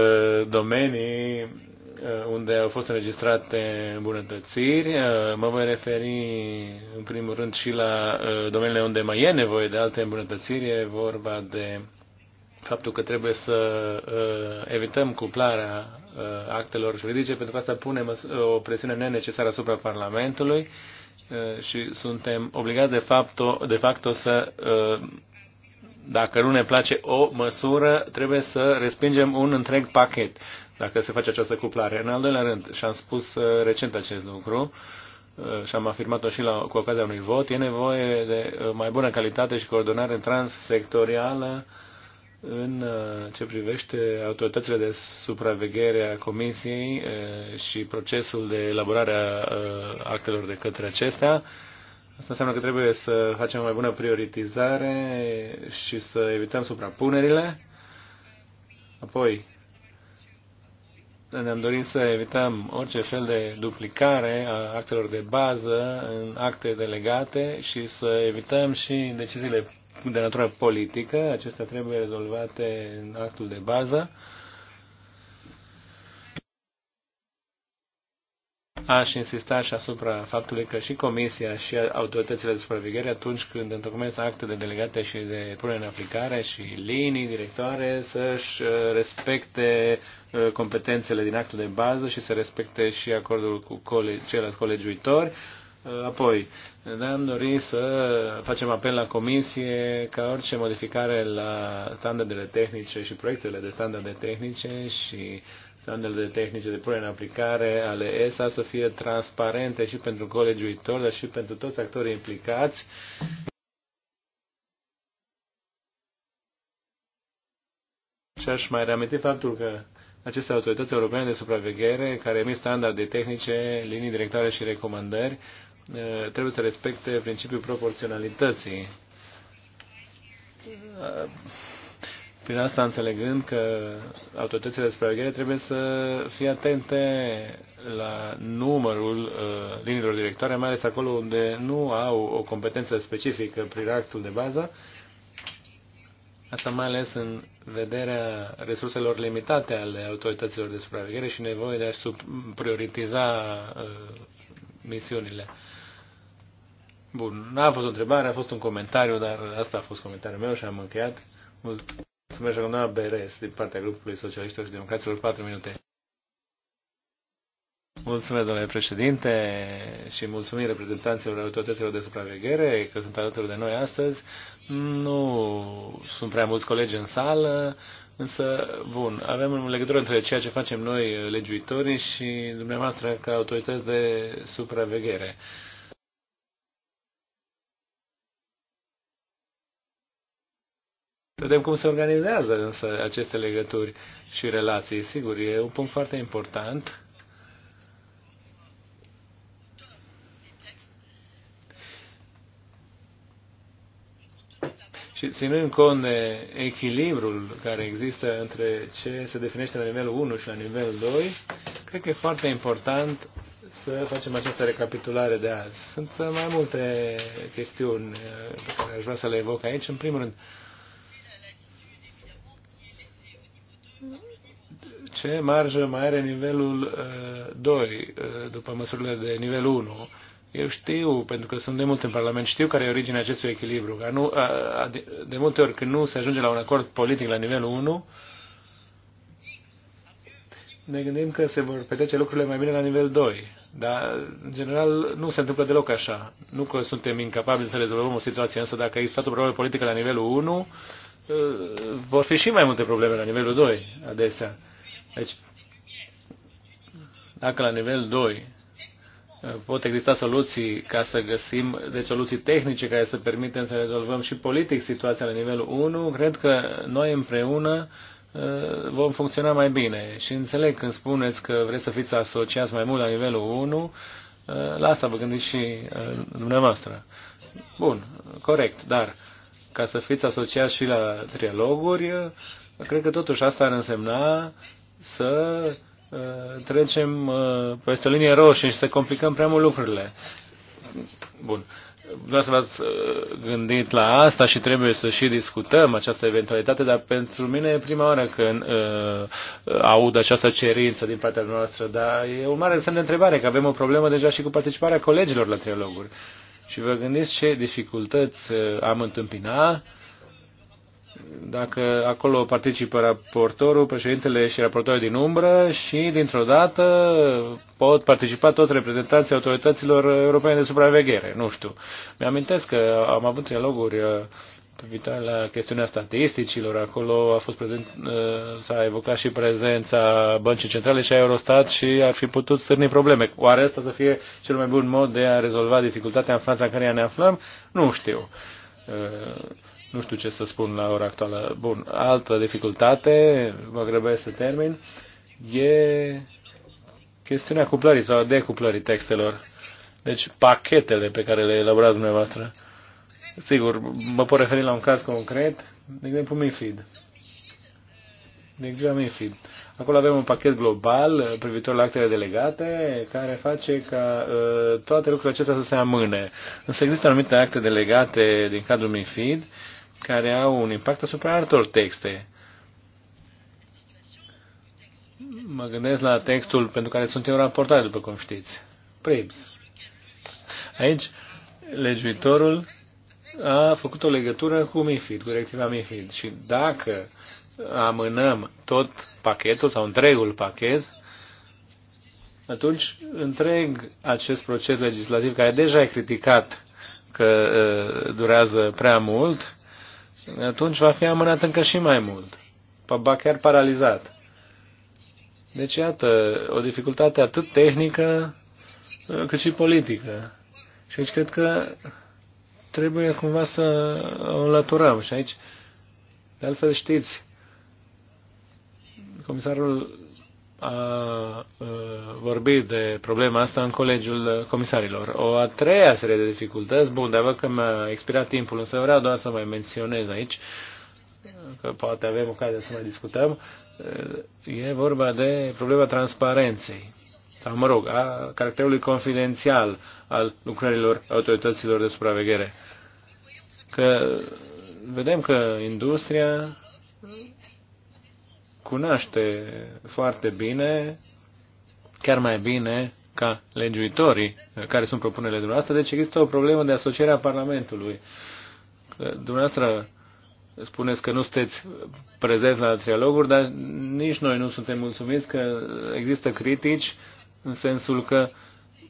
domenii uh, unde au fost înregistrate îmbunătățiri. Mă voi referi în primul rând și la domeniile unde mai e nevoie de alte îmbunătățiri. E vorba de faptul că trebuie să uh, evităm cuplarea uh, actelor juridice, pentru că asta pune uh, o presiune nenecesară asupra Parlamentului uh, și suntem obligați de, fapt de facto să, uh, dacă nu ne place o măsură, trebuie să respingem un întreg pachet, dacă se face această cuplare. În al doilea rând, și am spus uh, recent acest lucru, uh, și am afirmat-o și la, cu ocazia unui vot, e nevoie de uh, mai bună calitate și coordonare transsectorială uh, în uh, ce privește autoritățile de supraveghere a Comisiei uh, și procesul de elaborare a uh, actelor de către acestea. Asta înseamnă că trebuie să facem o mai bună prioritizare și să evităm suprapunerile. Apoi, ne-am dorit să evităm orice fel de duplicare a actelor de bază în acte delegate și să evităm și deciziile de natură politică, acestea trebuie rezolvate în actul de bază. Aș insista și asupra faptului că și Comisia și autoritățile de supraveghere, atunci când întocmesc acte de delegate și de punere în aplicare și linii directoare, să-și uh, respecte uh, competențele din actul de bază și să respecte și acordul cu colegi, ceilalți colegiuitori Uh, apoi, ne-am dorit să facem apel la comisie ca orice modificare la standardele tehnice și proiectele de standarde tehnice și standardele tehnice de punere în aplicare ale ESA să fie transparente și pentru colegiuitori, dar și pentru toți actorii implicați. Și aș mai reaminti faptul că aceste autorități europene de supraveghere, care emit standarde tehnice, linii directoare și recomandări, trebuie să respecte principiul proporționalității. Prin asta înțelegând că autoritățile de supraveghere trebuie să fie atente la numărul uh, liniilor directoare, mai ales acolo unde nu au o competență specifică prin actul de bază, asta mai ales în vederea resurselor limitate ale autorităților de supraveghere și nevoie de a prioritiza uh, misiunile. Bun, n-a fost o întrebare, a fost un comentariu, dar asta a fost comentariul meu și am încheiat. Mulțumesc, doamna Beres, din partea grupului socialiștilor și democraților, 4 minute. Mulțumesc, domnule președinte, și mulțumim reprezentanților autorităților de supraveghere că sunt alături de noi astăzi. Nu sunt prea mulți colegi în sală, însă, bun, avem o legătură între ceea ce facem noi, legiuitorii, și dumneavoastră ca autorități de supraveghere. Uh, Vedem cum se organizează însă aceste legături și relații. Sigur, e un punct foarte important. Și ținând cont de echilibrul care există între ce se definește la nivelul 1 și la nivelul 2, cred că e foarte important să facem această recapitulare de azi. Sunt mai multe chestiuni pe care aș vrea să le evoc aici. În primul rând, uh, ce marjă mai are nivelul uh, 2 uh, după măsurile de nivel 1. Eu știu, pentru că sunt de mult în Parlament, știu care e originea acestui echilibru. Că nu, de, de multe ori când nu se ajunge la un acord politic la nivelul 1, ne gândim că se vor petrece lucrurile mai bine la nivel 2. Dar, în general, nu se întâmplă deloc așa. Nu că suntem incapabili să rezolvăm o situație, însă dacă există o problemă politică la nivelul 1, uh, vor fi și mai multe probleme la nivelul 2 adesea. Deci, dacă la nivel 2 uh, pot exista soluții ca să găsim, deci soluții tehnice care să permitem să rezolvăm și politic situația la nivelul 1, cred că noi împreună uh, vom funcționa mai bine. Și înțeleg când spuneți că vreți să fiți asociați mai mult la nivelul 1, uh, la asta vă gândiți și dumneavoastră. Bun, corect, dar ca să fiți asociați și la trialoguri, cred că totuși asta ar însemna să uh, trecem uh, peste linie roșie și să complicăm prea mult lucrurile. Bun. Vreau să v-ați uh, gândit la asta și trebuie să și discutăm această eventualitate, dar pentru mine e prima oară când uh, aud această cerință din partea noastră, dar e un mare semn de întrebare, că avem o problemă deja și cu participarea colegilor la triloguri. Și vă gândiți ce dificultăți am întâmpinat dacă acolo participă raportorul, președintele și raportorul din umbră și, dintr-o dată, pot participa toți reprezentanții autorităților europene de supraveghere. Nu știu. Mi-amintesc că am avut dialoguri uh, privitoare la chestiunea statisticilor. Acolo a fost prezent, uh, s-a evocat și prezența Băncii Centrale și a Eurostat și ar fi putut stârni probleme. Oare asta să fie cel mai bun mod de a rezolva dificultatea în fața în care ne aflăm? Nu știu uh, nu știu ce să spun la ora actuală. Bun, altă dificultate, mă grăbesc să termin, e chestiunea cuplării sau decuplării textelor. Deci pachetele pe care le elaborați dumneavoastră. Sigur, mă pot referi la un caz concret, de exemplu MIFID. De exemplu MIFID. Acolo avem un pachet global uh, privitor la actele delegate care face ca uh, toate lucrurile acestea să se amâne. Însă există anumite acte delegate din cadrul MIFID care au un impact asupra altor texte. Mă gândesc la textul pentru care sunt eu raportat, după cum știți. Prims. Aici, legiuitorul a făcut o legătură cu MIFID, cu directiva MIFID. Și dacă amânăm tot pachetul sau întregul pachet, atunci întreg acest proces legislativ, care deja e criticat că uh, durează prea mult, atunci va fi amânat încă și mai mult, ba chiar paralizat. Deci, iată, o dificultate atât tehnică uh, cât și politică. Și aici cred că trebuie cumva să o înlăturăm. Și aici, de altfel știți, comisarul a vorbi de problema asta în Colegiul Comisarilor. O a treia serie de dificultăți, bun, dar văd că mi-a expirat timpul, însă vreau doar să mai menționez aici, că poate avem ocazia să mai discutăm, e vorba de problema transparenței sau, mă rog, a caracterului confidențial al lucrărilor autorităților de supraveghere. Că vedem că industria cunoaște foarte bine, chiar mai bine ca legiuitorii care sunt propunerile dumneavoastră, deci există o problemă de asociere a Parlamentului. Dumneavoastră spuneți că nu sunteți prezenți la trialoguri, dar nici noi nu suntem mulțumiți că există critici în sensul că,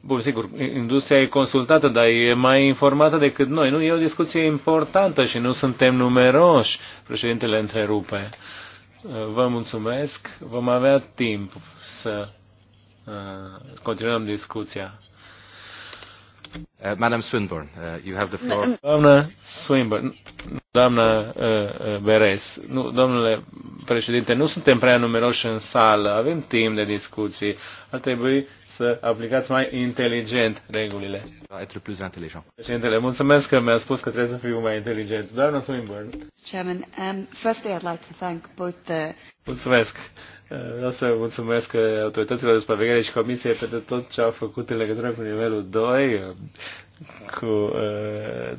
bun, sigur, industria e consultată, dar e mai informată decât noi. Nu, e o discuție importantă și nu suntem numeroși, președintele întrerupe. Uh, Vă mulțumesc. Vom avea timp să uh, continuăm discuția. Uh, Madam Swinburne, uh, you have the floor. Doamna Swinburne, doamna uh, uh, Beres, nu, domnule președinte, nu suntem prea numeroși în sală, avem timp de discuții. Ar trebui să aplicați mai inteligent regulile. Être plus inteligent. Președintele, mulțumesc că mi-a spus că trebuie să fiu mai inteligent. Doamna Swinburne. Chairman, um, firstly I'd like to thank both the... Mulțumesc. Uh, vreau să mulțumesc uh, autorităților de supraveghere și comisie pentru tot ce au făcut în legătură cu nivelul 2, uh, cu uh,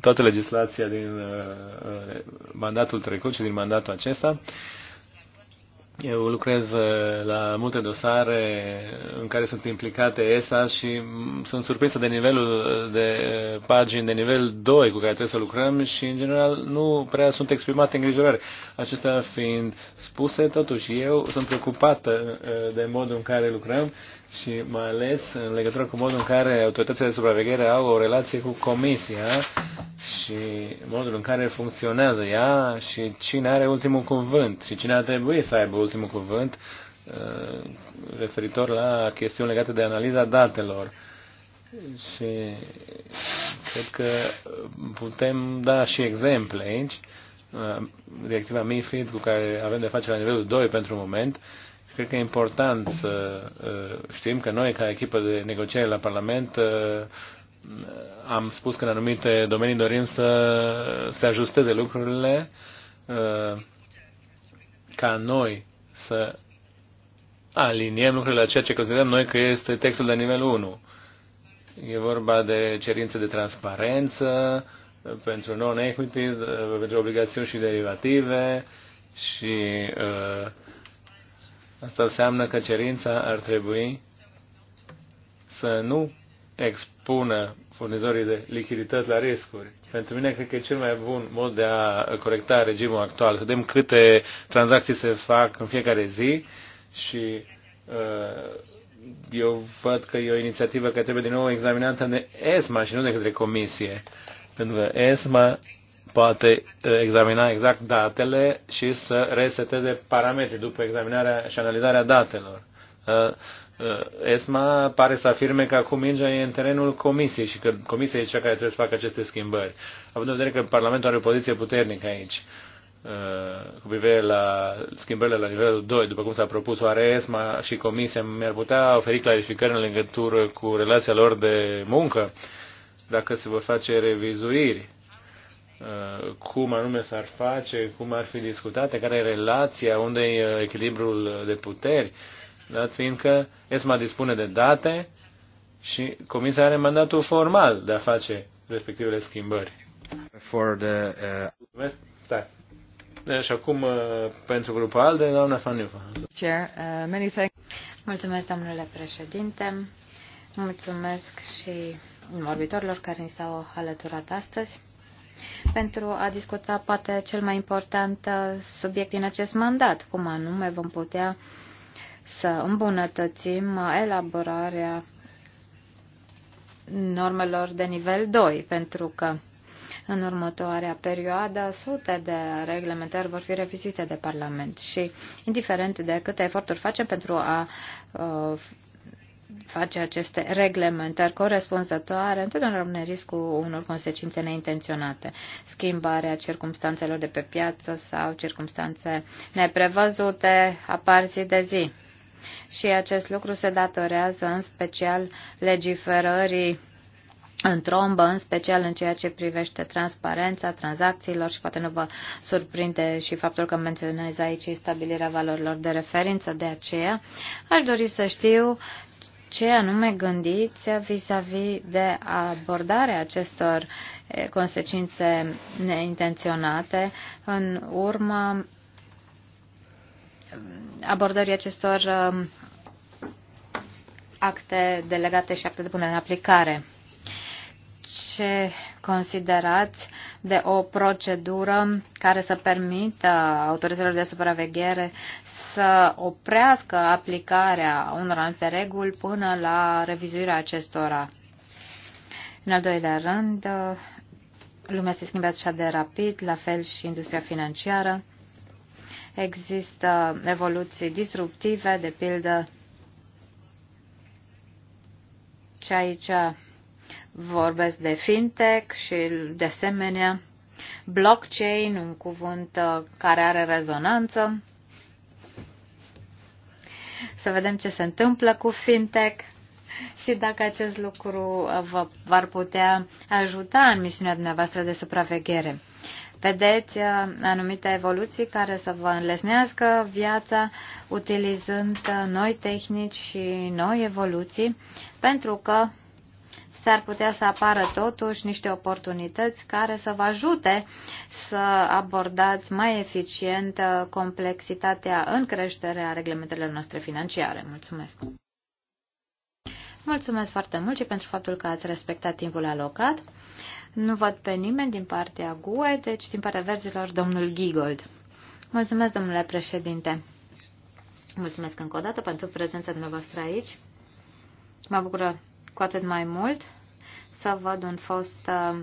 toată legislația din uh, mandatul trecut și din mandatul acesta. Uh, eu lucrez uh, la multe dosare în care sunt implicate ESA și sunt surprinsă de nivelul uh, de uh, pagini de nivel 2 cu care trebuie să lucrăm și, în general, nu prea sunt exprimate îngrijorări. Acestea fiind spuse, totuși eu sunt preocupată de modul în care lucrăm și mai ales în legătură cu modul în care autoritățile de supraveghere au o relație cu Comisia și modul în care funcționează ea și cine are ultimul cuvânt și cine ar trebui să aibă ultimul cuvânt uh, referitor la chestiuni legate de analiza datelor. Și cred că putem da și exemple aici. Uh, directiva MIFID cu care avem de face la nivelul 2 pentru moment. Cred că e important să uh, știm că noi, ca echipă de negociere la Parlament, am spus că în anumite domenii dorim să se ajusteze lucrurile ca noi să aliniem lucrurile la ceea ce considerăm noi că este textul de nivel 1. E vorba de cerințe de transparență pentru non-equity, pentru obligațiuni și derivative și uh, asta înseamnă că cerința ar trebui să nu expună furnizorii de lichidități la riscuri. Pentru mine cred că e cel mai bun mod de a corecta regimul actual. vedem câte tranzacții se fac în fiecare zi și uh, eu văd că e o inițiativă care trebuie din nou examinată de ESMA și nu de către comisie. Pentru că ESMA poate uh, examina exact datele și să reseteze parametrii după examinarea și analizarea datelor. Uh, uh, ESMA pare să afirme că acum mingea e în terenul Comisiei și că Comisia e cea care trebuie să facă aceste schimbări. Având în vedere că Parlamentul are o poziție puternică aici uh, cu privire la schimbările la nivelul 2, după cum s-a propus, oare ESMA și Comisia mi-ar putea oferi clarificări în legătură cu relația lor de muncă, dacă se vor face revizuiri, cum anume s-ar face, cum ar fi discutate, care e relația, unde e echilibrul de puteri, dat fiindcă ESMA dispune de date și Comisia are mandatul formal de a face respectivele schimbări. For the, uh... da. Și acum, uh, pentru grupul ALDE, doamna Faniufa. Chair, uh, many thanks. Mulțumesc, domnule președinte. Mulțumesc și vorbitorilor care ni s-au alăturat astăzi pentru a discuta poate cel mai important uh, subiect din acest mandat, cum anume vom putea uh, să îmbunătățim elaborarea normelor de nivel 2, pentru că în următoarea perioadă sute de reglementări vor fi revizuite de Parlament și, indiferent de câte eforturi facem pentru a uh, face aceste reglementări corespunzătoare, întotdeauna rămâne riscul unor consecințe neintenționate. Schimbarea circumstanțelor de pe piață sau circumstanțe neprevăzute apar zi de zi și acest lucru se datorează în special legiferării în trombă, în special în ceea ce privește transparența tranzacțiilor și poate nu vă surprinde și faptul că menționez aici stabilirea valorilor de referință. De aceea aș dori să știu ce anume gândiți vis-a-vis -vis de abordarea acestor eh, consecințe neintenționate în urma abordării acestor um, acte delegate și acte de punere în aplicare. Ce considerați de o procedură care să permită autorităților de supraveghere să oprească aplicarea unor alte reguli până la revizuirea acestora. În al doilea rând, lumea se schimbă așa de rapid, la fel și industria financiară. Există evoluții disruptive, de pildă ce aici vorbesc de fintech și de asemenea blockchain, un cuvânt uh, care are rezonanță. Să vedem ce se întâmplă cu fintech și dacă acest lucru uh, vă, v-ar putea ajuta în misiunea dumneavoastră de supraveghere vedeți uh, anumite evoluții care să vă înlesnească viața utilizând uh, noi tehnici și noi evoluții, pentru că s-ar putea să apară totuși niște oportunități care să vă ajute să abordați mai eficient uh, complexitatea în creșterea reglementelor noastre financiare. Mulțumesc! Mulțumesc foarte mult și pentru faptul că ați respectat timpul alocat. Nu văd pe nimeni din partea GUE, deci din partea verzilor domnul Gigold. Mulțumesc, domnule președinte. Mulțumesc încă o dată pentru prezența dumneavoastră aici. Mă bucură cu atât mai mult să văd un fost uh,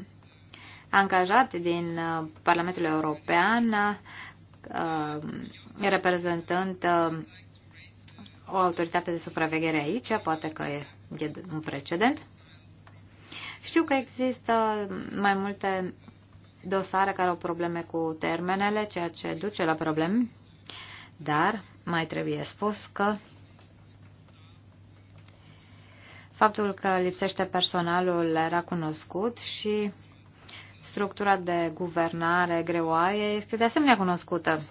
angajat din uh, Parlamentul European uh, reprezentând uh, o autoritate de supraveghere aici, poate că e, e un precedent. Știu că există mai multe dosare care au probleme cu termenele, ceea ce duce la probleme, dar mai trebuie spus că faptul că lipsește personalul era cunoscut și structura de guvernare greoaie este de asemenea cunoscută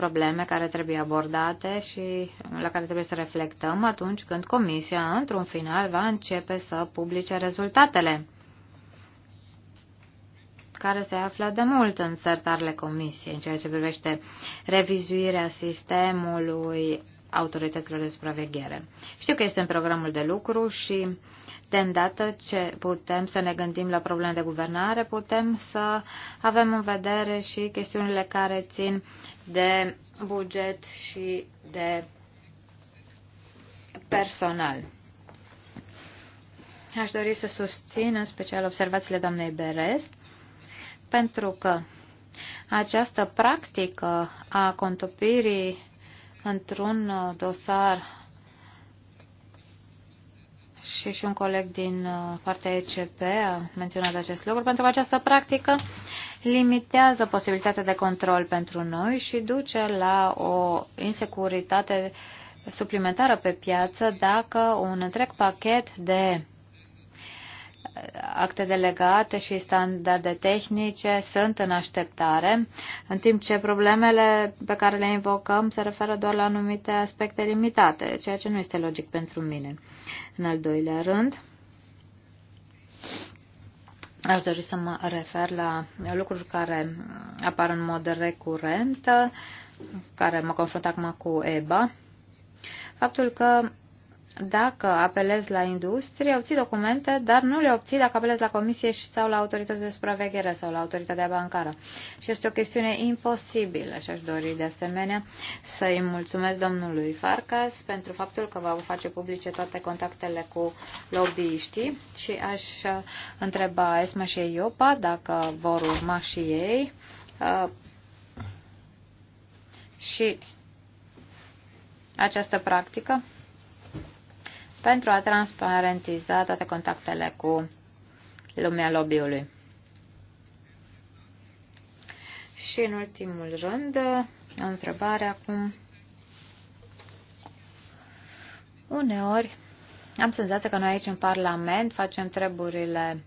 probleme care trebuie abordate și la care trebuie să reflectăm atunci când Comisia, într-un final, va începe să publice rezultatele care se află de mult în sertarele Comisiei în ceea ce privește revizuirea sistemului autorităților de supraveghere. Știu că este în programul de lucru și de îndată ce putem să ne gândim la probleme de guvernare, putem să avem în vedere și chestiunile care țin de buget și de personal. Aș dori să susțin în special observațiile doamnei Berez, pentru că această practică a contopirii într-un dosar și și un coleg din uh, partea ECP a menționat acest lucru, pentru că această practică limitează posibilitatea de control pentru noi și duce la o insecuritate suplimentară pe piață dacă un întreg pachet de acte delegate și standarde tehnice sunt în așteptare, în timp ce problemele pe care le invocăm se referă doar la anumite aspecte limitate, ceea ce nu este logic pentru mine. În al doilea rând, Aș dori să mă refer la lucruri care apar în mod recurent, care mă confrunt acum cu EBA. Faptul că dacă apelez la industrie, obții documente, dar nu le obții dacă apelez la comisie sau la autoritatea de supraveghere sau la autoritatea bancară. Și este o chestiune imposibilă și aș dori de asemenea să-i mulțumesc domnului Farcas pentru faptul că va face publice toate contactele cu lobbyiștii și aș uh, întreba Esma și Iopa dacă vor urma și ei uh, și această practică pentru a transparentiza toate contactele cu lumea lobby-ului. Și în ultimul rând, o întrebare acum. Uneori am senzația că noi aici în Parlament facem treburile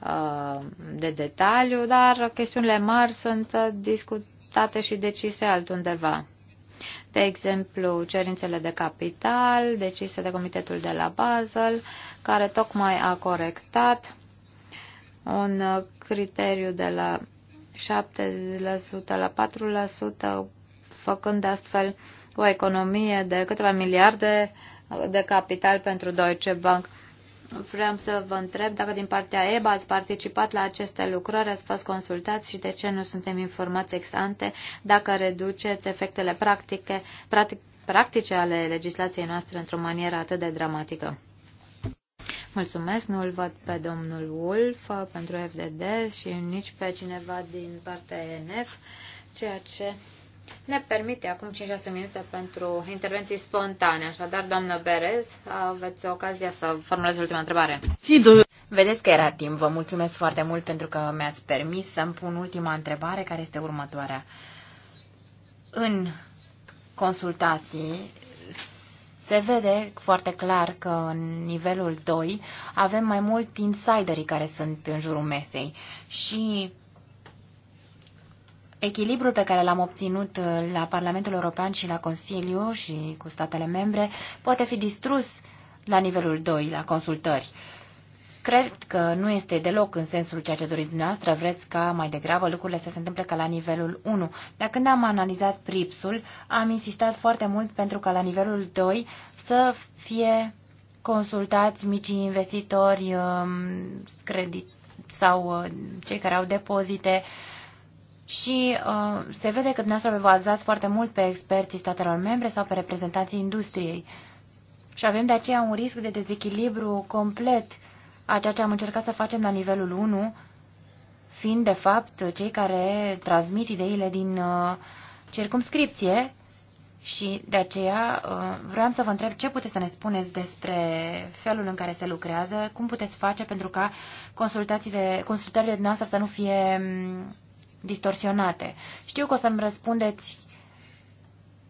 uh, de detaliu, dar chestiunile mari sunt uh, discutate și decise altundeva de exemplu cerințele de capital decise de Comitetul de la Basel, care tocmai a corectat un criteriu de la 7% la 4%, făcând astfel o economie de câteva miliarde de capital pentru Deutsche Bank vreau să vă întreb dacă din partea EBA ați participat la aceste lucrări, ați fost consultați și de ce nu suntem informați ex ante dacă reduceți efectele practice, practic, practice ale legislației noastre într-o manieră atât de dramatică. Mulțumesc, nu-l văd pe domnul Wolf uh, pentru FDD și nici pe cineva din partea ENF, ceea ce ne permite acum 5-6 minute pentru intervenții spontane. Așadar, doamnă Berez, aveți ocazia să formulez ultima întrebare. Vedeți că era timp. Vă mulțumesc foarte mult pentru că mi-ați permis să-mi pun ultima întrebare, care este următoarea. În consultații se vede foarte clar că în nivelul 2 avem mai mult insiderii care sunt în jurul mesei și Echilibrul pe care l-am obținut uh, la Parlamentul European și la Consiliu și cu statele membre poate fi distrus la nivelul 2, la consultări. Cred că nu este deloc în sensul ceea ce doriți dumneavoastră, vreți ca mai degrabă lucrurile să se întâmple ca la nivelul 1. Dar când am analizat PRIPS-ul, am insistat foarte mult pentru ca la nivelul 2 să fie consultați micii investitori, um, credit sau uh, cei care au depozite, și uh, se vede că dumneavoastră vă bazați foarte mult pe experții statelor membre sau pe reprezentanții industriei. Și avem de aceea un risc de dezechilibru complet a ceea ce am încercat să facem la nivelul 1, fiind de fapt cei care transmit ideile din uh, circumscripție și de aceea uh, vreau să vă întreb ce puteți să ne spuneți despre felul în care se lucrează, cum puteți face pentru ca consultațiile, consultările noastre să nu fie um, distorsionate. Știu că o să-mi răspundeți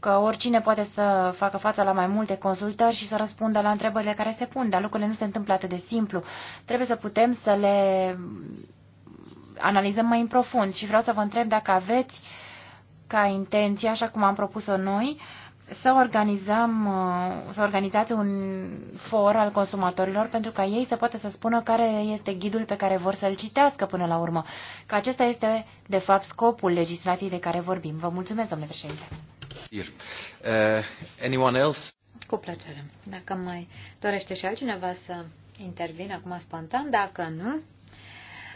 că oricine poate să facă față la mai multe consultări și să răspundă la întrebările care se pun, dar lucrurile nu se întâmplă atât de simplu. Trebuie să putem să le analizăm mai în profund și vreau să vă întreb dacă aveți ca intenție, așa cum am propus-o noi, uh, să organizăm, uh, să organizați un for al consumatorilor pentru ca ei să poată să spună care este ghidul pe care vor să-l citească până la urmă. Că acesta este, de fapt, scopul legislației de care vorbim. Vă mulțumesc, domnule președinte. Uh, anyone else? Cu plăcere. Dacă mai dorește și altcineva să intervină acum spontan, dacă nu,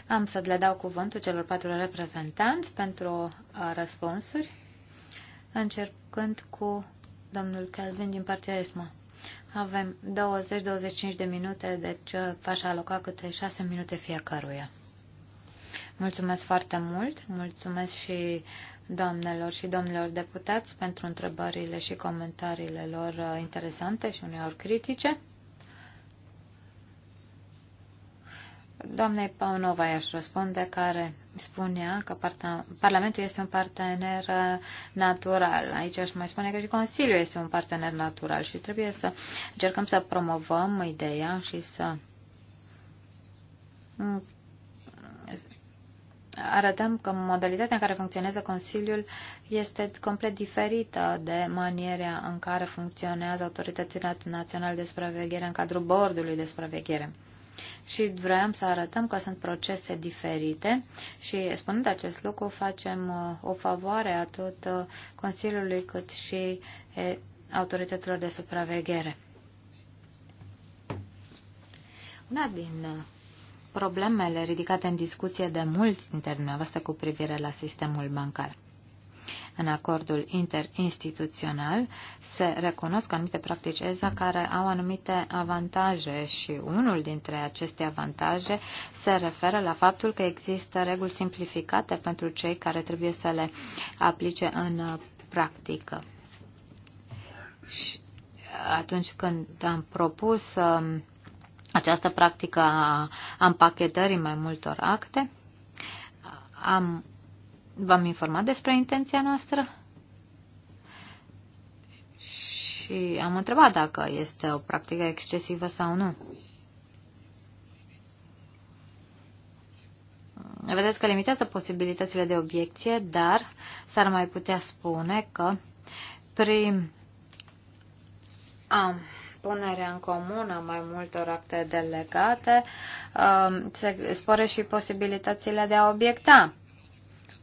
am să le dau cuvântul celor patru reprezentanți pentru uh, răspunsuri, încercând cu domnul Kelvin din partea ESMA. Avem 20-25 de minute, deci uh, v-aș aloca câte 6 minute fiecăruia. Mulțumesc foarte mult, mulțumesc și doamnelor și domnilor deputați pentru întrebările și comentariile lor uh, interesante și uneori critice. Doamnei Paunova i-aș răspunde, care spunea că Parlamentul este un partener uh, natural. Aici aș mai spune că și Consiliul este un partener natural și trebuie să încercăm să promovăm ideea și să arătăm că modalitatea în care funcționează Consiliul este complet diferită de maniera în care funcționează autoritățile naționale de supraveghere în cadrul bordului de supraveghere și vroiam să arătăm că sunt procese diferite și spunând acest lucru facem uh, o favoare atât uh, Consiliului cât și autorităților de supraveghere. Una din uh, problemele ridicate în discuție de mulți dintre dumneavoastră cu privire la sistemul bancar în acordul interinstituțional, se recunosc anumite practici ESA care au anumite avantaje și unul dintre aceste avantaje se referă la faptul că există reguli simplificate pentru cei care trebuie să le aplice în practică. Și atunci când am propus um, această practică a împachetării mai multor acte, am v-am informat despre intenția noastră și am întrebat dacă este o practică excesivă sau nu. Vedeți că limitează posibilitățile de obiecție, dar s-ar mai putea spune că prin a, punerea în comun a mai multor acte delegate um, se spore și posibilitățile de a obiecta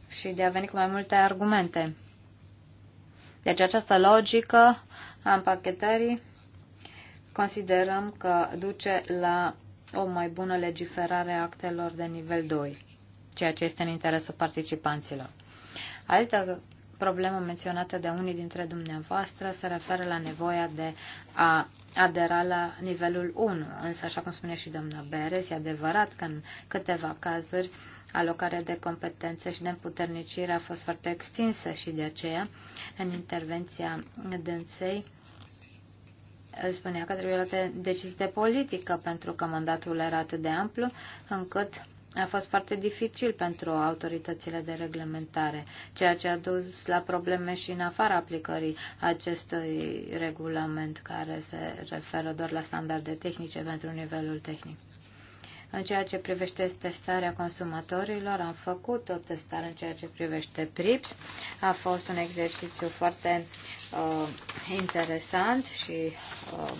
și de a veni cu mai multe argumente. Deci această logică a împachetării considerăm că duce la o mai bună legiferare a actelor de nivel 2, ceea ce este în interesul participanților. Altă problemă menționată de unii dintre dumneavoastră se referă la nevoia de a adera la nivelul 1. Însă, așa cum spune și doamna Beres, e adevărat că în câteva cazuri uh, alocarea de competențe și de împuternicire a fost foarte extinsă și de aceea, în intervenția dânsei, spunea că trebuie luate decizii de politică pentru că mandatul era atât de amplu încât a fost foarte dificil pentru autoritățile de reglementare, ceea ce a dus la probleme și în afara aplicării acestui regulament care se referă doar la standarde tehnice pentru nivelul tehnic. În ceea ce privește testarea consumatorilor, am făcut o testare în ceea ce privește PRIPS. A fost un exercițiu foarte uh, interesant și uh,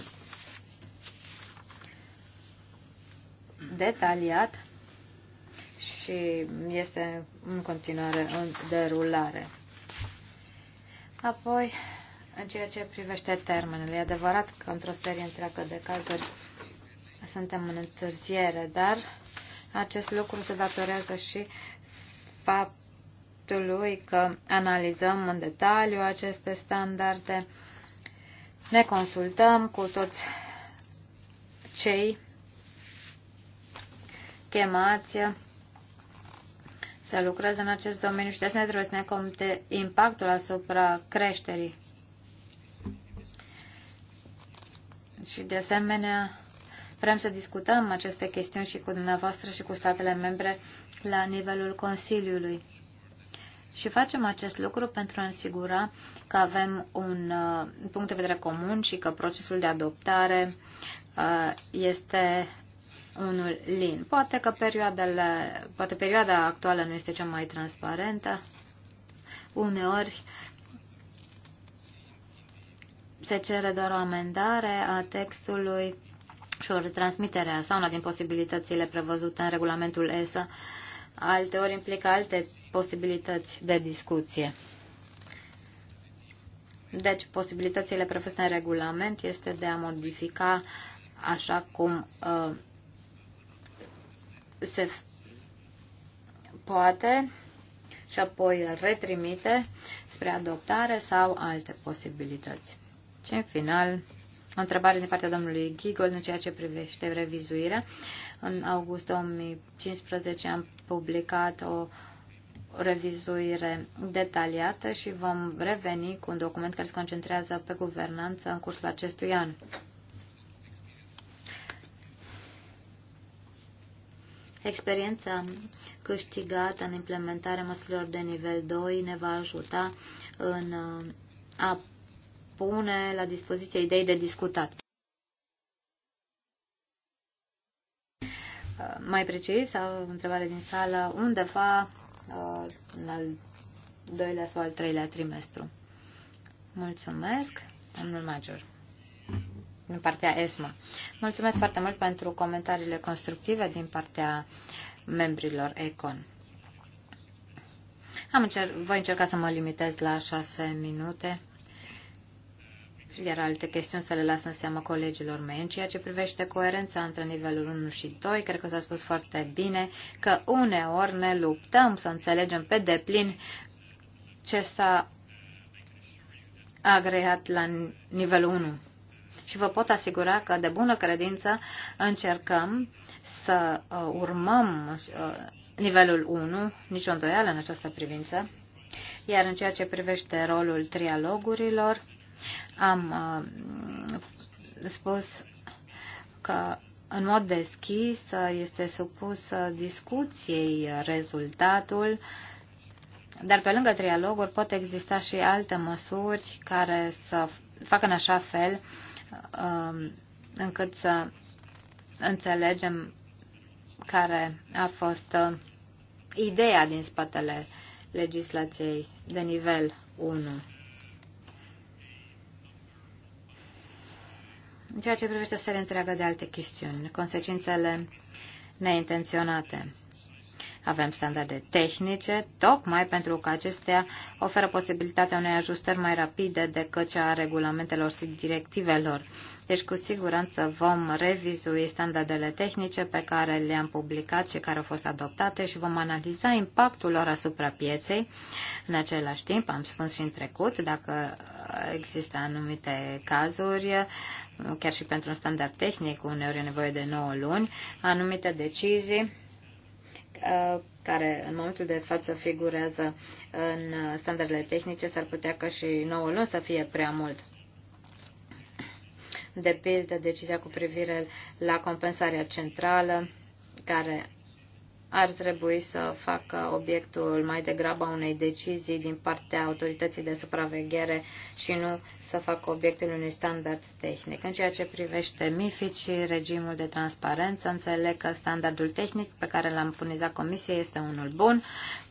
detaliat și este în continuare în derulare. Apoi, în ceea ce privește termenele, e adevărat că într-o serie întreagă de cazuri suntem în întârziere, dar acest lucru se datorează și faptului că analizăm în detaliu aceste standarde, ne consultăm cu toți cei chemați să lucreze în acest domeniu și de asemenea trebuie să ne compte impactul asupra creșterii. Și de asemenea Vrem să discutăm aceste chestiuni și cu dumneavoastră și cu statele membre la nivelul Consiliului. Și facem acest lucru pentru a asigura că avem un uh, punct de vedere comun și că procesul de adoptare uh, este unul lin. Poate că perioadele, poate perioada actuală nu este cea mai transparentă. Uneori se cere doar o amendare a textului și ori transmiterea sau una din posibilitățile prevăzute în regulamentul ESA, alte ori implică alte posibilități de discuție. Deci, posibilitățile prevăzute în regulament este de a modifica așa cum uh, se poate și apoi îl retrimite spre adoptare sau alte posibilități. Și în final, o întrebare din partea domnului Gigol în ceea ce privește revizuirea. În august 2015 am publicat o revizuire detaliată și vom reveni cu un document care se concentrează pe guvernanță în cursul acestui an. Experiența câștigată în implementarea măsurilor de nivel 2 ne va ajuta în uh, a pune la dispoziție idei de discutat. Uh, mai precis, întrebare din sală, undeva uh, în al doilea sau al treilea trimestru. Mulțumesc, domnul Major, din partea ESMA. Mulțumesc foarte mult pentru comentariile constructive din partea membrilor ECON. Am încer- voi încerca să mă limitez la șase minute iar alte chestiuni să le las în seama colegilor mei. În ceea ce privește coerența între nivelul 1 și 2, cred că s-a spus foarte bine că uneori ne luptăm să înțelegem pe deplin ce s-a agreat la nivelul 1. Și vă pot asigura că de bună credință încercăm să uh, urmăm uh, nivelul 1, nicio îndoială în această privință, iar în ceea ce privește rolul trialogurilor, am uh, spus că în mod deschis este supus discuției rezultatul, dar pe lângă trialoguri pot exista și alte măsuri care să facă în așa fel uh, încât să înțelegem care a fost uh, ideea din spatele legislației de nivel 1. în ceea ce privește o serie întreagă de alte chestiuni, consecințele neintenționate. Avem standarde tehnice, tocmai pentru că acestea oferă posibilitatea unei ajustări mai rapide decât cea a regulamentelor și directivelor. Deci, cu siguranță, vom revizui standardele tehnice pe care le-am publicat și care au fost adoptate și vom analiza impactul lor asupra pieței. În același timp, am spus și în trecut, dacă există anumite cazuri, chiar și pentru un standard tehnic, uneori e nevoie de 9 luni, anumite decizii Uh, care în momentul de față figurează în standardele tehnice, s-ar putea ca și 9 luni să fie prea mult. De pildă, decizia cu privire la compensarea centrală, care ar trebui să facă obiectul mai degrabă unei decizii din partea autorității de supraveghere și nu să facă obiectul unui standard tehnic. În ceea ce privește MIFID și regimul de transparență, înțeleg că standardul tehnic pe care l-am furnizat Comisie este unul bun,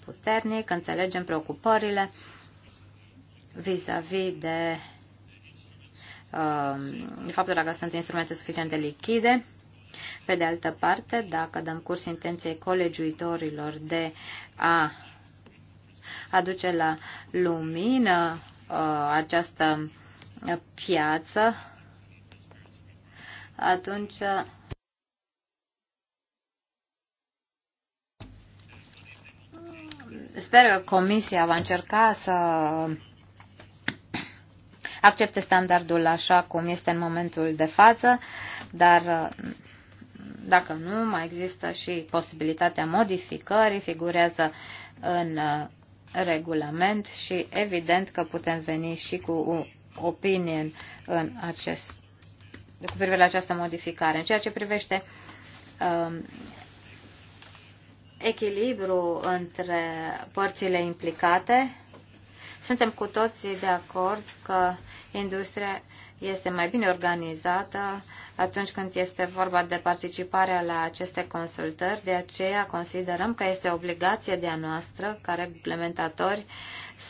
puternic, înțelegem preocupările vis-a-vis -vis de uh, faptul că sunt instrumente suficient de lichide pe de altă parte, dacă dăm curs intenției colegiuitorilor de a aduce la lumină uh, această piață, atunci uh, sper că Comisia va încerca să accepte standardul așa cum este în momentul de față, dar uh, dacă nu, mai există și posibilitatea modificării, figurează în uh, regulament și evident că putem veni și cu opinie în acest, cu privire la această modificare. În ceea ce privește um, echilibru între părțile implicate, suntem cu toții de acord că industria este mai bine organizată atunci când este vorba de participarea la aceste consultări. De aceea considerăm că este obligație de a noastră, ca reglementatori,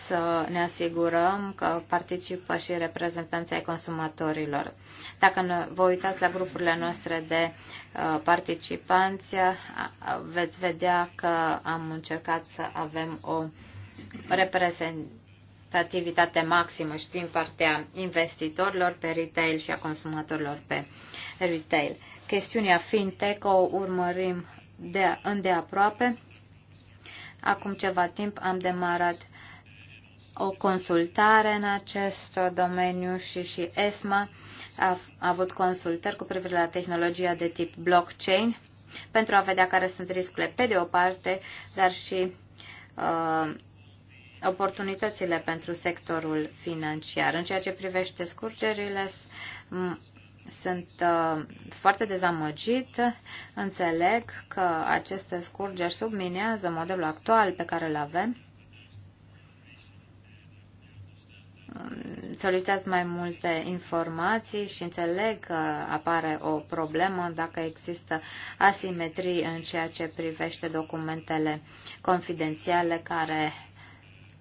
să ne asigurăm că participă și reprezentanții ai consumatorilor. Dacă vă uitați la grupurile noastre de uh, participanți, veți vedea că am încercat să avem o reprezentare activitate maximă și din partea investitorilor pe retail și a consumatorilor pe retail. Chestiunea fintech o urmărim de îndeaproape. Acum ceva timp am demarat o consultare în acest domeniu și și ESMA a avut consultări cu privire la tehnologia de tip blockchain pentru a vedea care sunt riscurile pe de o parte, dar și uh, oportunitățile pentru sectorul financiar. În ceea ce privește scurgerile, sunt uh, foarte dezamăgit. Înțeleg că aceste scurgeri subminează modelul actual pe care îl avem. Solicitați mai multe informații și înțeleg că apare o problemă dacă există asimetrii în ceea ce privește documentele confidențiale care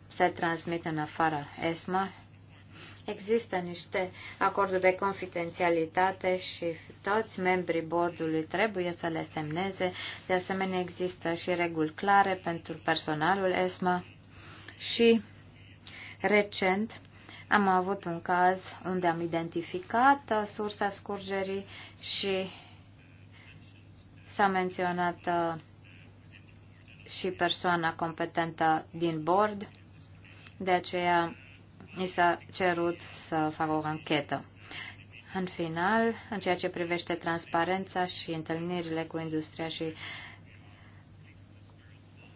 se transmit în afara ESMA. Există niște acorduri de confidențialitate și toți membrii bordului trebuie să le semneze. De asemenea, există și reguli clare pentru personalul ESMA și recent am avut un caz unde am identificat sursa scurgerii și s-a menționat uh, și persoana competentă din bord de aceea i s-a cerut să facă o anchetă. În final, în ceea ce privește transparența și întâlnirile cu industria și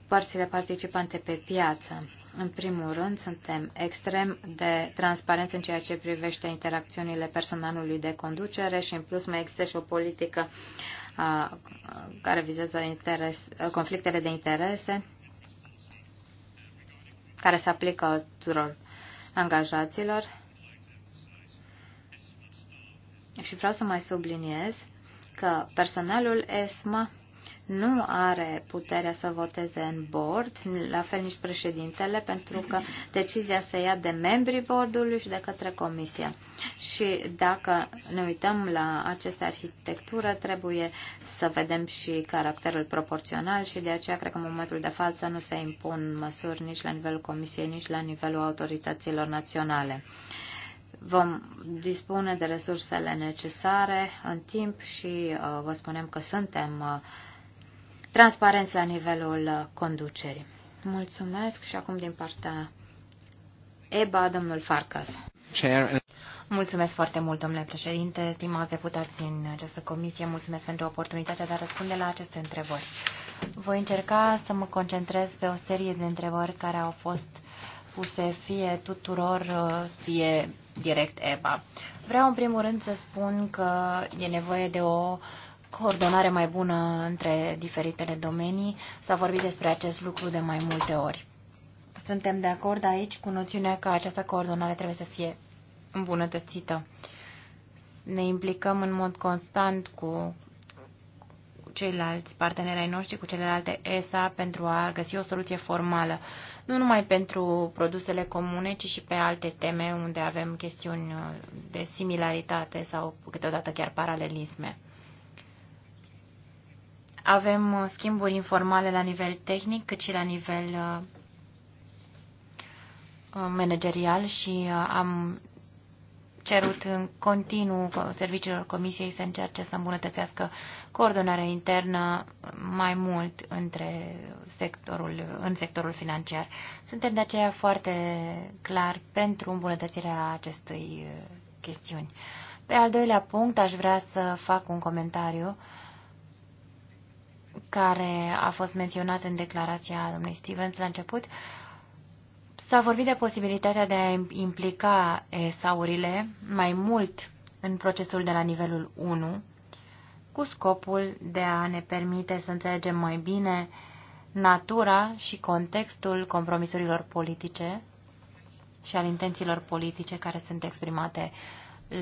părțile participante pe piață, în primul rând, suntem extrem de transparenți în ceea ce privește interacțiunile personalului de conducere și, în plus, mai există și o politică a, care vizează interes, conflictele de interese care se aplică tuturor angajaților. Și vreau să mai subliniez că personalul ESMA nu are puterea să voteze în board, la fel nici președintele, pentru că decizia se ia de membrii boardului și de către comisie. Și dacă ne uităm la această arhitectură, trebuie să vedem și caracterul proporțional și de aceea cred că în momentul de față nu se impun măsuri nici la nivelul comisiei, nici la nivelul autorităților naționale vom dispune de resursele necesare în timp și uh, vă spunem că suntem uh, transparenți la nivelul conducerii. Mulțumesc și acum din partea EBA, domnul Farcas. Chair. Uh, mulțumesc foarte mult, domnule președinte, stimați deputați în această comisie, mulțumesc pentru oportunitatea de a răspunde la aceste întrebări. Voi încerca să mă concentrez pe o serie de întrebări care au fost puse fie tuturor, fie direct EBA. Vreau în primul rând să spun că e nevoie de o coordonare mai bună între diferitele domenii. S-a vorbit despre acest lucru de mai multe ori. Suntem de acord aici cu noțiunea că această coordonare trebuie să fie îmbunătățită. Ne implicăm în mod constant cu ceilalți parteneri ai noștri, cu celelalte ESA, pentru a găsi o soluție formală, nu numai pentru produsele comune, ci și pe alte teme unde avem chestiuni de similaritate sau câteodată chiar paralelisme. Avem uh, schimburi informale la nivel tehnic, cât și la nivel uh, uh, managerial și am cerut în continuu serviciilor Comisiei să încerce să îmbunătățească coordonarea internă mai mult între sectorul, în sectorul financiar. Suntem de aceea foarte clar pentru îmbunătățirea acestui chestiuni. Pe al doilea punct aș vrea să fac un comentariu care a fost menționat în declarația domnului Stevens la început, s-a vorbit de posibilitatea de a implica ESA-urile mai mult în procesul de la nivelul 1, cu scopul de a ne permite să înțelegem mai bine natura și contextul compromisurilor politice și al intențiilor politice care sunt exprimate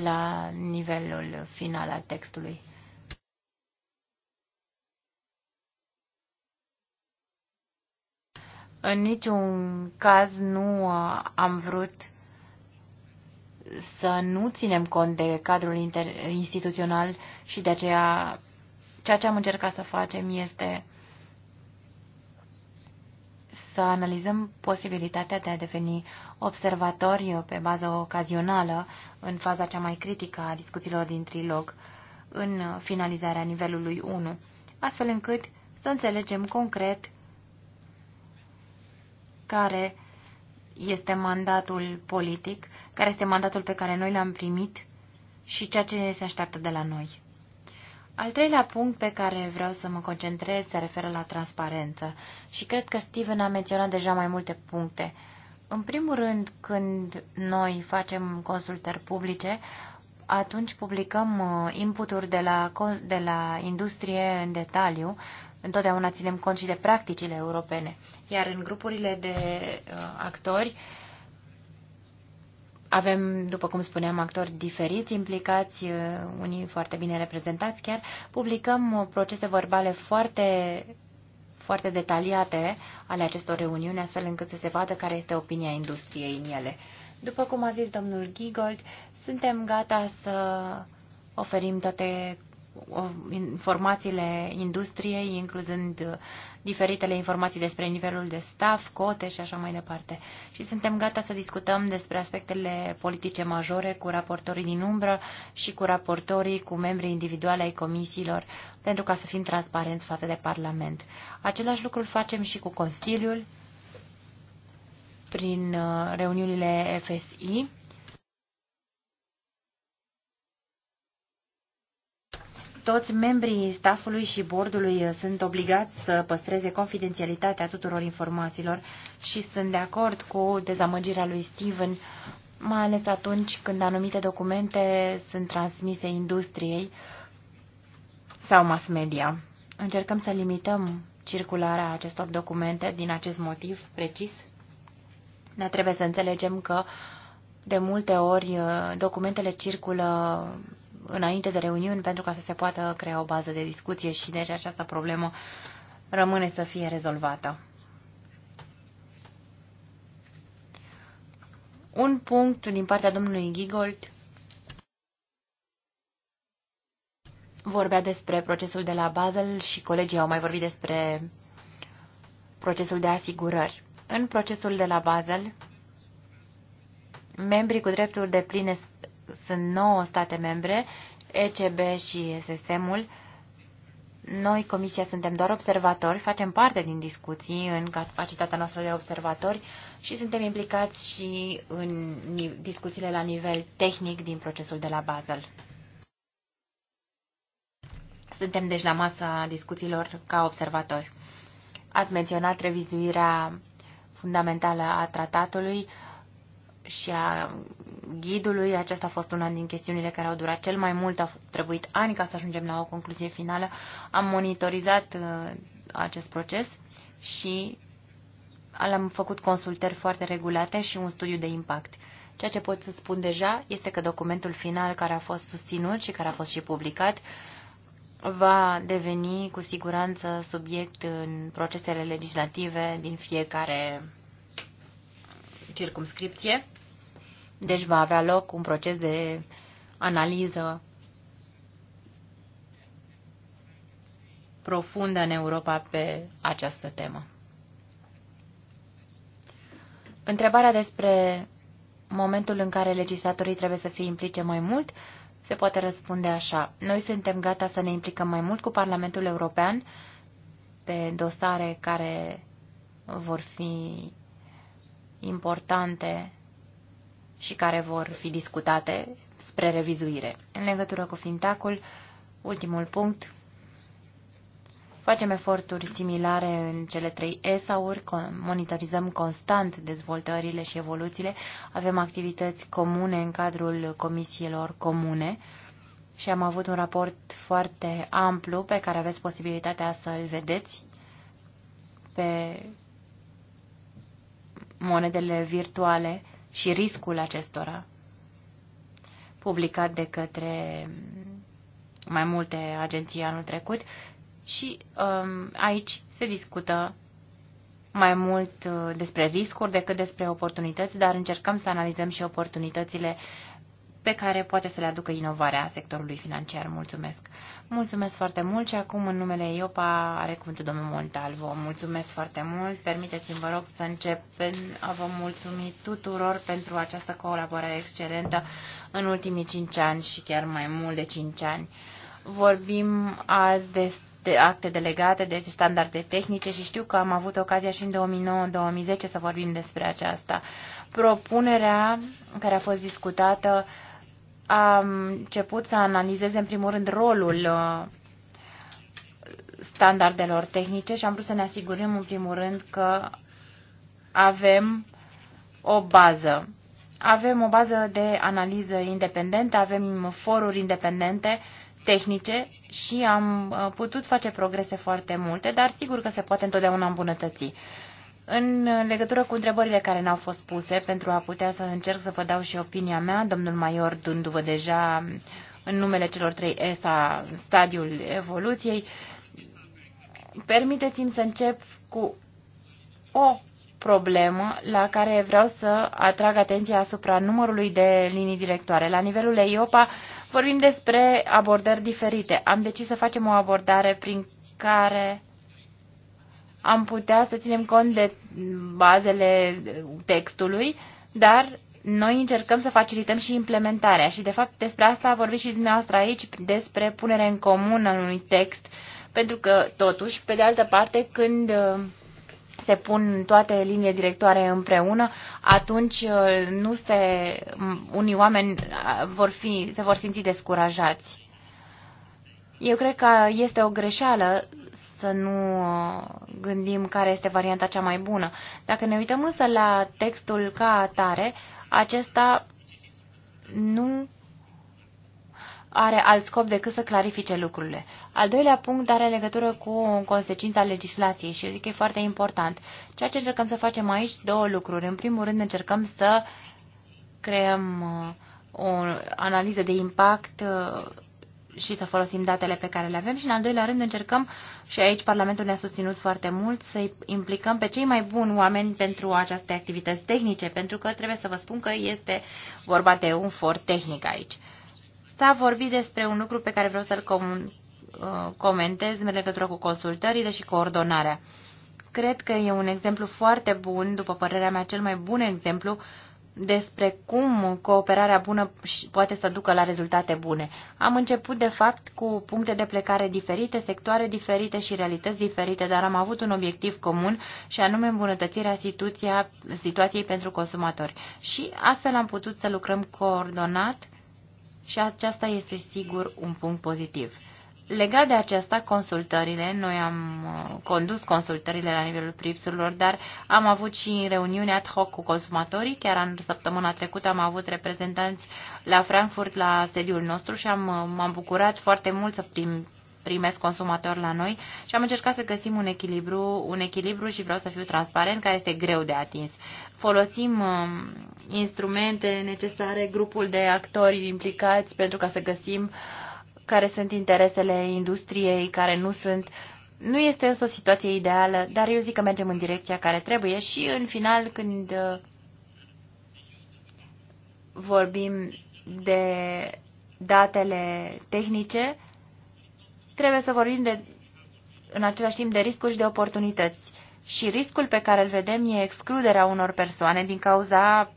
la nivelul final al textului. În niciun caz nu uh, am vrut să nu ținem cont de cadrul inter- instituțional și de aceea ceea ce am încercat să facem este să analizăm posibilitatea de a deveni observatori pe bază ocazională în faza cea mai critică a discuțiilor din trilog în finalizarea nivelului 1, astfel încât să înțelegem concret care este mandatul politic, care este mandatul pe care noi l-am primit și ceea ce se așteaptă de la noi. Al treilea punct pe care vreau să mă concentrez se referă la transparență și cred că Steven a menționat deja mai multe puncte. În primul rând, când noi facem consultări publice, atunci publicăm uh, inputuri de la, de la industrie în detaliu, întotdeauna ținem cont și de practicile europene. Iar în grupurile de uh, actori avem, după cum spuneam, actori diferiți implicați, uh, unii foarte bine reprezentați chiar. Publicăm uh, procese verbale foarte foarte detaliate ale acestor reuniuni, astfel încât să se vadă care este opinia industriei în ele. După cum a zis domnul Gigold, suntem gata să oferim toate informațiile industriei, incluzând diferitele informații despre nivelul de staff, cote și așa mai departe. Și suntem gata să discutăm despre aspectele politice majore cu raportorii din umbră și cu raportorii, cu membrii individuale ai comisiilor, pentru ca să fim transparenți față de Parlament. Același lucru facem și cu Consiliul prin uh, reuniunile FSI. Toți membrii staffului și bordului uh, sunt obligați să păstreze confidențialitatea tuturor informațiilor și sunt de acord cu dezamăgirea lui Steven, mai ales atunci când anumite documente sunt transmise industriei sau mass media. Încercăm să limităm circularea acestor documente din acest motiv precis dar trebuie să înțelegem că de multe ori uh, documentele circulă înainte de reuniuni pentru ca să se poată crea o bază de discuție și deja deci această problemă rămâne să fie rezolvată. Un punct din partea domnului Gigold vorbea despre procesul de la Basel și colegii au mai vorbit despre procesul de asigurări. În procesul de la Basel, membrii cu drepturi de pline sunt 9 state membre, ECB și SSM-ul. Noi, Comisia, suntem doar observatori, facem parte din discuții în capacitatea noastră de observatori și suntem implicați și în discuțiile la nivel tehnic din procesul de la Basel. Suntem deci la masa discuțiilor ca observatori. Ați menționat revizuirea fundamentală a tratatului și a ghidului. Aceasta a fost una din chestiunile care au durat cel mai mult. A trebuit ani ca să ajungem la o concluzie finală. Am monitorizat uh, acest proces și am făcut consultări foarte regulate și un studiu de impact. Ceea ce pot să spun deja este că documentul final care a fost susținut și care a fost și publicat va deveni cu siguranță subiect în procesele legislative din fiecare circumscripție. Deci va avea loc un proces de analiză profundă în Europa pe această temă. Întrebarea despre momentul în care legislatorii trebuie să se implice mai mult se poate răspunde așa. Noi suntem gata să ne implicăm mai mult cu Parlamentul European pe dosare care vor fi importante și care vor fi discutate spre revizuire. În legătură cu fintacul, ultimul punct, Facem eforturi similare în cele trei ESA-uri, monitorizăm constant dezvoltările și evoluțiile, avem activități comune în cadrul comisiilor comune și am avut un raport foarte amplu pe care aveți posibilitatea să-l vedeți pe monedele virtuale și riscul acestora, publicat de către mai multe agenții anul trecut și um, aici se discută mai mult uh, despre riscuri decât despre oportunități, dar încercăm să analizăm și oportunitățile pe care poate să le aducă inovarea sectorului financiar. Mulțumesc! Mulțumesc foarte mult și acum în numele IOPA are cuvântul domnul Montalvo. Mulțumesc foarte mult! Permiteți-mi, vă rog, să încep a vă mulțumi tuturor pentru această colaborare excelentă în ultimii 5 ani și chiar mai mult de 5 ani. Vorbim azi despre de acte delegate, de standarde tehnice și știu că am avut ocazia și în 2009-2010 să vorbim despre aceasta. Propunerea care a fost discutată a început să analizeze în primul rând rolul uh, standardelor tehnice și am vrut să ne asigurăm în primul rând că avem o bază. Avem o bază de analiză independentă, avem foruri independente tehnice și am uh, putut face progrese foarte multe, dar sigur că se poate întotdeauna îmbunătăți. În legătură cu întrebările care n-au fost puse, pentru a putea să încerc să vă dau și opinia mea, domnul Maior, dându-vă deja în numele celor trei ESA stadiul evoluției, permiteți-mi să încep cu o problemă la care vreau să atrag atenția asupra numărului de linii directoare. La nivelul EIOPA Vorbim despre abordări diferite. Am decis să facem o abordare prin care am putea să ținem cont de bazele textului, dar noi încercăm să facilităm și implementarea. Și, de fapt, despre asta a vorbit și dumneavoastră aici, despre punerea în comun a unui text, pentru că, totuși, pe de altă parte, când se pun toate linie directoare împreună, atunci uh, nu se, unii oameni uh, vor fi, se vor simți descurajați. Eu cred că este o greșeală să nu uh, gândim care este varianta cea mai bună. Dacă ne uităm însă la textul ca atare, acesta nu are alt scop decât să clarifice lucrurile. Al doilea punct are legătură cu consecința legislației și eu zic că e foarte important. Ceea ce încercăm să facem aici, două lucruri. În primul rând încercăm să creăm uh, o analiză de impact uh, și să folosim datele pe care le avem și, în al doilea rând, încercăm, și aici Parlamentul ne-a susținut foarte mult, să implicăm pe cei mai buni oameni pentru aceste activități tehnice, pentru că trebuie să vă spun că este vorba de un for tehnic aici. S-a vorbit despre un lucru pe care vreau să-l com uh, comentez în legătură cu consultările și coordonarea. Cred că e un exemplu foarte bun, după părerea mea, cel mai bun exemplu despre cum cooperarea bună poate să ducă la rezultate bune. Am început, de fapt, cu puncte de plecare diferite, sectoare diferite și realități diferite, dar am avut un obiectiv comun și anume îmbunătățirea situației pentru consumatori. Și astfel am putut să lucrăm coordonat și aceasta este sigur un punct pozitiv. Legat de aceasta, consultările, noi am uh, condus consultările la nivelul pripsurilor, dar am avut și reuniuni ad hoc cu consumatorii. Chiar în săptămâna trecută am avut reprezentanți la Frankfurt, la sediul nostru și am, uh, m-am bucurat foarte mult să prim, primesc consumatori la noi și am încercat să găsim un echilibru, un echilibru și vreau să fiu transparent, care este greu de atins folosim um, instrumente necesare, grupul de actori implicați pentru ca să găsim care sunt interesele industriei, care nu sunt. Nu este însă o situație ideală, dar eu zic că mergem în direcția care trebuie și în final când uh, vorbim de datele tehnice, trebuie să vorbim de, în același timp de riscuri și de oportunități. Și riscul pe care îl vedem e excluderea unor persoane din cauza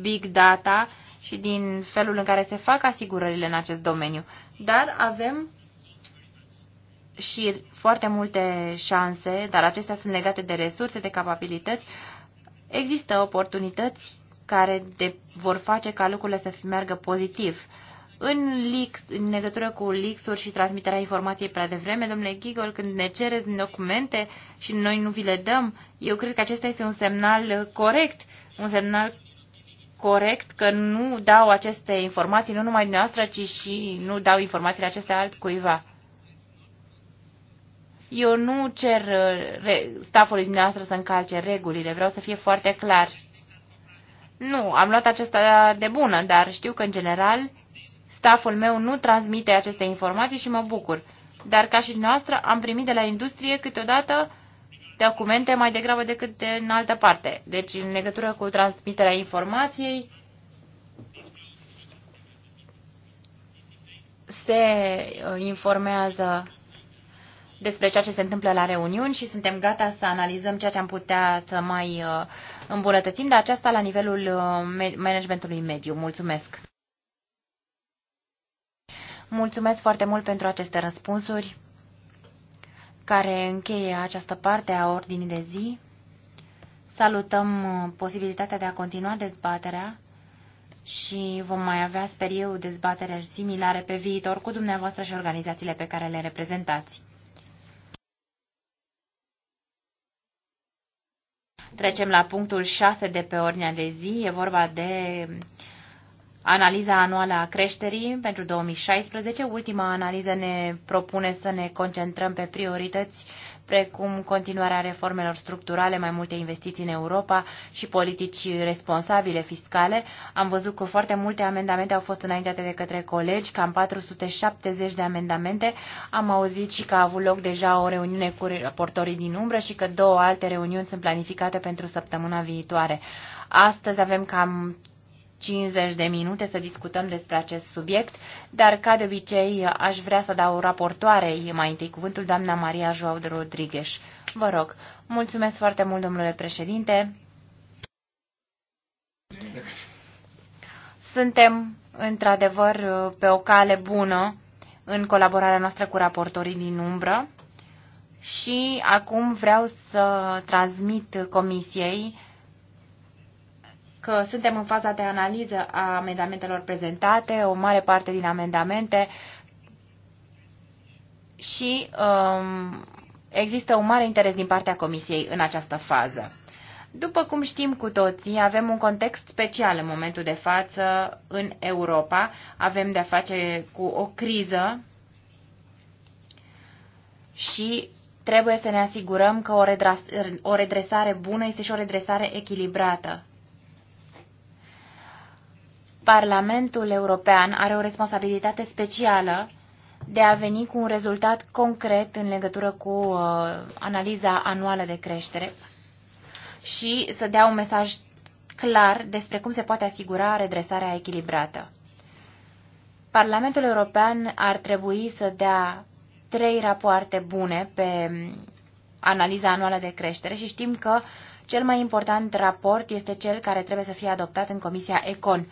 big data și din felul în care se fac asigurările în acest domeniu. Dar avem și foarte multe șanse, dar acestea sunt legate de resurse, de capabilități. Există oportunități care de, vor face ca lucrurile să meargă pozitiv. În, leaks, în legătură cu lixuri și transmiterea informației prea devreme, domnule Gigol, când ne cereți documente și noi nu vi le dăm, eu cred că acesta este un semnal corect, un semnal corect că nu dau aceste informații, nu numai dumneavoastră, ci și nu dau informațiile acestea altcuiva. Eu nu cer uh, stafului dumneavoastră să încalce regulile, vreau să fie foarte clar. Nu, am luat acesta de bună, dar știu că, în general, Staful meu nu transmite aceste informații și mă bucur. Dar ca și noastră am primit de la industrie câteodată documente mai degrabă decât de în altă parte. Deci în legătură cu transmiterea informației se uh, informează despre ceea ce se întâmplă la reuniuni și suntem gata să analizăm ceea ce am putea să mai uh, îmbunătățim, dar aceasta la nivelul uh, managementului mediu. Mulțumesc! Mulțumesc foarte mult pentru aceste răspunsuri care încheie această parte a ordinii de zi. Salutăm uh, posibilitatea de a continua dezbaterea și vom mai avea, sper eu, dezbatere similare pe viitor cu dumneavoastră și organizațiile pe care le reprezentați. Trecem la punctul 6 de pe ordinea de zi. E vorba de analiza anuală a creșterii pentru 2016. Ultima analiză ne propune să ne concentrăm pe priorități precum continuarea reformelor structurale, mai multe investiții în Europa și politici responsabile fiscale. Am văzut că foarte multe amendamente au fost înaintate de către colegi, cam 470 de amendamente. Am auzit și că a avut loc deja o reuniune cu raportorii din umbră și că două alte reuniuni sunt planificate pentru săptămâna viitoare. Astăzi avem cam 50 de minute să discutăm despre acest subiect, dar ca de obicei aș vrea să dau raportoarei mai întâi cuvântul doamna Maria Joao de Rodriguez. Vă rog, mulțumesc foarte mult, domnule președinte. Suntem, într-adevăr, pe o cale bună în colaborarea noastră cu raportorii din umbră și acum vreau să transmit comisiei că suntem în faza de analiză a amendamentelor prezentate, o mare parte din amendamente și um, există un mare interes din partea Comisiei în această fază. După cum știm cu toții, avem un context special în momentul de față în Europa. Avem de-a face cu o criză și trebuie să ne asigurăm că o, redresare bună este și o redresare echilibrată. Parlamentul European are o responsabilitate specială de a veni cu un rezultat concret în legătură cu uh, analiza anuală de creștere și să dea un mesaj clar despre cum se poate asigura redresarea echilibrată. Parlamentul European ar trebui să dea trei rapoarte bune pe um, analiza anuală de creștere și știm că cel mai important raport este cel care trebuie să fie adoptat în Comisia Econ.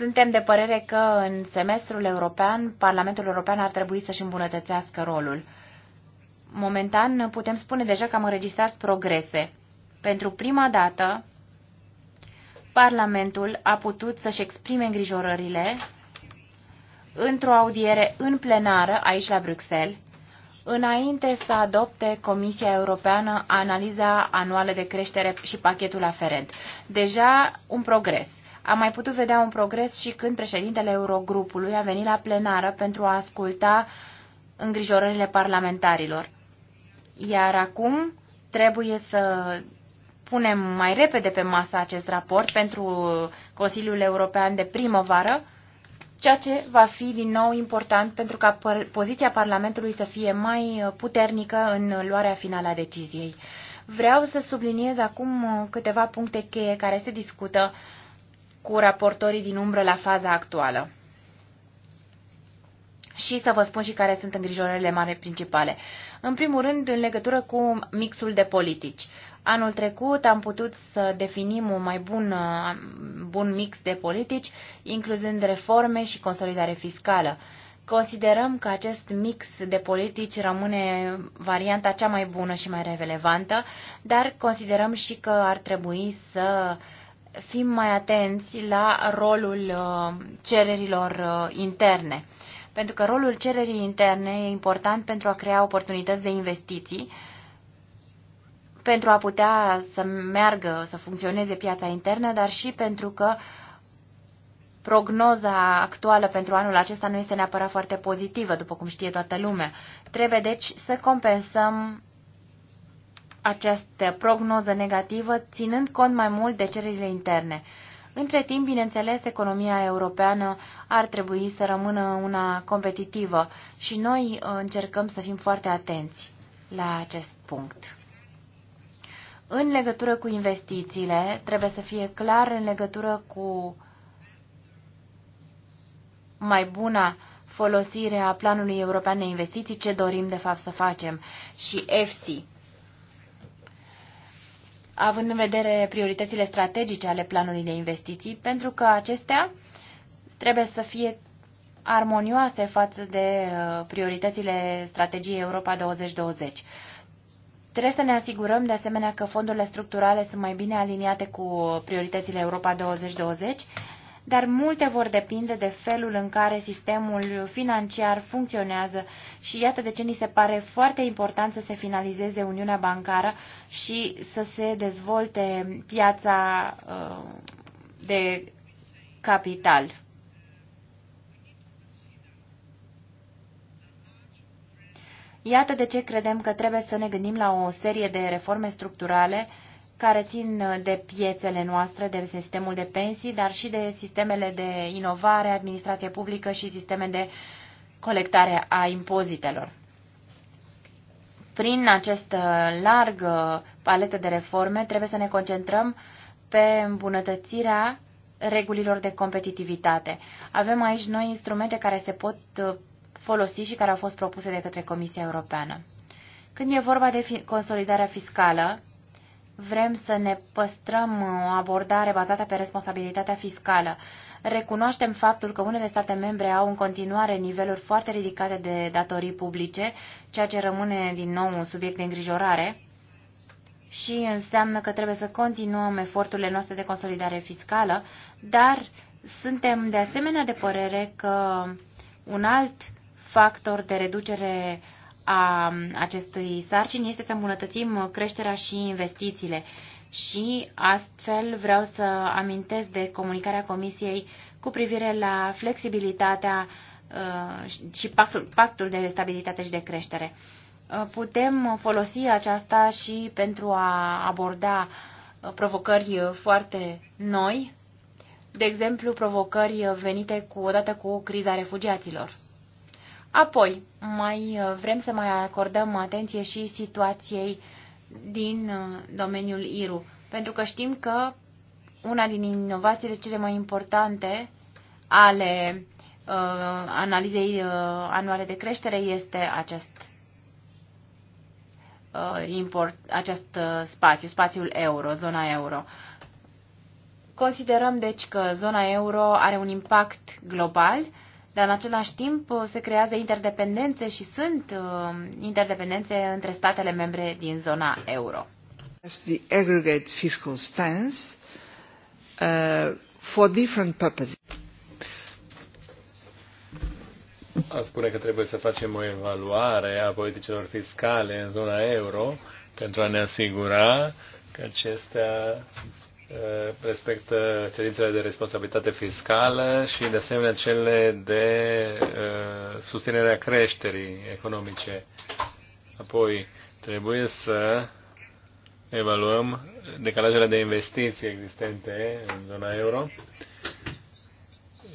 Suntem de părere că în semestrul european, Parlamentul European ar trebui să-și îmbunătățească rolul. Momentan putem spune deja că am înregistrat progrese. Pentru prima dată, Parlamentul a putut să-și exprime îngrijorările într-o audiere în plenară aici la Bruxelles, înainte să adopte Comisia Europeană analiza anuală de creștere și pachetul aferent. Deja un progres. Am mai putut vedea un progres și când președintele Eurogrupului a venit la plenară pentru a asculta îngrijorările parlamentarilor. Iar acum trebuie să punem mai repede pe masă acest raport pentru Consiliul European de primăvară, ceea ce va fi din nou important pentru ca poziția Parlamentului să fie mai puternică în luarea finală a deciziei. Vreau să subliniez acum câteva puncte cheie care se discută uh, cu raportorii din umbră la faza actuală. Și să vă spun și care sunt îngrijorările mari principale. În primul rând, în legătură cu mixul de politici. Anul trecut am putut să definim un mai bun, bun mix de politici, incluzând reforme și consolidare fiscală. Considerăm că acest mix de politici rămâne varianta cea mai bună și mai relevantă, dar considerăm și că ar trebui să uh, fim mai atenți la rolul uh, cererilor uh, interne. Pentru că rolul cererii interne e important pentru a crea oportunități de investiții, pentru a putea să meargă, să funcționeze piața internă, dar și pentru că prognoza actuală pentru anul acesta nu este neapărat foarte pozitivă, după cum știe toată lumea. Trebuie deci să compensăm această prognoză negativă, ținând cont mai mult de cererile interne. Între timp, bineînțeles, economia europeană ar trebui să rămână una competitivă și noi uh, încercăm să fim foarte atenți la acest punct. În legătură cu investițiile, trebuie să fie clar în legătură cu mai buna folosire a planului european de investiții, ce dorim de fapt să facem și EFSI având în vedere prioritățile strategice ale planului de investiții, pentru că acestea trebuie să fie armonioase față de uh, prioritățile strategiei Europa 2020. Trebuie să ne asigurăm de asemenea că fondurile structurale sunt mai bine aliniate cu prioritățile Europa 2020 dar multe vor depinde de felul în care sistemul financiar funcționează și iată de ce ni se pare foarte important să se finalizeze Uniunea Bancară și să se dezvolte piața uh, de capital. Iată de ce credem că trebuie să ne gândim la o serie de reforme structurale care țin uh, de piețele noastre, de sistemul de pensii, dar și de sistemele de inovare, administrație publică și sisteme de colectare a impozitelor. Prin această uh, largă uh, paletă de reforme trebuie să ne concentrăm pe îmbunătățirea regulilor de competitivitate. Avem aici noi instrumente care se pot folosi și care au fost propuse de către Comisia Europeană. Când e vorba de consolidarea fiscală, vrem să ne păstrăm uh, o abordare bazată pe responsabilitatea fiscală. Recunoaștem faptul că unele state membre au în continuare niveluri foarte ridicate de datorii publice, ceea ce rămâne din nou un subiect de îngrijorare și înseamnă că trebuie să continuăm eforturile noastre de consolidare fiscală, dar suntem de asemenea de părere că un alt factor de reducere a acestui sarcini este să îmbunătățim creșterea și investițiile. Și astfel vreau să amintesc de comunicarea Comisiei cu privire la flexibilitatea și pactul, pactul de stabilitate și de creștere. Putem folosi aceasta și pentru a aborda provocări foarte noi, de exemplu provocări venite cu, odată cu criza refugiaților. Apoi, mai uh, vrem să mai acordăm atenție și situației din uh, domeniul IRU, pentru că știm că una din inovațiile cele mai importante ale uh, analizei uh, anuale de creștere este acest, uh, import, acest uh, spațiu, spațiul euro, zona euro. Considerăm, deci, că zona euro are un impact global uh, dar în același timp uh, se creează interdependențe și sunt uh, interdependențe între statele membre din zona euro. The aggregate fiscal stance uh, for different purposes. Aș spune că trebuie să facem o evaluare a politicilor fiscale în zona euro pentru a ne asigura că acestea respectă cerințele de responsabilitate fiscală și, de asemenea, cele de uh, susținerea creșterii economice. Apoi, trebuie să evaluăm decalajele de investiții existente în zona euro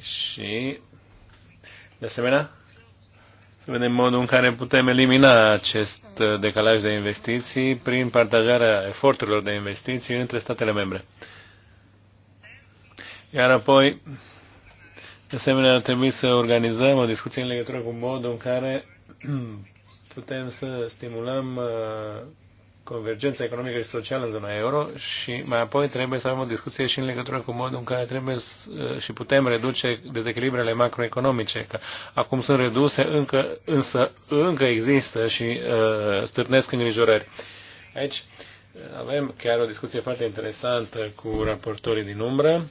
și, de asemenea, vedem modul în care putem elimina acest uh, decalaj de investiții prin partajarea eforturilor de investiții între statele membre. Iar apoi, de asemenea, ar trebui să organizăm o discuție în legătură cu modul în care putem să stimulăm uh, convergența economică și socială în zona euro și mai apoi trebuie să avem o discuție și în legătură cu modul în care trebuie uh, și putem reduce dezechilibrele macroeconomice. Că acum sunt reduse, încă, însă încă există și uh, stârnesc îngrijorări. Aici uh, avem chiar o discuție foarte interesantă cu raportorii din umbră,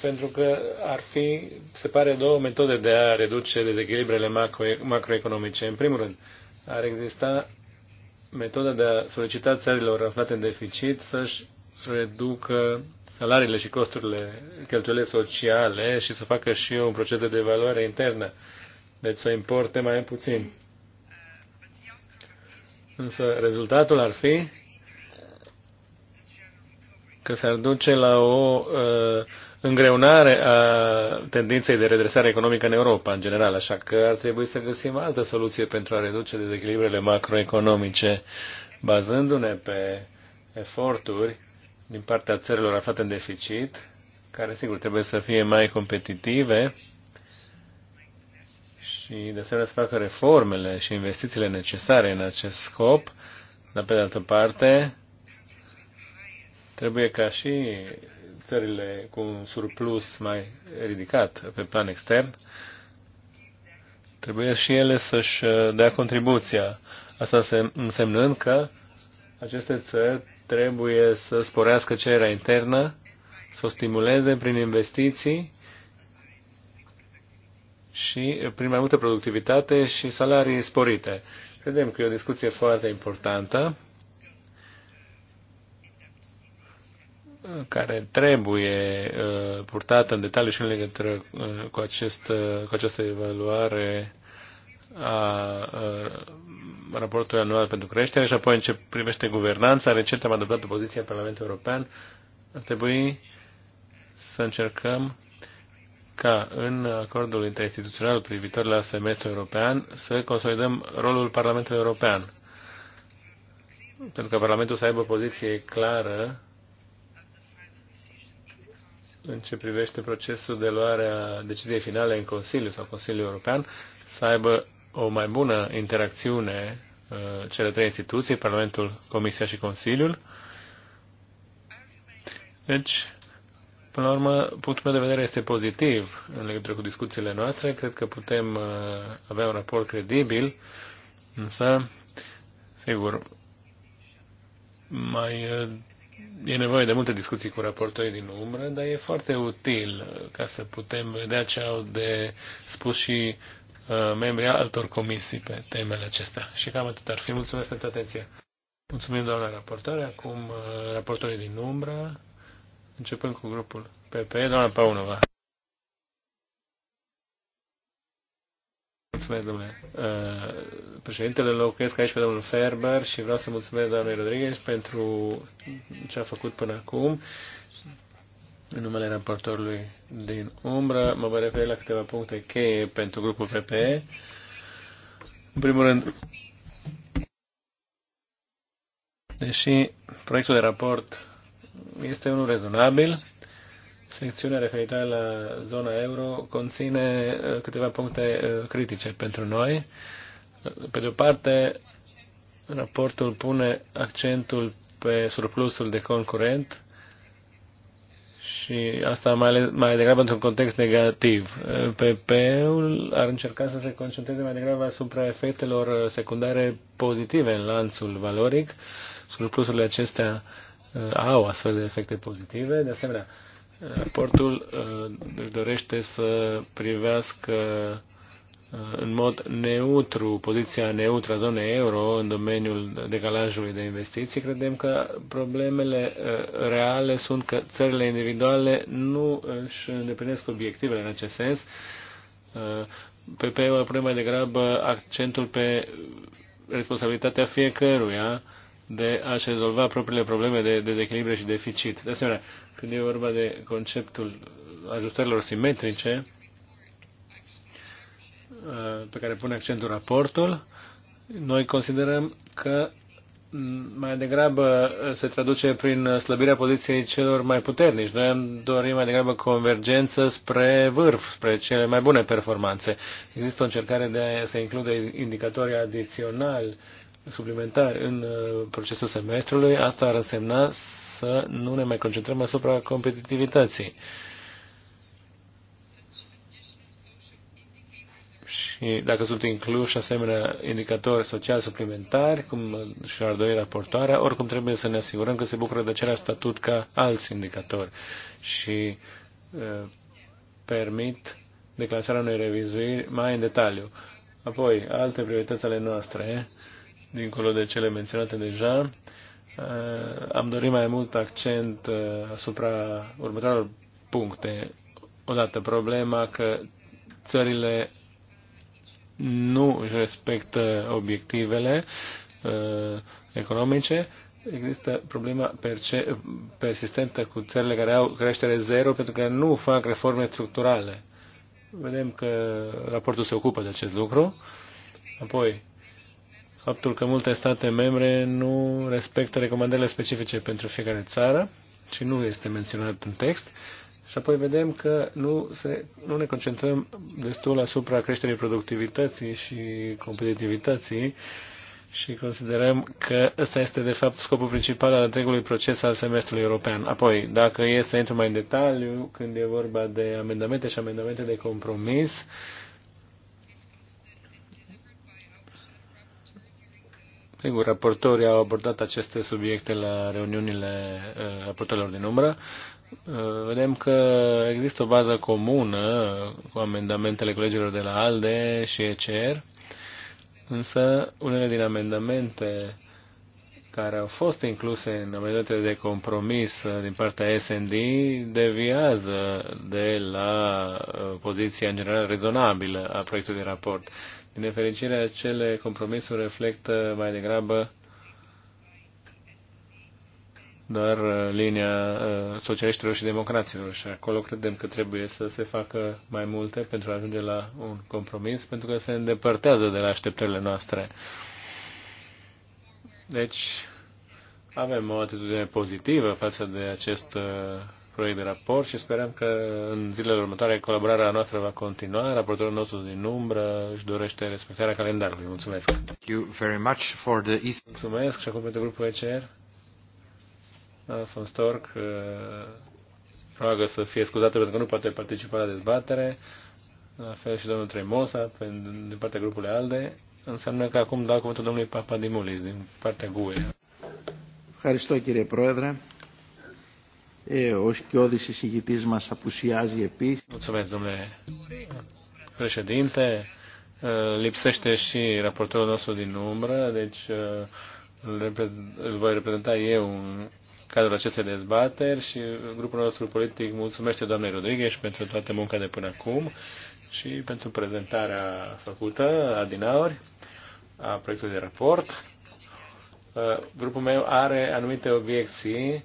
pentru că ar fi, se pare, două metode de a reduce dezechilibrele macro, macroeconomice. În primul rând, ar exista metoda de a solicita țărilor aflate în deficit să-și reducă salariile și costurile, cheltuielile sociale și să facă și un proces de devaluare internă. Deci să importe mai puțin. Însă rezultatul ar fi că s-ar duce la o uh, îngreunare a tendinței de redresare economică în Europa, în general, așa că ar trebui să găsim altă soluție pentru a reduce dezechilibrele macroeconomice, bazându-ne pe eforturi din partea țărilor aflate în deficit, care, sigur, trebuie să fie mai competitive și, de asemenea, să facă reformele și investițiile necesare în acest scop, dar, pe de altă parte, trebuie ca și țările cu un surplus mai ridicat pe plan extern, trebuie și ele să-și uh, dea contribuția. Asta însemnând că aceste țări trebuie să sporească cererea internă, să o stimuleze prin investiții și prin mai multă productivitate și salarii sporite. Credem că e o discuție foarte importantă care trebuie uh, purtată în detaliu și în legătură uh, cu, acest, uh, cu această evaluare a raportului anual pentru creștere și apoi în ce privește guvernanța, recent am adoptat o poziție în Parlamentul European, ar trebui să încercăm ca în acordul interinstituțional privitor la semestrul european să consolidăm rolul Parlamentului European. Pentru că Parlamentul să aibă o poziție clară în ce privește procesul de luare a deciziei finale în Consiliu sau Consiliul European, să aibă o mai bună interacțiune uh, cele trei instituții, Parlamentul, Comisia și Consiliul. Deci, până la urmă, punctul meu de vedere este pozitiv în legătură cu discuțiile noastre. Cred că putem uh, avea un raport credibil, însă, sigur, mai uh, e nevoie de multe discuții cu raportorii din umbră, dar e foarte util ca să putem vedea ce au de spus și uh, membrii altor comisii pe temele acestea. Și cam atât ar fi. Mulțumesc pentru atenție. Mulțumim, doamna raportoare. Acum, uh, raportorii din umbră, începând cu grupul PPE, doamna Paunova. Mulțumesc, domnule. Uh, președintele locuiesc aici pe domnul Ferber și vreau să mulțumesc doamnei Rodriguez pentru ce a făcut până acum. În numele raportorului din umbră, mă voi referi la câteva puncte cheie pentru grupul PPE. În primul rând, deși proiectul de raport este unul rezonabil, secțiunea referitoare la zona euro conține uh, câteva puncte uh, critice pentru noi. Uh, pe de o parte, raportul pune accentul pe surplusul de concurent și asta mai, mai degrabă într-un context negativ. PP-ul ar încerca să se concentreze mai degrabă asupra efectelor secundare pozitive în lanțul valoric. Surplusurile acestea au astfel de efecte pozitive. De asemenea, Raportul uh, își dorește să privească uh, în mod neutru, poziția neutră a zonei euro în domeniul decalajului de investiții, credem că problemele uh, reale sunt că țările individuale nu își îndeplinesc obiectivele în acest sens. Pe pe o mai degrabă accentul pe responsabilitatea fiecăruia de a-și rezolva propriile probleme de, de dechilibre și deficit. De asemenea, când e vorba de conceptul ajustărilor simetrice, uh, pe care pune accentul raportul, noi considerăm că mai degrabă se traduce prin slăbirea poziției celor mai puternici. Noi am dorit mai degrabă convergență spre vârf, spre cele mai bune performanțe. Există o încercare de a se include indicatorii adiționali suplimentari în uh, procesul semestrului, asta ar însemna să nu ne mai concentrăm asupra competitivității. Și dacă sunt incluși asemenea indicatori sociali suplimentari, cum și-ar dori raportoarea, oricum trebuie să ne asigurăm că se bucură de același statut ca alți indicatori și uh, permit declanșarea unei revizuiri mai în detaliu. Apoi, alte priorități ale noastre. Uh, dincolo de cele menționate deja. Eh, am dorit mai mult accent eh, asupra următoarelor puncte. Odată, problema că țările nu își respectă obiectivele eh, economice, există problema perce- persistentă cu țările care au creștere zero pentru că nu fac reforme structurale. Vedem că raportul se ocupă de acest lucru. Apoi, faptul că multe state membre nu respectă recomandările specifice pentru fiecare țară și nu este menționat în text. Și apoi vedem că nu, se, nu ne concentrăm destul asupra creșterii productivității și competitivității și considerăm că ăsta este de fapt scopul principal al întregului proces al semestrului european. Apoi, dacă e să intru mai în detaliu, când e vorba de amendamente și amendamente de compromis, uh, Sigur, raportorii au abordat aceste subiecte la reuniunile uh, raportelor din umbră. Uh, vedem că există o bază comună cu amendamentele colegilor de la ALDE și ECR, însă unele din amendamente care au fost incluse în amendamentele de compromis uh, din partea SND deviază de la poziția în general rezonabilă a proiectului de raport. Din nefericire, acele compromisuri reflectă mai degrabă doar uh, linia uh, socialiștilor și democraților și acolo credem că trebuie să se facă mai multe pentru a ajunge la un compromis, pentru că se îndepărtează de la așteptările noastre. Deci, avem o atitudine pozitivă față de acest uh, proiect de raport și sperăm că în zilele următoare colaborarea noastră va continua. Raportorul nostru din umbră își dorește respectarea calendarului. Mulțumesc! Thank you very much for the East. Mulțumesc și acum pentru grupul ECR. Sunt Storc uh, roagă să fie scuzată pentru că nu poate participa la dezbatere. La fel și domnul Tremosa din partea grupului ALDE. Înseamnă că acum dau cuvântul domnului Papadimulis din partea GUE. Ευχαριστώ κύριε Πρόεδρε ο σκιώδης εισηγητής μας απουσιάζει επίσης. Mulțumesc, domnule președinte. Lipsește și raportorul nostru din umbră, deci îl voi reprezenta eu în cadrul acestei dezbateri și grupul nostru politic mulțumește doamnei Rodriguez pentru toată munca de până acum și pentru prezentarea făcută adinaori a proiectului de raport. Grupul meu are anumite obiecții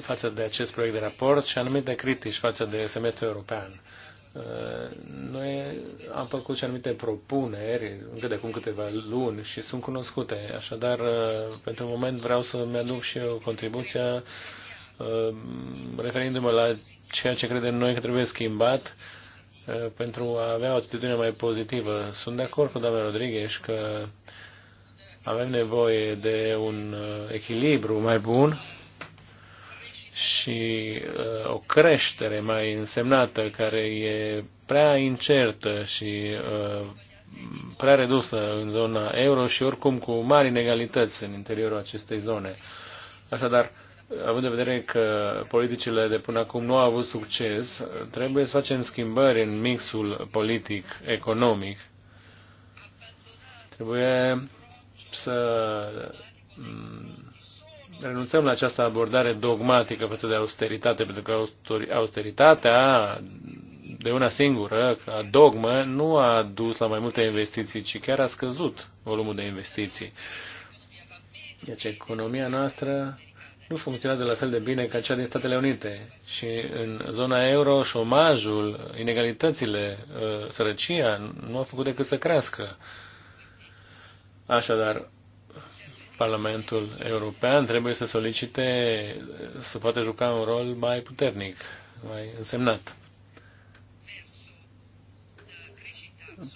față de acest proiect de raport și anumite critici față de semestrul european. Uh, noi am făcut și anumite propuneri încă de acum câteva luni și sunt cunoscute. Așadar, uh, pentru moment vreau să-mi aduc și eu contribuția uh, referindu-mă la ceea ce credem noi că trebuie schimbat pentru a avea o atitudine mai pozitivă. Sunt de acord cu doamna Rodriguez că avem nevoie de un echilibru mai bun și uh, o creștere mai însemnată care e prea incertă și uh, prea redusă în zona euro și oricum cu mari inegalități în interiorul acestei zone. Așadar, având în vedere că politicile de până acum nu au avut succes, trebuie să facem schimbări în mixul politic-economic. Trebuie să renunțăm la această abordare dogmatică față de austeritate, pentru că austeritatea de una singură, ca dogmă, nu a dus la mai multe investiții, ci chiar a scăzut volumul de investiții. Deci economia noastră nu funcționează la fel de bine ca cea din Statele Unite. Și în zona euro, șomajul, inegalitățile, ă, sărăcia nu au făcut decât să crească. Așadar, Parlamentul European trebuie să solicite să poată juca un rol mai puternic, mai însemnat.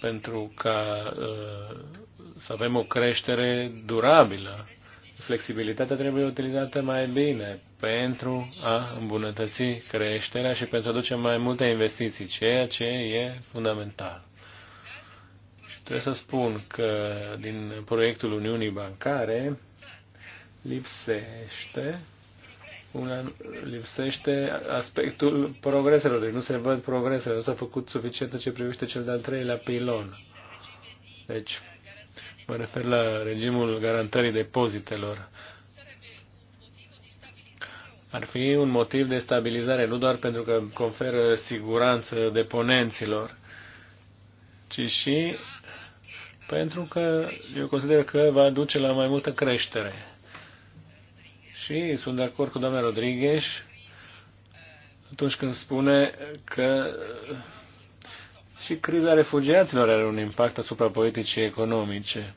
Pentru ca uh, să avem o creștere durabilă. Flexibilitatea trebuie utilizată mai bine pentru a îmbunătăți creșterea și pentru a duce mai multe investiții, ceea ce e fundamental. Trebuie să spun că din proiectul Uniunii Bancare lipsește un, lipsește aspectul progreselor, deci nu se văd progresele, nu s-a făcut suficient în ce privește cel de-al treilea pilon. Deci, mă refer la regimul garantării depozitelor. Ar fi un motiv de stabilizare, nu doar pentru că conferă siguranță deponenților, ci și pentru că eu consider că va duce la mai multă creștere. Și sunt de acord cu doamna Rodriguez atunci când spune că și criza refugiaților are un impact asupra politicii economice.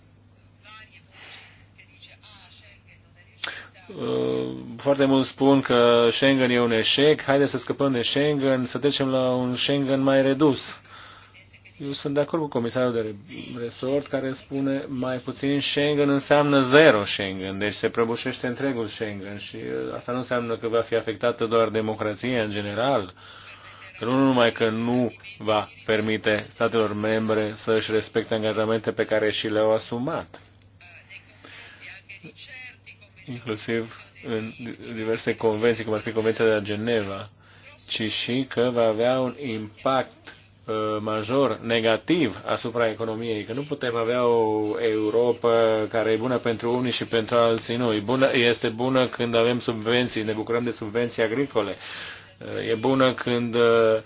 Uh, foarte mulți spun că Schengen e un eșec, haideți să scăpăm de Schengen, să trecem la un Schengen mai redus. Eu sunt de acord cu comisarul de resort care spune mai puțin Schengen înseamnă zero Schengen, deci se prăbușește întregul Schengen și uh, asta nu înseamnă că va fi afectată doar democrația în general. Nu numai că nu va permite statelor membre să își respecte angajamente pe care și le-au asumat. Inclusiv în diverse convenții, cum ar fi Convenția de la Geneva, ci și că va avea un impact Uh, major negativ asupra economiei, că nu putem avea o Europa care e bună pentru unii și pentru alții nu. E bună, este bună când avem subvenții, ne bucurăm de subvenții agricole. Uh, e bună când uh,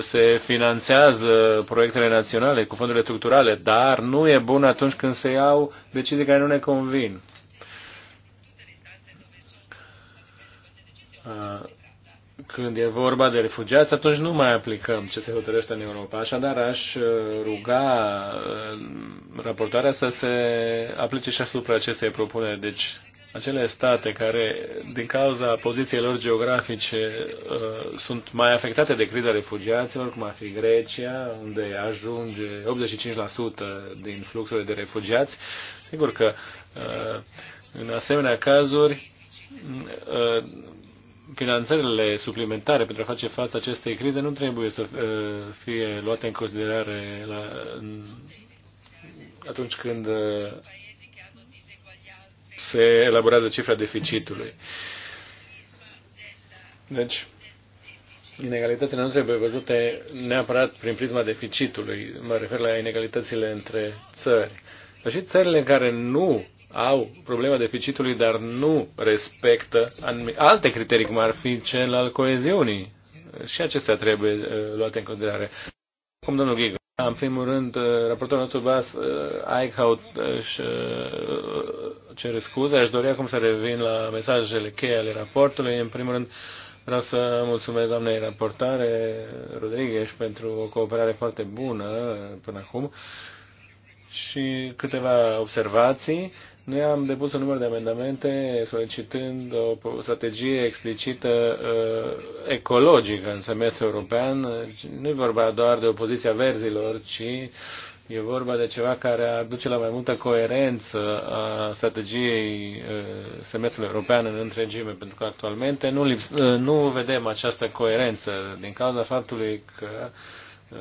se finanțează proiectele naționale cu fondurile structurale, dar nu e bună atunci când se iau decizii care nu ne convin când e vorba de refugiați, atunci nu mai aplicăm ce se hotărăște în Europa. Așadar, aș uh, ruga uh, raportarea să se aplice și asupra acestei propuneri. Deci, acele state care, din cauza poziției lor geografice, uh, sunt mai afectate de criza refugiaților, cum ar fi Grecia, unde ajunge 85% din fluxurile de refugiați, sigur că în asemenea cazuri finanțările suplimentare pentru a face față acestei crize nu trebuie să uh, fie luate în considerare la, atunci când uh, se elaborează cifra deficitului. Deci, inegalitățile nu trebuie văzute neapărat prin prisma deficitului. Mă refer la inegalitățile între țări. Dar și țările care nu au problema deficitului, dar nu respectă alte criterii, cum ar fi cel al coeziunii. Și acestea trebuie uh, luate în considerare. Cum domnul Ghigă. În primul rând, uh, raportorul nostru Bas uh, Eichhout uh, cere scuze. Aș dori acum să revin la mesajele cheie ale raportului. În primul rând, vreau să mulțumesc doamnei raportare Rodriguez pentru o cooperare foarte bună până acum. Uh, și câteva observații. Noi am depus un număr de amendamente solicitând o strategie explicită uh, ecologică în semestru european. Nu e vorba doar de opoziția verzilor, ci e vorba de ceva care aduce la mai multă coerență a strategiei uh, semestrului european în întregime, pentru că actualmente nu, lips- uh, nu vedem această coerență din cauza faptului că uh,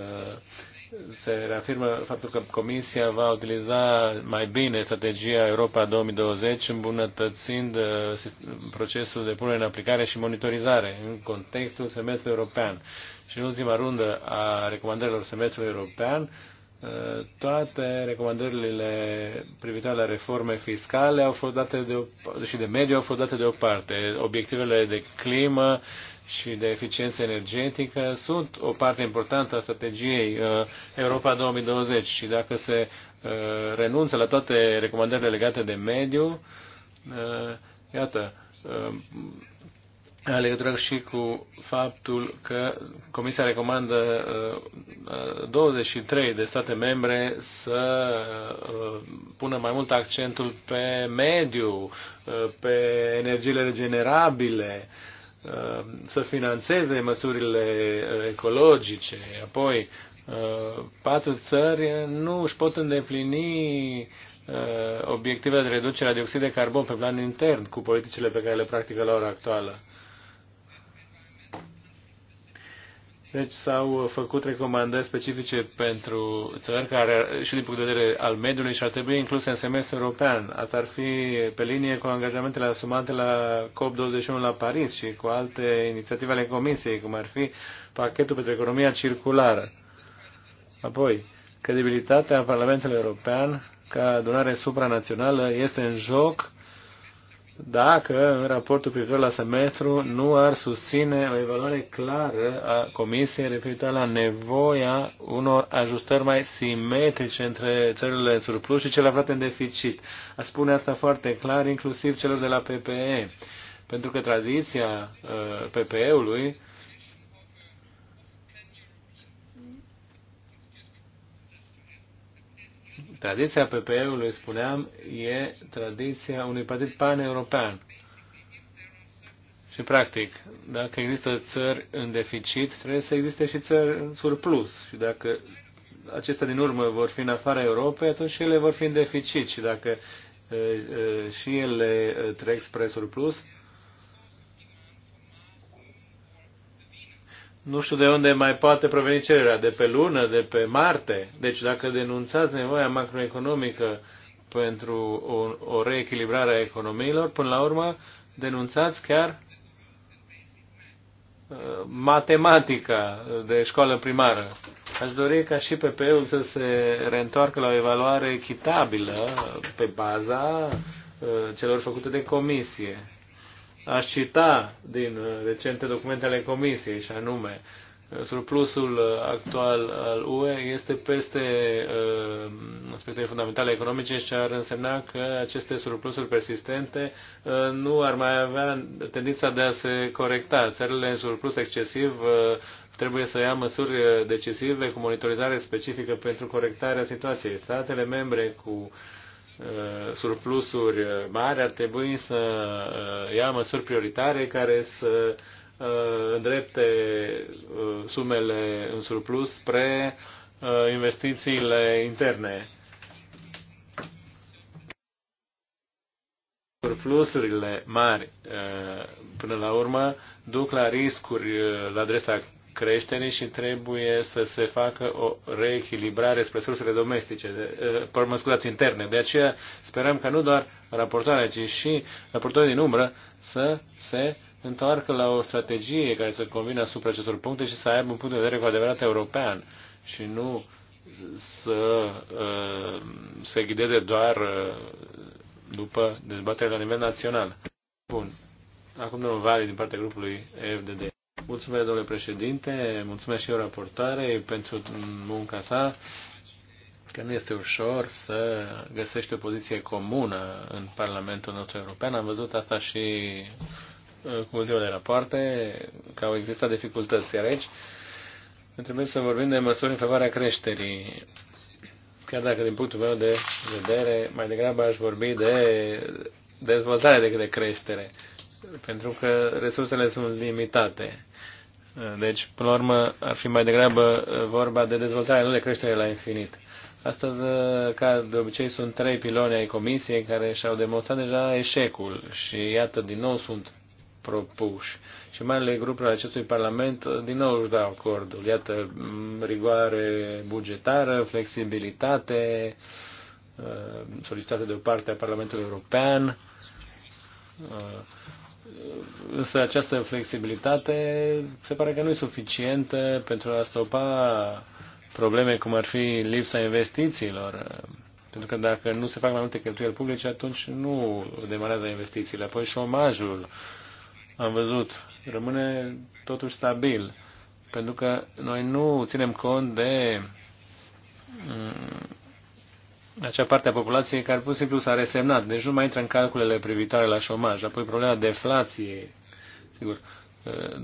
se reafirmă faptul că Comisia va utiliza mai bine strategia Europa 2020, îmbunătățind uh, procesul de punere în aplicare și monitorizare în contextul semestrului european. Și în ultima rundă a recomandărilor semestrului european, uh, toate recomandările privitoare la reforme fiscale au fost date de o, și de mediu au fost date deoparte. Obiectivele de climă și de eficiență energetică sunt o parte importantă a strategiei uh, Europa 2020 și dacă se uh, renunță la toate recomandările legate de mediu, uh, iată, are legătură și cu faptul că Comisia recomandă 23 de state membre să pună mai mult accentul pe mediu, pe energiile regenerabile, Uh, să financeze măsurile uh, ecologice. Apoi, uh, patru țări nu își pot îndeplini obiectivele de reducere a dioxidului de carbon pe plan intern cu politicile pe care le practică la ora actuală. Deci s-au făcut recomandări specifice pentru țări care, și din punct de vedere al mediului, și ar trebui incluse în semestrul european. Asta ar fi pe linie cu angajamentele asumate la COP21 la Paris și cu alte inițiative ale Comisiei, cum ar fi pachetul pentru economia circulară. Apoi, credibilitatea Parlamentului European ca adunare supranațională este în joc dacă în raportul privitor la semestru nu ar susține o evaluare clară a Comisiei referitoare la nevoia unor ajustări mai simetrice între țările în surplus și cele aflate în deficit. A spune asta foarte clar, inclusiv celor de la PPE, pentru că tradiția uh, PPE-ului Tradiția PPE-ului, spuneam, e tradiția unui partid pan-european. Și, practic, dacă există țări în deficit, trebuie să existe și țări în surplus. Și dacă acestea din urmă vor fi în afara Europei, atunci și ele vor fi în deficit. Și dacă și ele trec spre surplus, nu știu de unde mai poate proveni cererea, de pe lună, de pe Marte. Deci dacă denunțați nevoia macroeconomică pentru o, o reechilibrare a economiilor, până la urmă denunțați chiar uh, matematica de școală primară. Aș dori ca și PP-ul să se reîntoarcă la o evaluare echitabilă pe baza uh, celor făcute de comisie aș cita din uh, recente documente ale Comisiei, și anume, uh, surplusul uh, actual al UE este peste uh, aspectele fundamentale economice și ar însemna că aceste surplusuri persistente uh, nu ar mai avea tendința de a se corecta. Țările în surplus excesiv uh, trebuie să ia măsuri decisive cu monitorizare specifică pentru corectarea situației. Statele membre cu uh, Eh, surplusuri mari, ar trebui să eh, ia măsuri prioritare care să eh, îndrepte sumele în surplus spre investițiile interne. Surplusurile mari, până la urmă, duc la riscuri la adresa creșterii și trebuie să se facă o reechilibrare spre sursele domestice, eh, mă scuzați, interne. De aceea sperăm că nu doar raportarea ci și raportorii din umbră să se întoarcă la o strategie care să convină asupra acestor puncte și să aibă un punct de vedere cu adevărat european și nu să uh, se ghideze doar uh, după dezbaterea la nivel național. Bun. Acum domnul Vali din partea grupului FDD. Mulțumesc, domnule președinte, mulțumesc și eu raportare pentru munca sa, că nu este ușor să găsești o poziție comună în Parlamentul nostru european. Am văzut asta și uh, cu ultimele rapoarte, că au existat dificultăți. Iar aici trebuie să vorbim de măsuri în favoarea creșterii. Chiar dacă, din punctul meu de vedere, mai degrabă aș vorbi de dezvoltare decât de creștere, pentru că resursele sunt limitate. Deci, până la urmă, ar fi mai degrabă uh, vorba de dezvoltare, nu de creștere la infinit. Astăzi, uh, ca de obicei, sunt trei piloni ai comisiei care și-au demonstrat deja eșecul și, iată, din nou sunt propuși. Și marele grupul acestui Parlament uh, din nou își dau acordul. Iată, mm, rigoare bugetară, flexibilitate solicitate de o parte a Parlamentului European, Însă această flexibilitate se pare că nu e suficientă pentru a stopa probleme cum ar fi lipsa investițiilor. Pentru că dacă nu se fac mai multe cheltuieli publice, atunci nu demarează investițiile. Apoi șomajul, am văzut, rămâne totuși stabil. Pentru că noi nu ținem cont de mm, acea parte a populației care pur și simplu s-a resemnat, deci nu mai intră în calculele privitoare la șomaj, apoi problema deflației, sigur,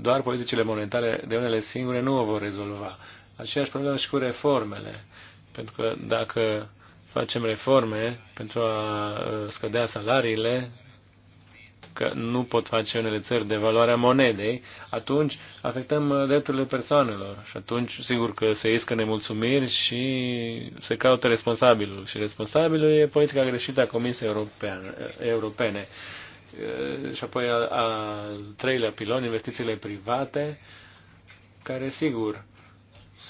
doar politicile monetare de unele singure nu o vor rezolva. Aceeași problemă și cu reformele, pentru că dacă facem reforme pentru a uh, scădea salariile, că nu pot face unele țări de valoarea monedei, atunci afectăm uh, drepturile persoanelor și atunci sigur că se iscă nemulțumiri și se caută responsabilul. Și responsabilul e politica greșită a Comisiei uh, Europene. Uh, și apoi al treilea pilon, investițiile private, care sigur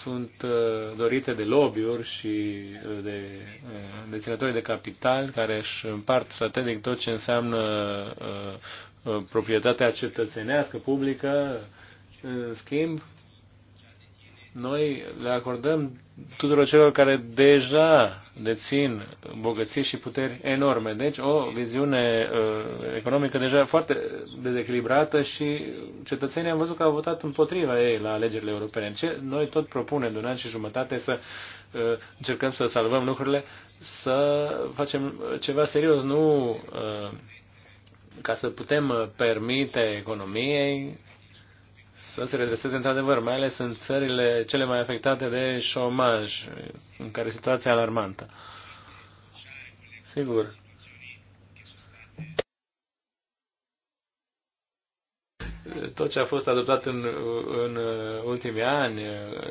sunt uh, dorite de lobby-uri și uh, de uh, deținători de capital care își împart satelic tot ce înseamnă proprietatea cetățenească, publică, în schimb, noi le acordăm tuturor celor care deja dețin bogății și puteri enorme. Deci o viziune uh, economică deja foarte dezechilibrată și cetățenii am văzut că au votat împotriva ei la alegerile europene. Ce noi tot propunem de un an și jumătate să uh, încercăm să salvăm lucrurile, să facem ceva serios, nu uh, ca să putem permite economiei să se redreseze într-adevăr, mai ales în țările cele mai afectate de șomaj, în care situația e alarmantă. Sigur. Tot ce a fost adoptat în, în ultimii ani,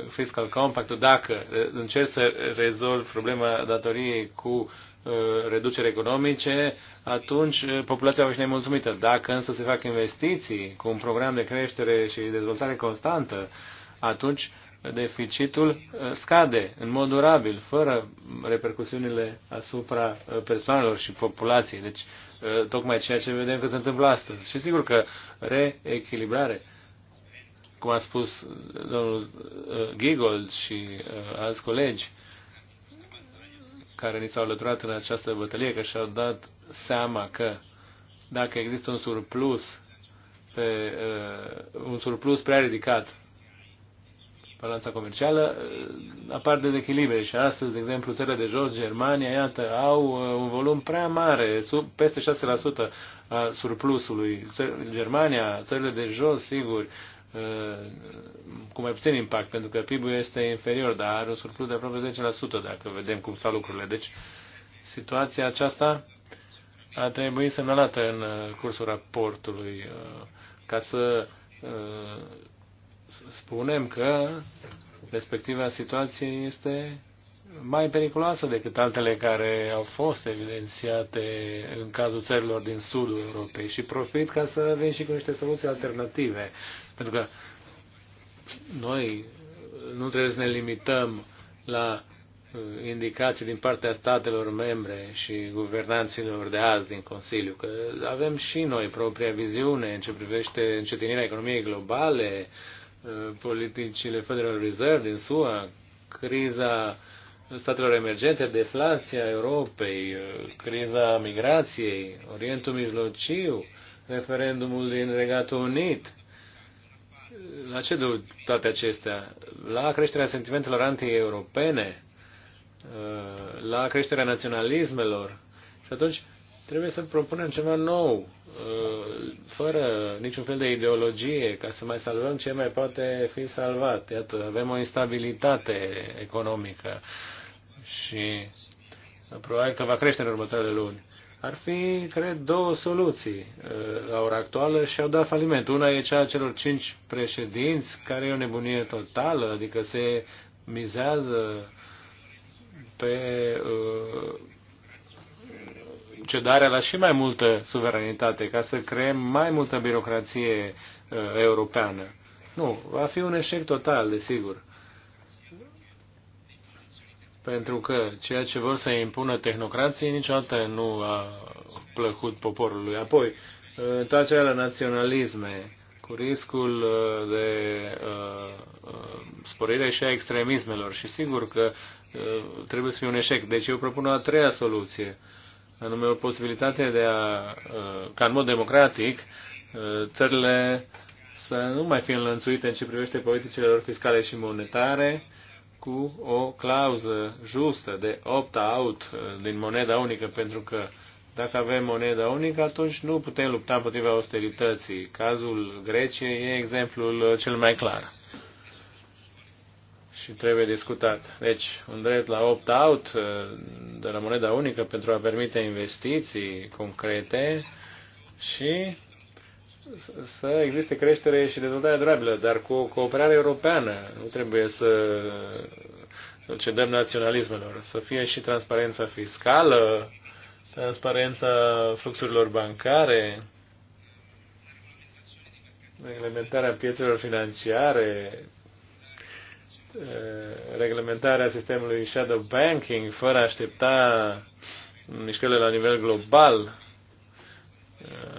fiscal compactul, dacă încerci să rezolvi problema datoriei cu Uh, reduceri economice, atunci uh, populația va fi nemulțumită. Dacă însă se fac investiții cu un program de creștere și dezvoltare constantă, atunci deficitul uh, scade în mod durabil, fără repercusiunile asupra persoanelor și populației. Deci, tocmai ceea ce vedem că se întâmplă astăzi. Și sigur că reechilibrare, cum a spus domnul Giggold și alți colegi, care ni s-au alăturat în această bătălie, că și-au dat seama că dacă există un surplus, pe, uh, un surplus prea ridicat balanța comercială, uh, apar dezechilibre și astăzi, de exemplu, țările de jos, Germania, iată, au uh, un volum prea mare, sub, peste 6% a surplusului. Germania, țările de jos, sigur, cu mai puțin impact, pentru că PIB-ul este inferior, dar are un surplus de aproape 10% dacă vedem cum stau lucrurile. Deci, situația aceasta a trebuit semnalată în uh, cursul raportului uh, ca să uh, spunem că respectiva situație este mai periculoasă decât altele care au fost evidențiate în cazul țărilor din sudul Europei și profit ca să vin și cu niște soluții alternative pentru că noi nu trebuie să ne limităm la uh, indicații din partea statelor membre și guvernanților de azi din Consiliu, că avem și noi propria viziune în ce privește încetinirea economiei globale, uh, politicile Federal Reserve din SUA, criza statelor emergente, deflația Europei, uh, criza migrației, Orientul Mijlociu, referendumul din Regatul Unit, la ce duc toate acestea? La creșterea sentimentelor anti-europene, uh, la creșterea naționalismelor. Și atunci trebuie să propunem ceva nou, uh, fără niciun fel de ideologie, ca să mai salvăm ce mai poate fi salvat. Iată, avem o instabilitate economică și uh, probabil că va crește în următoarele luni. Ar fi, cred, două soluții uh, la ora actuală și au dat faliment. Una e cea a celor cinci președinți, care e o nebunie totală, adică se mizează pe uh, cedarea la și mai multă suveranitate, ca să creăm mai multă birocrație uh, europeană. Nu, va fi un eșec total, desigur. Pentru că ceea ce vor să impună tehnocrații niciodată nu a plăcut poporului. Apoi, toate acele naționalisme, cu riscul uh, de uh, uh, sporire și a extremismelor. Și sigur că trebuie să fie un eșec. Deci eu propun o a treia soluție, anume o posibilitate de a, ca în mod democratic, țările să nu mai fie înlănțuite în ce privește politicile lor fiscale și monetare, cu o clauză justă de opt-out uh, din moneda unică, pentru că dacă avem moneda unică, atunci nu putem lupta împotriva austerității. Cazul Greciei e exemplul uh, cel mai clar și trebuie discutat. Deci, un drept la opt-out uh, de la moneda unică pentru a permite investiții concrete și să existe creștere și dezvoltare durabilă, dar cu o cooperare europeană. Nu trebuie să cedăm naționalismelor. Să fie și transparența fiscală, transparența fluxurilor bancare, reglementarea piețelor financiare, eh, reglementarea sistemului shadow banking fără a aștepta mișcările la nivel global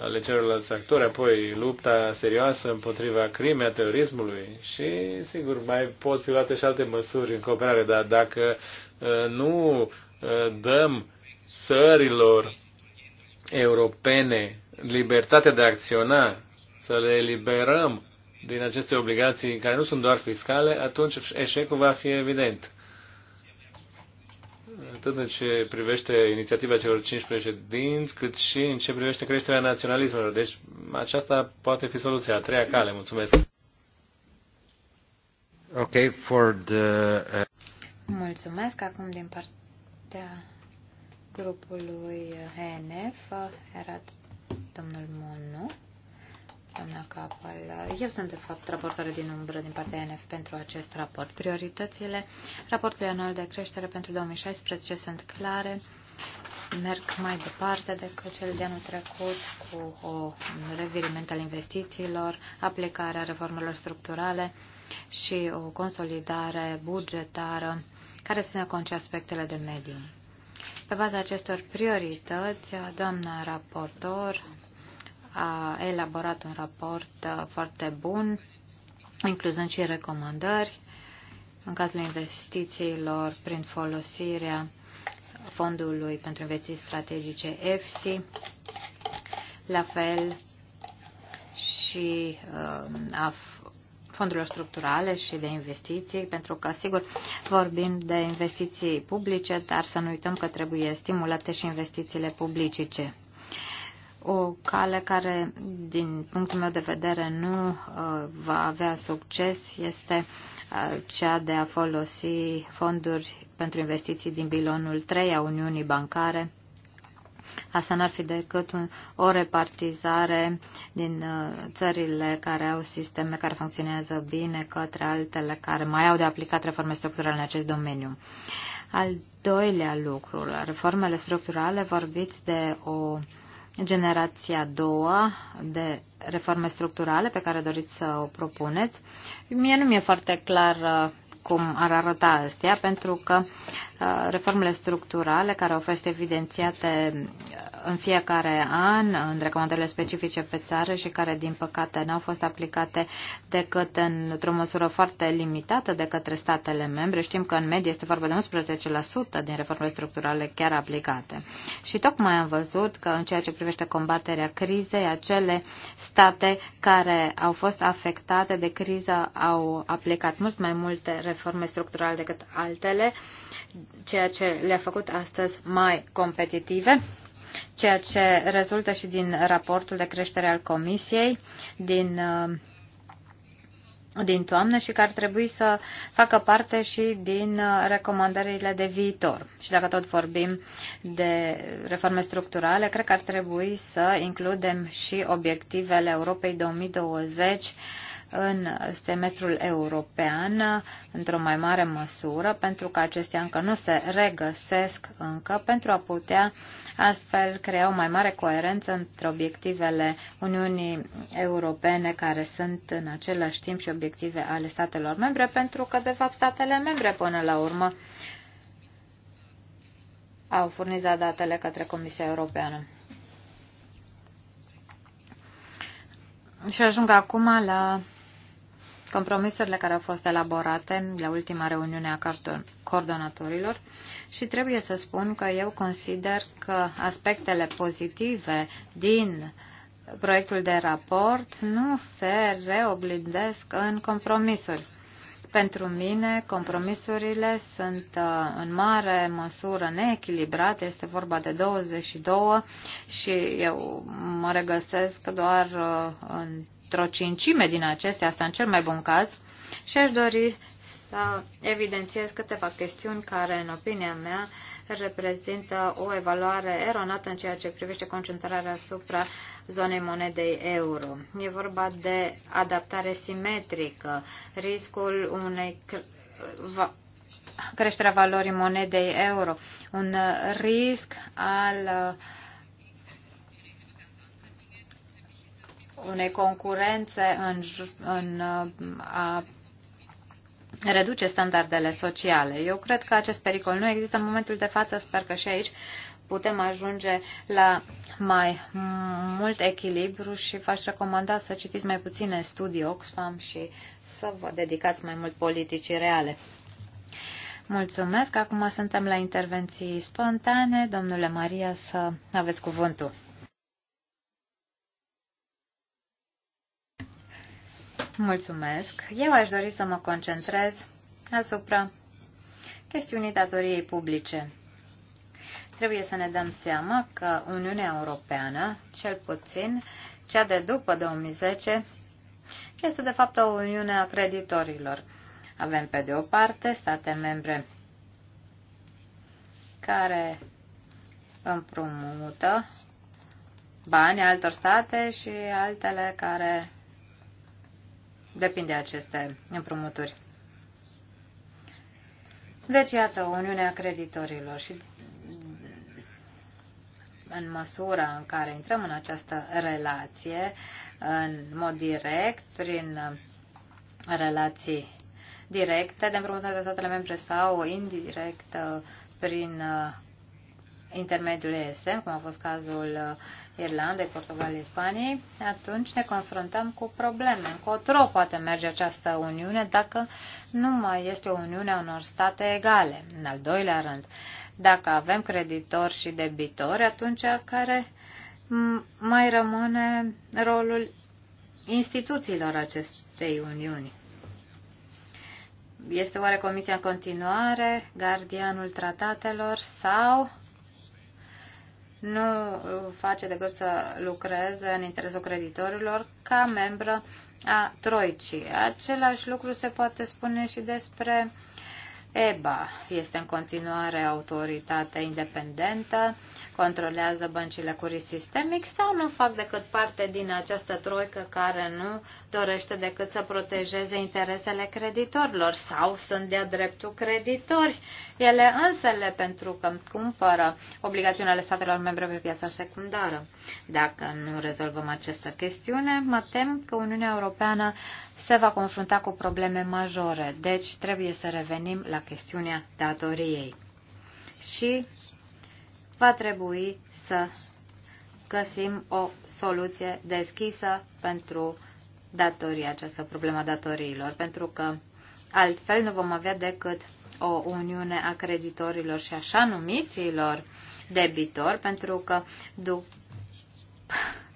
ale celorlalți actori, apoi lupta serioasă împotriva crimei, a terorismului și, sigur, mai pot fi luate și alte măsuri în cooperare, dar dacă uh, nu uh, dăm țărilor europene libertatea de a acționa, să le eliberăm din aceste obligații care nu sunt doar fiscale, atunci eșecul va fi evident atât în ce privește inițiativa celor cinci președinți, cât și în ce privește creșterea naționalismelor. Deci aceasta poate fi soluția, a treia cale. Mulțumesc. Okay, for the, uh... Mulțumesc. Acum din partea grupului HNF era domnul Monu doamna Capal. Eu sunt, de fapt, raportoare din umbră din partea NF pentru acest raport. Prioritățile raportului anual de creștere pentru 2016 sunt clare, merg mai departe decât cel de anul trecut cu o reviriment al investițiilor, aplicarea reformelor structurale și o consolidare bugetară care să ne conce aspectele de mediu. Pe baza acestor priorități, doamna raportor a elaborat un raport uh, foarte bun, incluzând și recomandări în cazul investițiilor prin folosirea Fondului pentru Investiții Strategice EFSI, la fel și uh, a fondurilor structurale și de investiții, pentru că, sigur, vorbim de investiții publice, dar să nu uităm că trebuie stimulate și investițiile publicice o cale care, din punctul meu de vedere, nu uh, va avea succes este uh, cea de a folosi fonduri pentru investiții din bilonul 3 a Uniunii Bancare. Asta n-ar fi decât un, o repartizare din uh, țările care au sisteme care funcționează bine către altele care mai au de aplicat reforme structurale în acest domeniu. Al doilea lucru, reformele structurale, vorbiți de o uh, generația a doua de reforme structurale pe care doriți să o propuneți. Mie nu mi-e foarte clar uh, cum ar arăta astea, pentru că uh, reformele structurale care au fost evidențiate uh, în fiecare an în recomandările specifice pe țară și care, din păcate, n-au fost aplicate decât într-o măsură foarte limitată de către statele membre. Știm că, în medie, este vorba de 11% din reformele structurale chiar aplicate. Și tocmai am văzut că, în ceea ce privește combaterea crizei, acele state care au fost afectate de criză au aplicat mult mai multe reforme structurale decât altele, ceea ce le-a făcut astăzi mai competitive ceea ce rezultă și din raportul de creștere al Comisiei din, uh, din toamnă și care ar trebui să facă parte și din uh, recomandările de viitor. Și dacă tot vorbim de reforme structurale, cred că ar trebui să includem și obiectivele Europei 2020 în semestrul european într-o mai mare măsură, pentru că acestea încă nu se regăsesc încă, pentru a putea astfel crea o mai mare coerență între obiectivele Uniunii Europene, care sunt în același timp și obiective ale statelor membre, pentru că, de fapt, statele membre, până la urmă, au furnizat datele către Comisia Europeană. Și ajung acum la compromisurile care au fost elaborate la ultima reuniune a coordonatorilor și trebuie să spun că eu consider că aspectele pozitive din proiectul de raport nu se reoglindesc în compromisuri. Pentru mine, compromisurile sunt uh, în mare măsură neechilibrate. Este vorba de 22 și eu mă regăsesc doar uh, în într-o cincime din acestea, asta în cel mai bun caz, și aș dori să evidențiez câteva chestiuni care, în opinia mea, reprezintă o evaluare eronată în ceea ce privește concentrarea asupra zonei monedei euro. E vorba de adaptare simetrică, riscul unei creșterea valorii monedei euro, un risc al uh, unei concurențe în, în uh, a reduce standardele sociale. Eu cred că acest pericol nu există în momentul de față, sper că și aici putem ajunge la mai mult echilibru și v-aș recomanda să citiți mai puține studii Oxfam și să vă dedicați mai mult politicii reale. Mulțumesc. Acum suntem la intervenții spontane. Domnule Maria, să aveți cuvântul. Mulțumesc. Eu aș dori să mă concentrez asupra chestiunii datoriei publice. Trebuie să ne dăm seama că Uniunea Europeană, cel puțin cea de după 2010, este de fapt o Uniune a creditorilor. Avem pe de o parte state membre care împrumută bani altor state și altele care depinde de aceste împrumuturi. Deci, iată, Uniunea Creditorilor și în măsura în care intrăm în această relație, în mod direct, prin relații directe de împrumuturi de statele membre sau indirect prin intermediul ESM, cum a fost cazul Irlandei, Portugaliei, Spaniei, atunci ne confruntăm cu probleme. Încotro poate merge această Uniune dacă nu mai este o Uniune a unor state egale. În al doilea rând, dacă avem creditori și debitori, atunci care mai rămâne rolul instituțiilor acestei Uniuni? Este oare Comisia în continuare gardianul tratatelor sau nu face decât să lucreze în interesul creditorilor ca membră a Troicii. Același lucru se poate spune și despre EBA. Este în continuare autoritate independentă controlează băncile cu risc sistemic sau nu fac decât parte din această troică care nu dorește decât să protejeze interesele creditorilor sau sunt de-a dreptul creditori ele însele pentru că cumpără obligațiunile statelor membre pe piața secundară. Dacă nu rezolvăm această chestiune, mă tem că Uniunea Europeană se va confrunta cu probleme majore, deci trebuie să revenim la chestiunea datoriei. Și va trebui să găsim o soluție deschisă pentru datorii, această problemă datoriilor, pentru că altfel nu vom avea decât o uniune a creditorilor și așa numiților debitori, pentru că după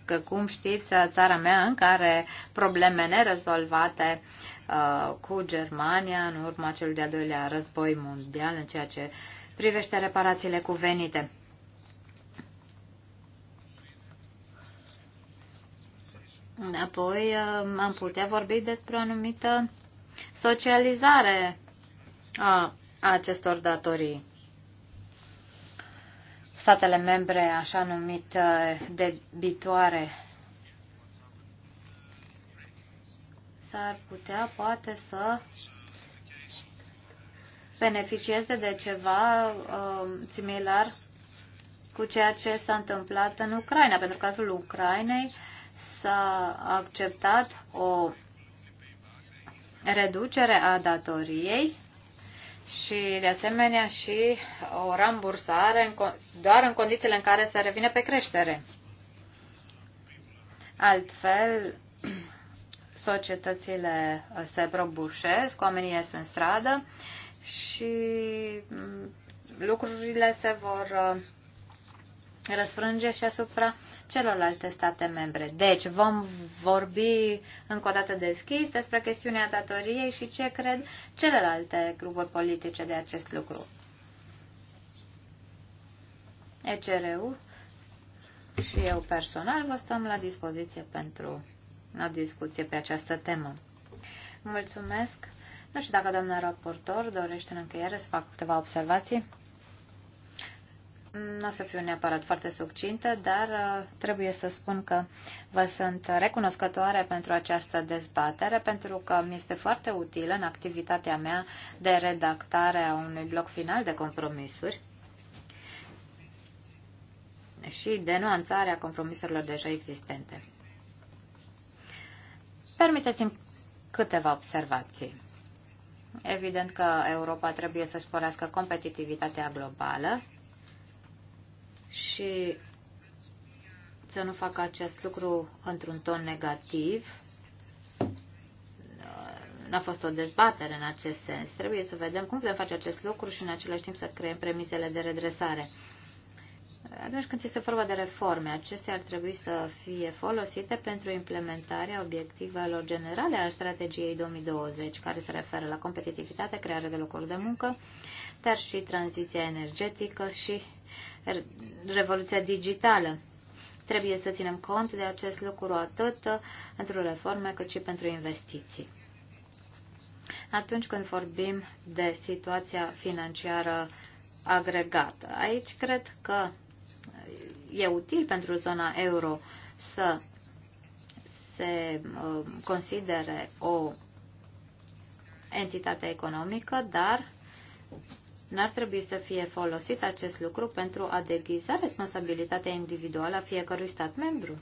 că, cum știți, țara mea încă are probleme nerezolvate uh, cu Germania în urma celui de-al doilea război mondial în ceea ce privește reparațiile cuvenite. Apoi um, am putea vorbi despre o anumită socializare a acestor datorii. Statele membre, așa numit debitoare, s-ar putea poate să beneficieze de ceva uh, similar cu ceea ce s-a întâmplat în Ucraina. Pentru cazul Ucrainei, uh, s-a acceptat o reducere a datoriei și, de asemenea, și o rambursare în, doar în condițiile în care se revine pe creștere. Altfel, societățile se prăbușesc, oamenii ies în stradă și mm, lucrurile se vor uh, răsfrânge și asupra celorlalte state membre. Deci vom vorbi încă o dată deschis despre chestiunea datoriei și ce cred celelalte grupuri politice de acest lucru. ECRU și eu personal vă stăm la dispoziție pentru o discuție pe această temă. Mulțumesc! Nu știu dacă doamna raportor dorește în încheiere să fac câteva observații. Nu o să fiu neapărat foarte succintă, dar uh, trebuie să spun că vă sunt recunoscătoare pentru această dezbatere, pentru că mi este foarte utilă în activitatea mea de redactare a unui bloc final de compromisuri și de nuanțarea compromisurilor deja existente. Permiteți-mi câteva observații. Evident că Europa trebuie să sporească competitivitatea globală și să nu fac acest lucru într-un ton negativ. N-a fost o dezbatere în acest sens. Trebuie să vedem cum putem face acest lucru și în același timp să creăm premisele de redresare. Atunci când este vorba de reforme, acestea ar trebui să fie folosite pentru implementarea obiectivelor generale ale strategiei 2020, care se referă la competitivitate, crearea de locuri de muncă, dar și tranziția energetică și Er, revoluția digitală. Trebuie să ținem cont de acest lucru atât pentru reforme cât și pentru investiții. Atunci când vorbim de situația financiară agregată, aici cred că e util pentru zona euro să se uh, considere o entitate economică, dar N-ar trebui să fie folosit acest lucru pentru a deghiza responsabilitatea individuală a fiecărui stat membru.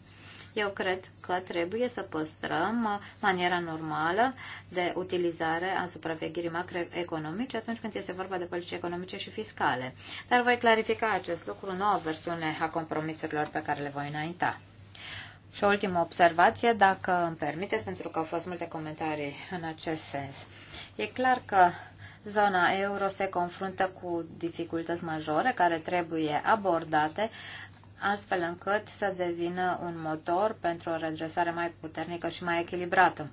Eu cred că trebuie să păstrăm maniera normală de utilizare a supravegherii macroeconomice atunci când este vorba de politici economice și fiscale. Dar voi clarifica acest lucru în noua versiune a compromisurilor pe care le voi înainta. Și o ultimă observație, dacă îmi permiteți, pentru că au fost multe comentarii în acest sens. E clar că zona euro se confruntă cu dificultăți majore care trebuie abordate, astfel încât să devină un motor pentru o redresare mai puternică și mai echilibrată.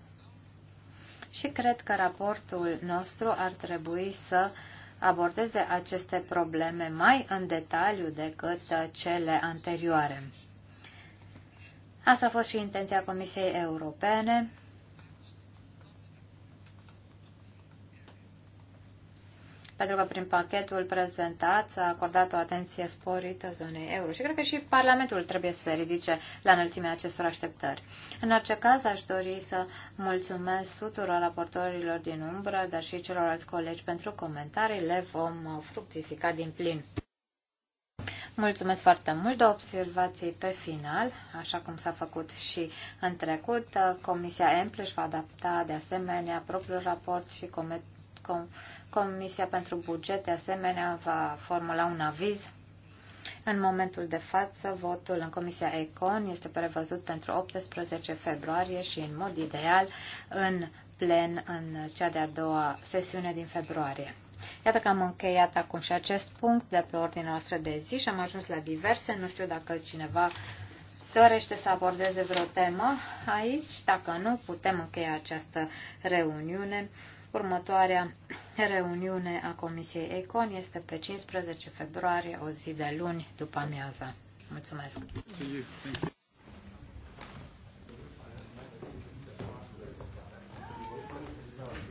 Și cred că raportul nostru ar trebui să abordeze aceste probleme mai în detaliu decât cele anterioare. Asta a fost și intenția Comisiei Europene pentru că prin pachetul prezentat s-a acordat o atenție sporită zonei euro și cred că și Parlamentul trebuie să se ridice la înălțimea acestor așteptări. În orice caz, aș dori să mulțumesc tuturor raportorilor din umbră, dar și celorlalți colegi pentru comentarii. Le vom fructifica din plin. Mulțumesc foarte mult de observații pe final, așa cum s-a făcut și în trecut. Comisia Emple își va adapta de asemenea propriul raport și comentariul com- Comisia pentru Buget, de asemenea, va formula un aviz. În momentul de față, votul în Comisia ECON este prevăzut pentru 18 februarie și, în mod ideal, în plen în cea de-a doua sesiune din februarie. Iată că am încheiat acum și acest punct de pe ordinea noastră de zi și am ajuns la diverse. Nu știu dacă cineva dorește să abordeze vreo temă aici. Dacă nu, putem încheia această reuniune. Următoarea reuniune a Comisiei ECON este pe 15 februarie, o zi de luni după amiaza. Mulțumesc!